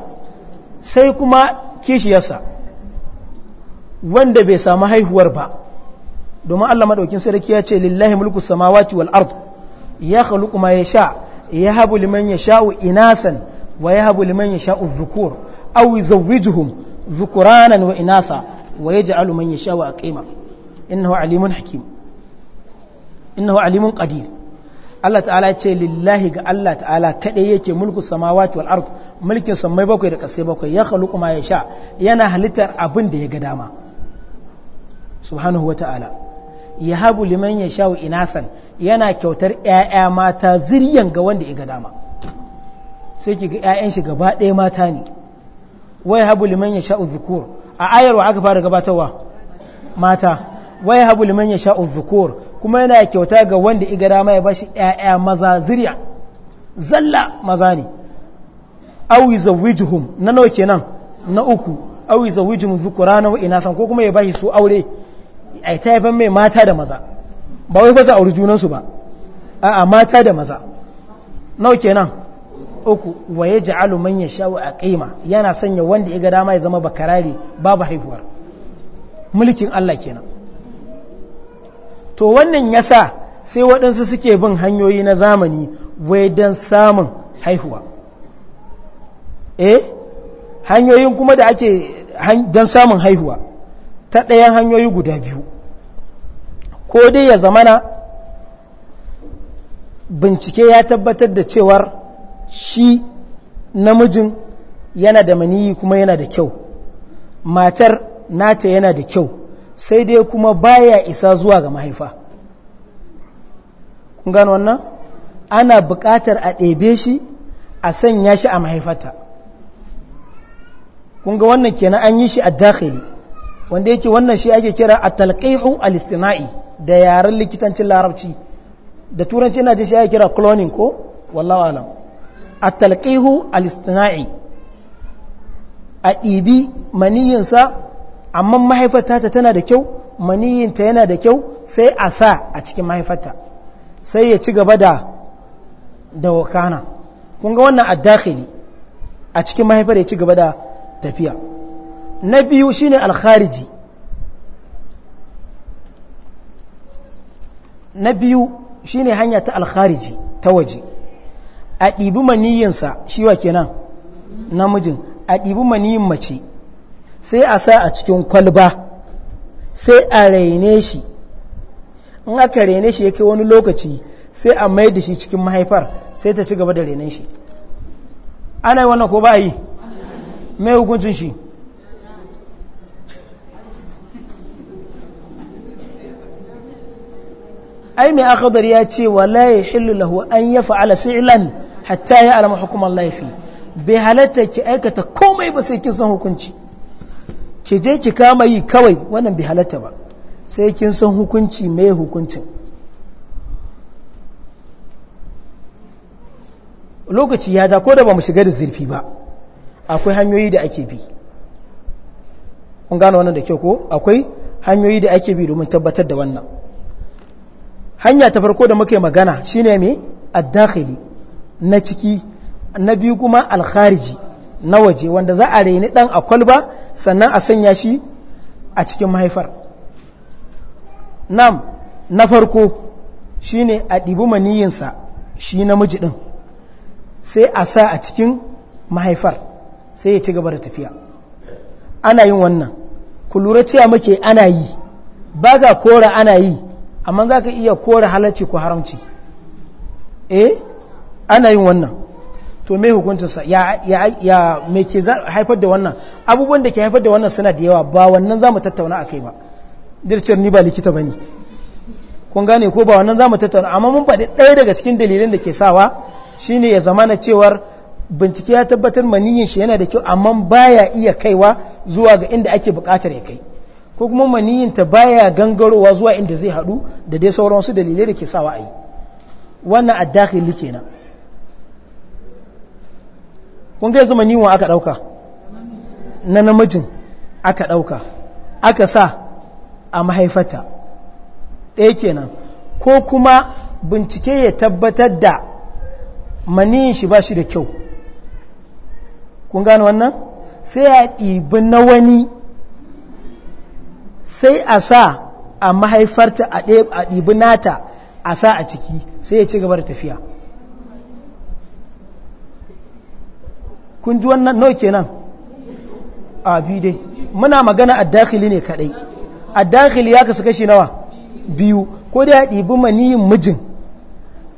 sai kuma kishiyarsa wanda bai samu haihuwar ba domin Allah madaukin sarki ya ce lillahi mulku samawati wal ard ya khaluqu ma yasha yahabu liman yasha'u inasan wa habu liman yasha'u dhukur aw yuzawwijuhum ذكرانا وإناثا ويجعل من يشاء وأقيما إنه عليم حكيم إنه عليم قدير Allah ta'ala ya ce lillahi ga Allah ta'ala kaɗai yake mulku samawati wal ard mulkin samai bakwai da ƙasai bakwai ya khaluqu ma yasha yana halittar abin da ya ga dama subhanahu wa ta'ala yahabu liman yasha wa inasan yana kyautar ƴaƴa mata ziryan ga wanda ya ga dama sai ki ga ƴaƴan shi gaba ɗaya mata ne wai habu liman ya sha'u zukur a ayarwa aka fara gabatarwa mata wai habu liman ya sha'u zukur kuma yana kyauta ga wanda iga dama ya bashi ɗaya maza zirya zalla maza ne awi zawijuhum na nawa kenan na uku awi zawijuhum zukurana wa san ko kuma ya bashi su aure a ta ban mai mata da maza ba wai ba su auri junansu ba a mata da maza nawa kenan uku wa ya manyan man a ƙaima yana sanya wanda ya ga dama ya zama bakarari babu haihuwar mulkin Allah kenan to wannan yasa sai waɗansu suke bin hanyoyi na zamani wai don samun haihuwa eh hanyoyin kuma da ake don samun haihuwa ta ɗayan hanyoyi guda biyu ko dai ya zamana bincike ya tabbatar da cewar shi namijin yana da maniyi kuma yana da kyau matar nata yana da kyau sai dai kuma baya isa zuwa ga mahaifa kun gano wannan ana buƙatar a ɗebe shi a sanya shi a mahaifata kun ga wannan kenan an yi shi a dakhili wanda yake wannan shi ake kira a talqihu al da yaren likitancin larabci da turanci ina jin shi ake kira cloning ko wallahu alam a talƙihu alistina'i a ɗibi maniyinsa amma mahaifata ta tana da kyau maniyinta yana da kyau sai a sa a cikin mahaifata sai ya ci gaba da da wakana kunga wannan addakili a cikin mahaifar ya ci gaba da tafiya na biyu shine alkhariji na biyu shine hanya ta alkhariji ta waje a ɗibi maniyinsa shi wa kenan namijin a ɗibi maniyin mace sai a sa a cikin kwalba sai a raine shi in aka raine shi yake wani lokaci sai a mai da shi cikin mahaifar sai ta ci gaba da rainen shi ana yi wannan ko ba yi mai hukuncin shi ai mai akadar ya ce wa laye hillu lahu an ya fa'ala fi'lan hatta ya alama hukumar laifi bai halatta ki aikata komai ba sai kin san hukunci ki je ki kama yi kawai wannan bai halatta ba sai kin san hukunci mai hukuncin lokaci ya ja ko ba mu shiga da zurfi ba akwai hanyoyi da ake bi kun gano wannan da kyau ko akwai hanyoyi da ake bi domin tabbatar da wannan hanya ta farko da muke magana shine me a na ciki na biyu kuma alkhariji na waje wanda za a raini dan a kwalba sannan a sanya shi a cikin mahaifar nam na farko shine a ɗibi maniyinsa shi namiji ɗin sai a sa a cikin mahaifar sai ya ci gaba da tafiya ana yin wannan ku lura cewa muke ana yi ba ga kora ana yi amma za ka iya kora halarci ko haramci eh ana yin wannan to mai hukuntunsa ya mai ke haifar da wannan abubuwan da ke haifar da wannan suna da yawa ba wannan za mu tattauna a kai ba dirciyar ni ba likita ba ne kun gane ko ba wannan za mu tattauna amma mun faɗi ɗaya daga cikin dalilin da ke sawa shine ya zama na cewar bincike ya tabbatar maniyin shi yana da kyau amma baya iya kaiwa zuwa ga inda ake buƙatar ya kai ko kuma maniyin ta baya gangarowa zuwa inda zai haɗu da dai sauransu dalilai da ke sawa a yi wannan a dakili kenan kun ga yanzu niwa aka ɗauka na namijin aka dauka aka sa a mahaifata ɗaya kenan ko kuma bincike ya tabbatar da maniyin shi ba shi da kyau kun gane wannan sai a ɗibi na wani sai a sa a mahaifarta a ɗibi nata a sa a ciki sai ya ci gaba da tafiya kun ji wannan ke kenan a bide muna magana a dakili ne kadai a dakili ya kasu kashi nawa biyu ko da ya ɗibi maniyin mijin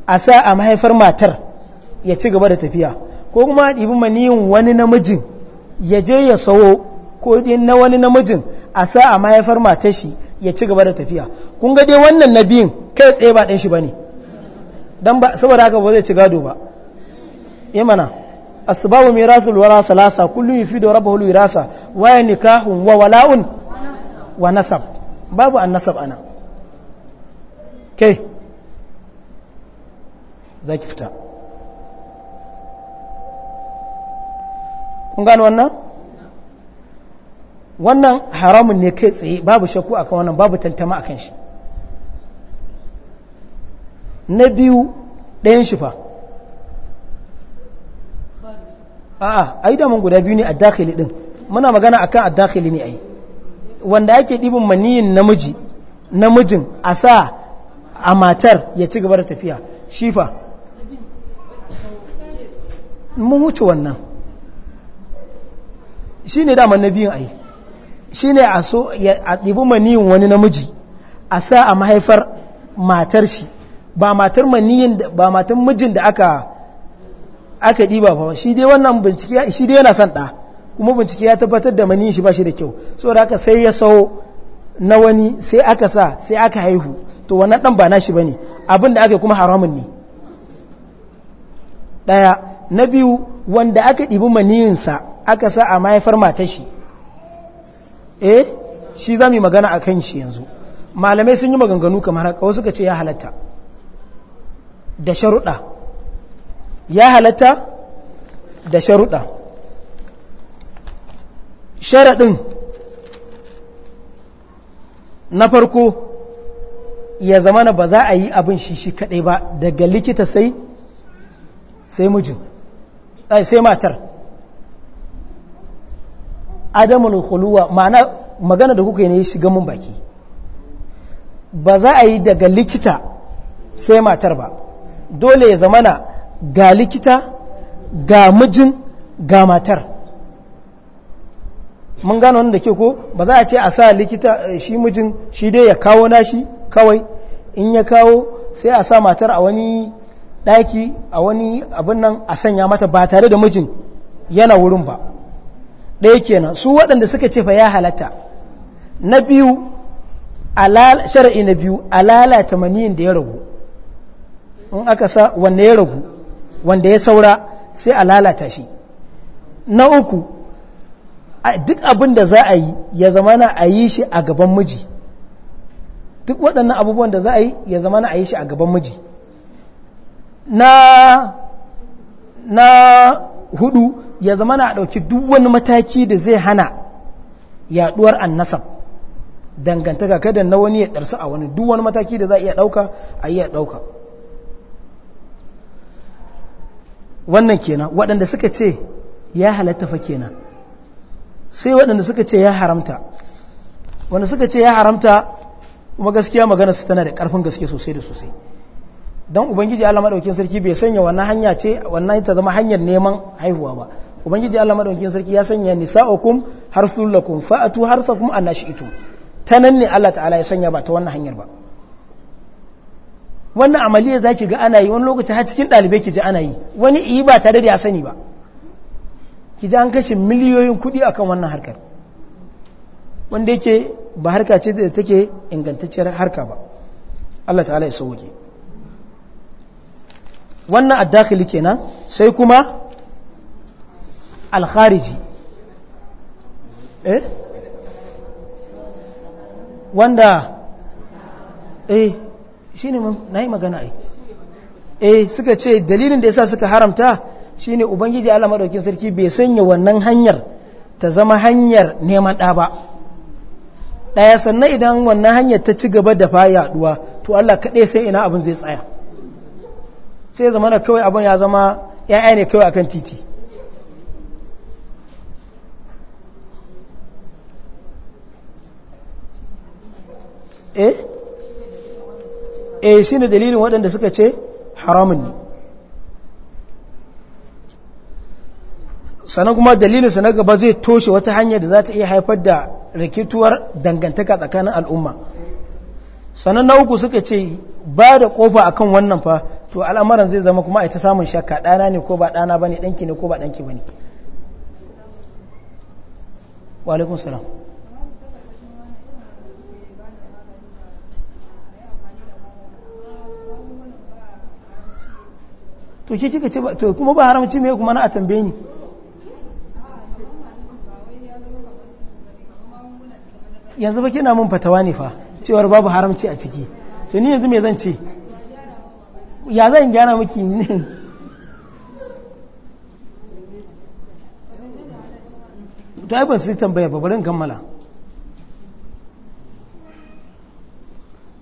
a sa a mahaifar matar ya ci gaba da tafiya ko kuma ya ɗibi maniyin wani namijin ya je ya sawo ko na wani namijin a sa a mahaifar matar shi ya ci gaba da tafiya kun ga dai wannan na biyun kai tsaye ba ɗan shi ba ne don ba saboda haka ba zai ci gado ba imana eh asbabu mirasul wara salasa kullu yufidu rabbahu irasa wa nikahun wa wala'un wa nasab babu an nasab ana kai zaki fita kun gano wannan wannan haramun ne kai tsaye babu shakku akan wannan babu tantama akan shi na biyu ɗayan shi fa a'a ai da mun guda biyu ne a dakhili din muna magana akan a dakhili ne ai wanda ake dibin maniyin namiji namijin a sa a matar ya ci gaba da tafiya shifa mun wuce wannan shi ne daman na biyun ai shi ne a so a ɗibi maniyin wani namiji a sa a mahaifar matar shi ba matar maniyin ba matar mijin da aka aka diba ba shi dai wannan bincike shi dai yana son ɗa kuma bincike ya tabbatar da maniyin shi ba shi da kyau saboda haka sai ya sau na wani sai aka sa sai aka haihu to wannan ɗan ba nashi ba ne abin da aka kuma haramun ne ɗaya na biyu wanda aka ɗibi maniyinsa aka sa a mahaifar shi eh shi za mu yi magana a kan shi yanzu malamai sun yi maganganu kamar haka wasu ka ce ya halatta da sharuɗa ya halatta da sharuɗa sharaɗin na farko ya zamana ba za a yi abin shi shi kaɗai ba daga likita sai sai mijin eh, sai matar adamul ma'ana magana da kuka yi ne shiga mun baki ba za a yi daga likita sai matar ba dole ya zamana ga likita ga mijin ga matar mun gano wanda ke ko ba za a ce a sa likita eh, shi mijin shi dai ya kawo nashi kawai in ya kawo sai a sa matar a wani daki a wani abin nan a sanya mata ba tare da mijin yana wurin ba ɗaya kenan su waɗanda suka ce fa ya halatta na biyu shari'i na biyu a lalata maniyin da ya ragu in aka sa wanne ya ragu wanda ya saura sai a lalata shi na uku duk abin da za a yi ya zamana a yi shi a gaban miji duk waɗannan abubuwan da za a yi ya zamana a yi shi a gaban miji na na hudu ya zamana a ɗauki duk wani mataki da zai hana yaɗuwar annasab dangantaka kada na wani ya ɗarsu a wani duk wani mataki da za a iya ɗauka a iya ɗauka wannan kenan waɗanda suka ce ya halatta fa kenan sai waɗanda suka ce ya haramta wanda suka ce ya haramta kuma gaskiya magana su tana da ƙarfin gaske sosai da sosai don ubangiji allah maɗaukin sarki bai sanya wannan hanya ce wannan ta zama hanyar neman haihuwa ba ubangiji allah maɗaukin sarki ya sanya nisa'ukum harsul lakum fa'atu harsakum annashi'tum ta nan ne allah ta'ala ya sanya ba ta wannan hanyar ba wannan amaliyar za ki ga ana yi wani lokaci har cikin ɗalibai ki ji ana yi wani iyi ba tare da ya sani ba ki ji an kashe miliyoyin kuɗi akan wannan harkar wanda yake ba harka ce da take ingantacciyar harka ba Allah ta'ala ya sauke wannan addakali kenan sai kuma alhariji. eh wanda eh ne na yi magana ai eh suka ce dalilin da ya sa suka haramta shine ubangiji Allah maɗaukin sarki bai sanya wannan hanyar ta zama hanyar neman ɗa ba ɗaya sannan idan wannan hanyar ta ci gaba da fa yaduwa to Allah kaɗe sai ina abin zai tsaya sai zama da kawai abin ya zama ‘ya'ya ne kawai akan titi eh eh shi ne dalilin waɗanda suka ce haramun ne sannan kuma dalilinsa na gaba zai toshe wata hanyar da za ta iya haifar da rikituwar dangantaka tsakanin al'umma sannan na uku suka ce ba da kofa akan wannan fa to al'amuran zai zama kuma a ta samun shakka ɗana ne ko ba ɗana ba ne ɗanki ne ko ba ɗanki ba ne walaikun salam to ke kika ce ba to kuma ba haramci me kuma na a tambaye ni yanzu ba kina mun fatawa ne fa cewar babu haramci a ciki to ni yanzu me zan ce ya zan gyara miki ne to ai ban sai tambaya ba bari in kammala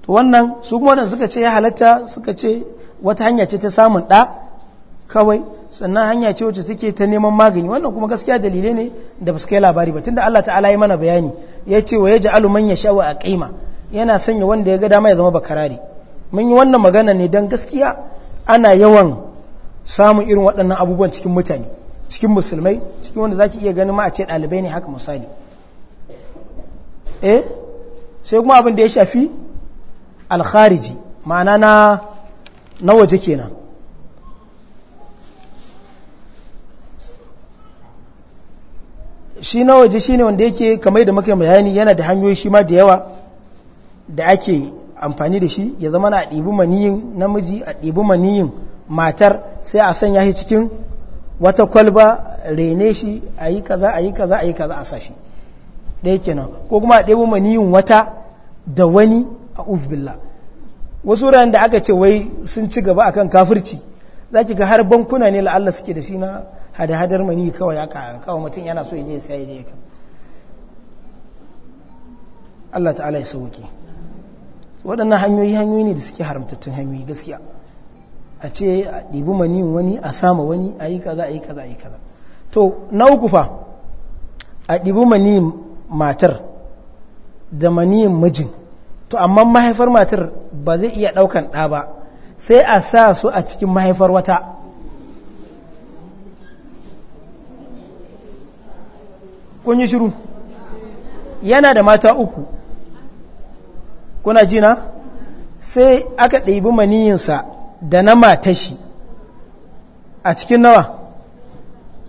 to wannan su kuma wadanda suka ce ya halatta suka ce wata hanya ce ta samun ɗa kawai sannan hanya ce wacce take ta neman magani wannan kuma gaskiya dalilai ne da basu kai labari ba tunda Allah ta'ala ya mana bayani ya ce wa yaj'alu man a aqima yana sanya wanda ya ga dama ya zama bakarare mun yi wannan magana ne dan gaskiya ana yawan samun irin waɗannan abubuwan cikin mutane cikin musulmai cikin wanda zaki iya ganin ma a ce ɗalibai ne haka misali eh sai kuma abin da ya shafi alkhariji ma'ana na na waje kenan shi na waje shi ne wanda yake kamar da muka bayani yana da hanyoyi shi ma da yawa da ake amfani da shi ya zama na a ɗibi maniyin namiji a ɗibi maniyin matar sai a sanya shi cikin wata kwalba rene shi a yi kaza a yi kaza a yi kaza a sashi ɗaya kenan ko kuma a ɗibi maniyin wata da wani a ufbilla wasu wuraren da aka ce wai sun ci gaba akan kafirci zaki ga har bankuna ne la'alla suke da shi na hada-hadar mani kawai aka kawo mutum yana so je sai je ka Allah ta'ala ya sauke waɗannan hanyoyi hanyoyi ne da suke haramtattun hanyoyi gaskiya a ce a ɗibi mani wani a sama wani a yi kaza a yi kaza a yi kaza to na uku fa a ɗibi mani matar da mani mijin to amma mahaifar matar ba zai iya ɗaukan ɗa ba sai a sa su a cikin mahaifar wata kun yi shiru yana da mata uku kuna jina sai aka ɗaibi maniyinsa da na matashi a cikin nawa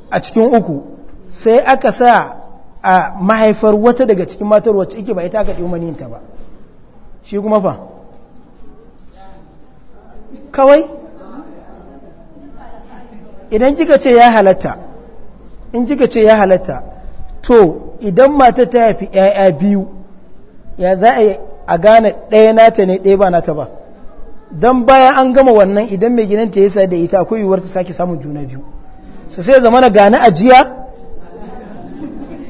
a cikin uku sai aka sa a mahaifar wata daga cikin matar wacce ike ba ita aka ɗaibi maniyinta ba shi kuma fa kawai idan kika ce ya halatta in kika ce ya halatta to idan mata ta haifi ‘ya'ya biyu ya za a gane ɗaya nata ne ɗaya ba nata ba don baya an gama wannan idan mai gidanta ya sa da ita akwai yiwuwar ta sake samun juna biyu su sai zama na gane ajiya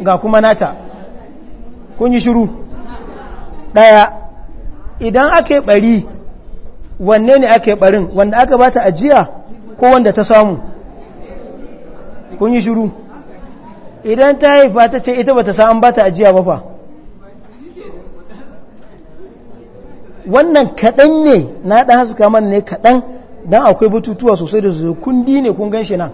ga kuma nata kun yi shiru ɗaya idan ake ɓari wanne ne ake ɓarin wanda aka bata ajiya ko wanda ta samu kun yi shiru idan ta haifa ta ce ita bata ba bata ajiya ba fa wannan kaɗan ne na ɗan haska mana ne kaɗan don akwai batutuwa sosai da sosai kundi ne kun gan shi nan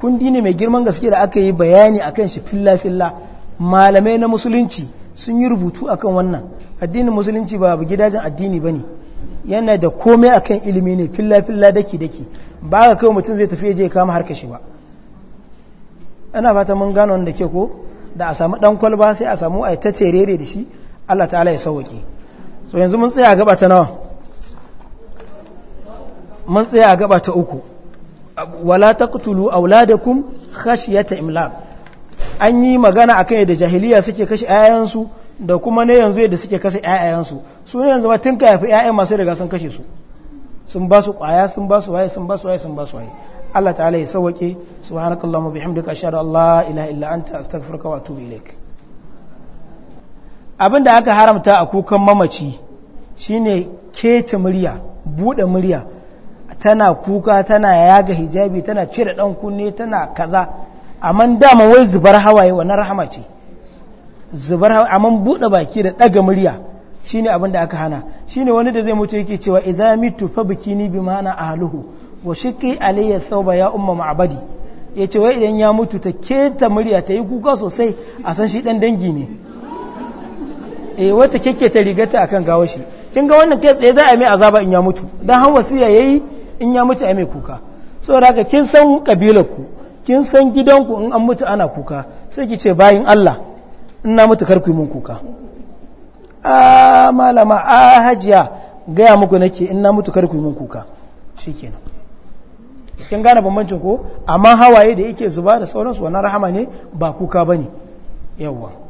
kundi ne mai girman gaske da aka yi bayani a kan shi filla-filla malamai na musulunci sun yi rubutu akan wannan addinin musulunci ba bu gidajen addini ba ne yana da komai akan ilimi ne filla-filla daki-daki ba ka kawai mutum zai tafi je kama harka shi ba ana fata mun gano wanda ke ko da a samu dan kwalba sai a samu ai ta terere da shi Allah ta'ala ya sauke so yanzu mun tsaya a gaba ta nawa mun tsaya a gaba ta uku wala taqtulu auladakum khashyata imlaq an yi magana akan yadda jahiliya suke kashe ayayansu da kuma ne yanzu yadda suke kashe ayayansu su ne yanzu ma tun kafi ayayan masu riga sun kashe su sun ba su kwaya sun ba su waye sun ba su waye sun ba su waye Allah ta'ala ya sauwake subhanakallahumma bihamdika ashhadu an la ilaha illa anta astaghfiruka wa atubu ilaik abin da aka haramta a kukan mamaci shine kece murya bude murya tana kuka tana yaga hijabi tana cire ɗan kunne tana kaza amma dama wai zubar hawaye wannan rahama ce zubar hawaye amma bude baki da daga murya shine abin da aka hana shine wani da zai mutu yake cewa idza mitu fa bikini bi ma'ana ahluhu wa shiki aliyya thauba ya umma ma'abadi ya ce wai idan ya mutu ta keta murya ta yi kuka sosai a san shi dan dangi ne e eh, wata keke ta rigata akan gawo shi kin ga wannan kai tsaye za a mai azaba in ya mutu dan han wasiya yayi in ya mutu a mai kuka saboda ka kin san kabilar ku kin san gidanku in an mutu ana kuka sai ki ce bayin Allah in na mutu kar ku mun kuka a malama a hajiya gaya muku nake na mutu kar ku mun kuka shikenan kin gane bambancin ko amma hawaye da yake zuba da sauransu wannan rahama ne ba kuka bane yawwa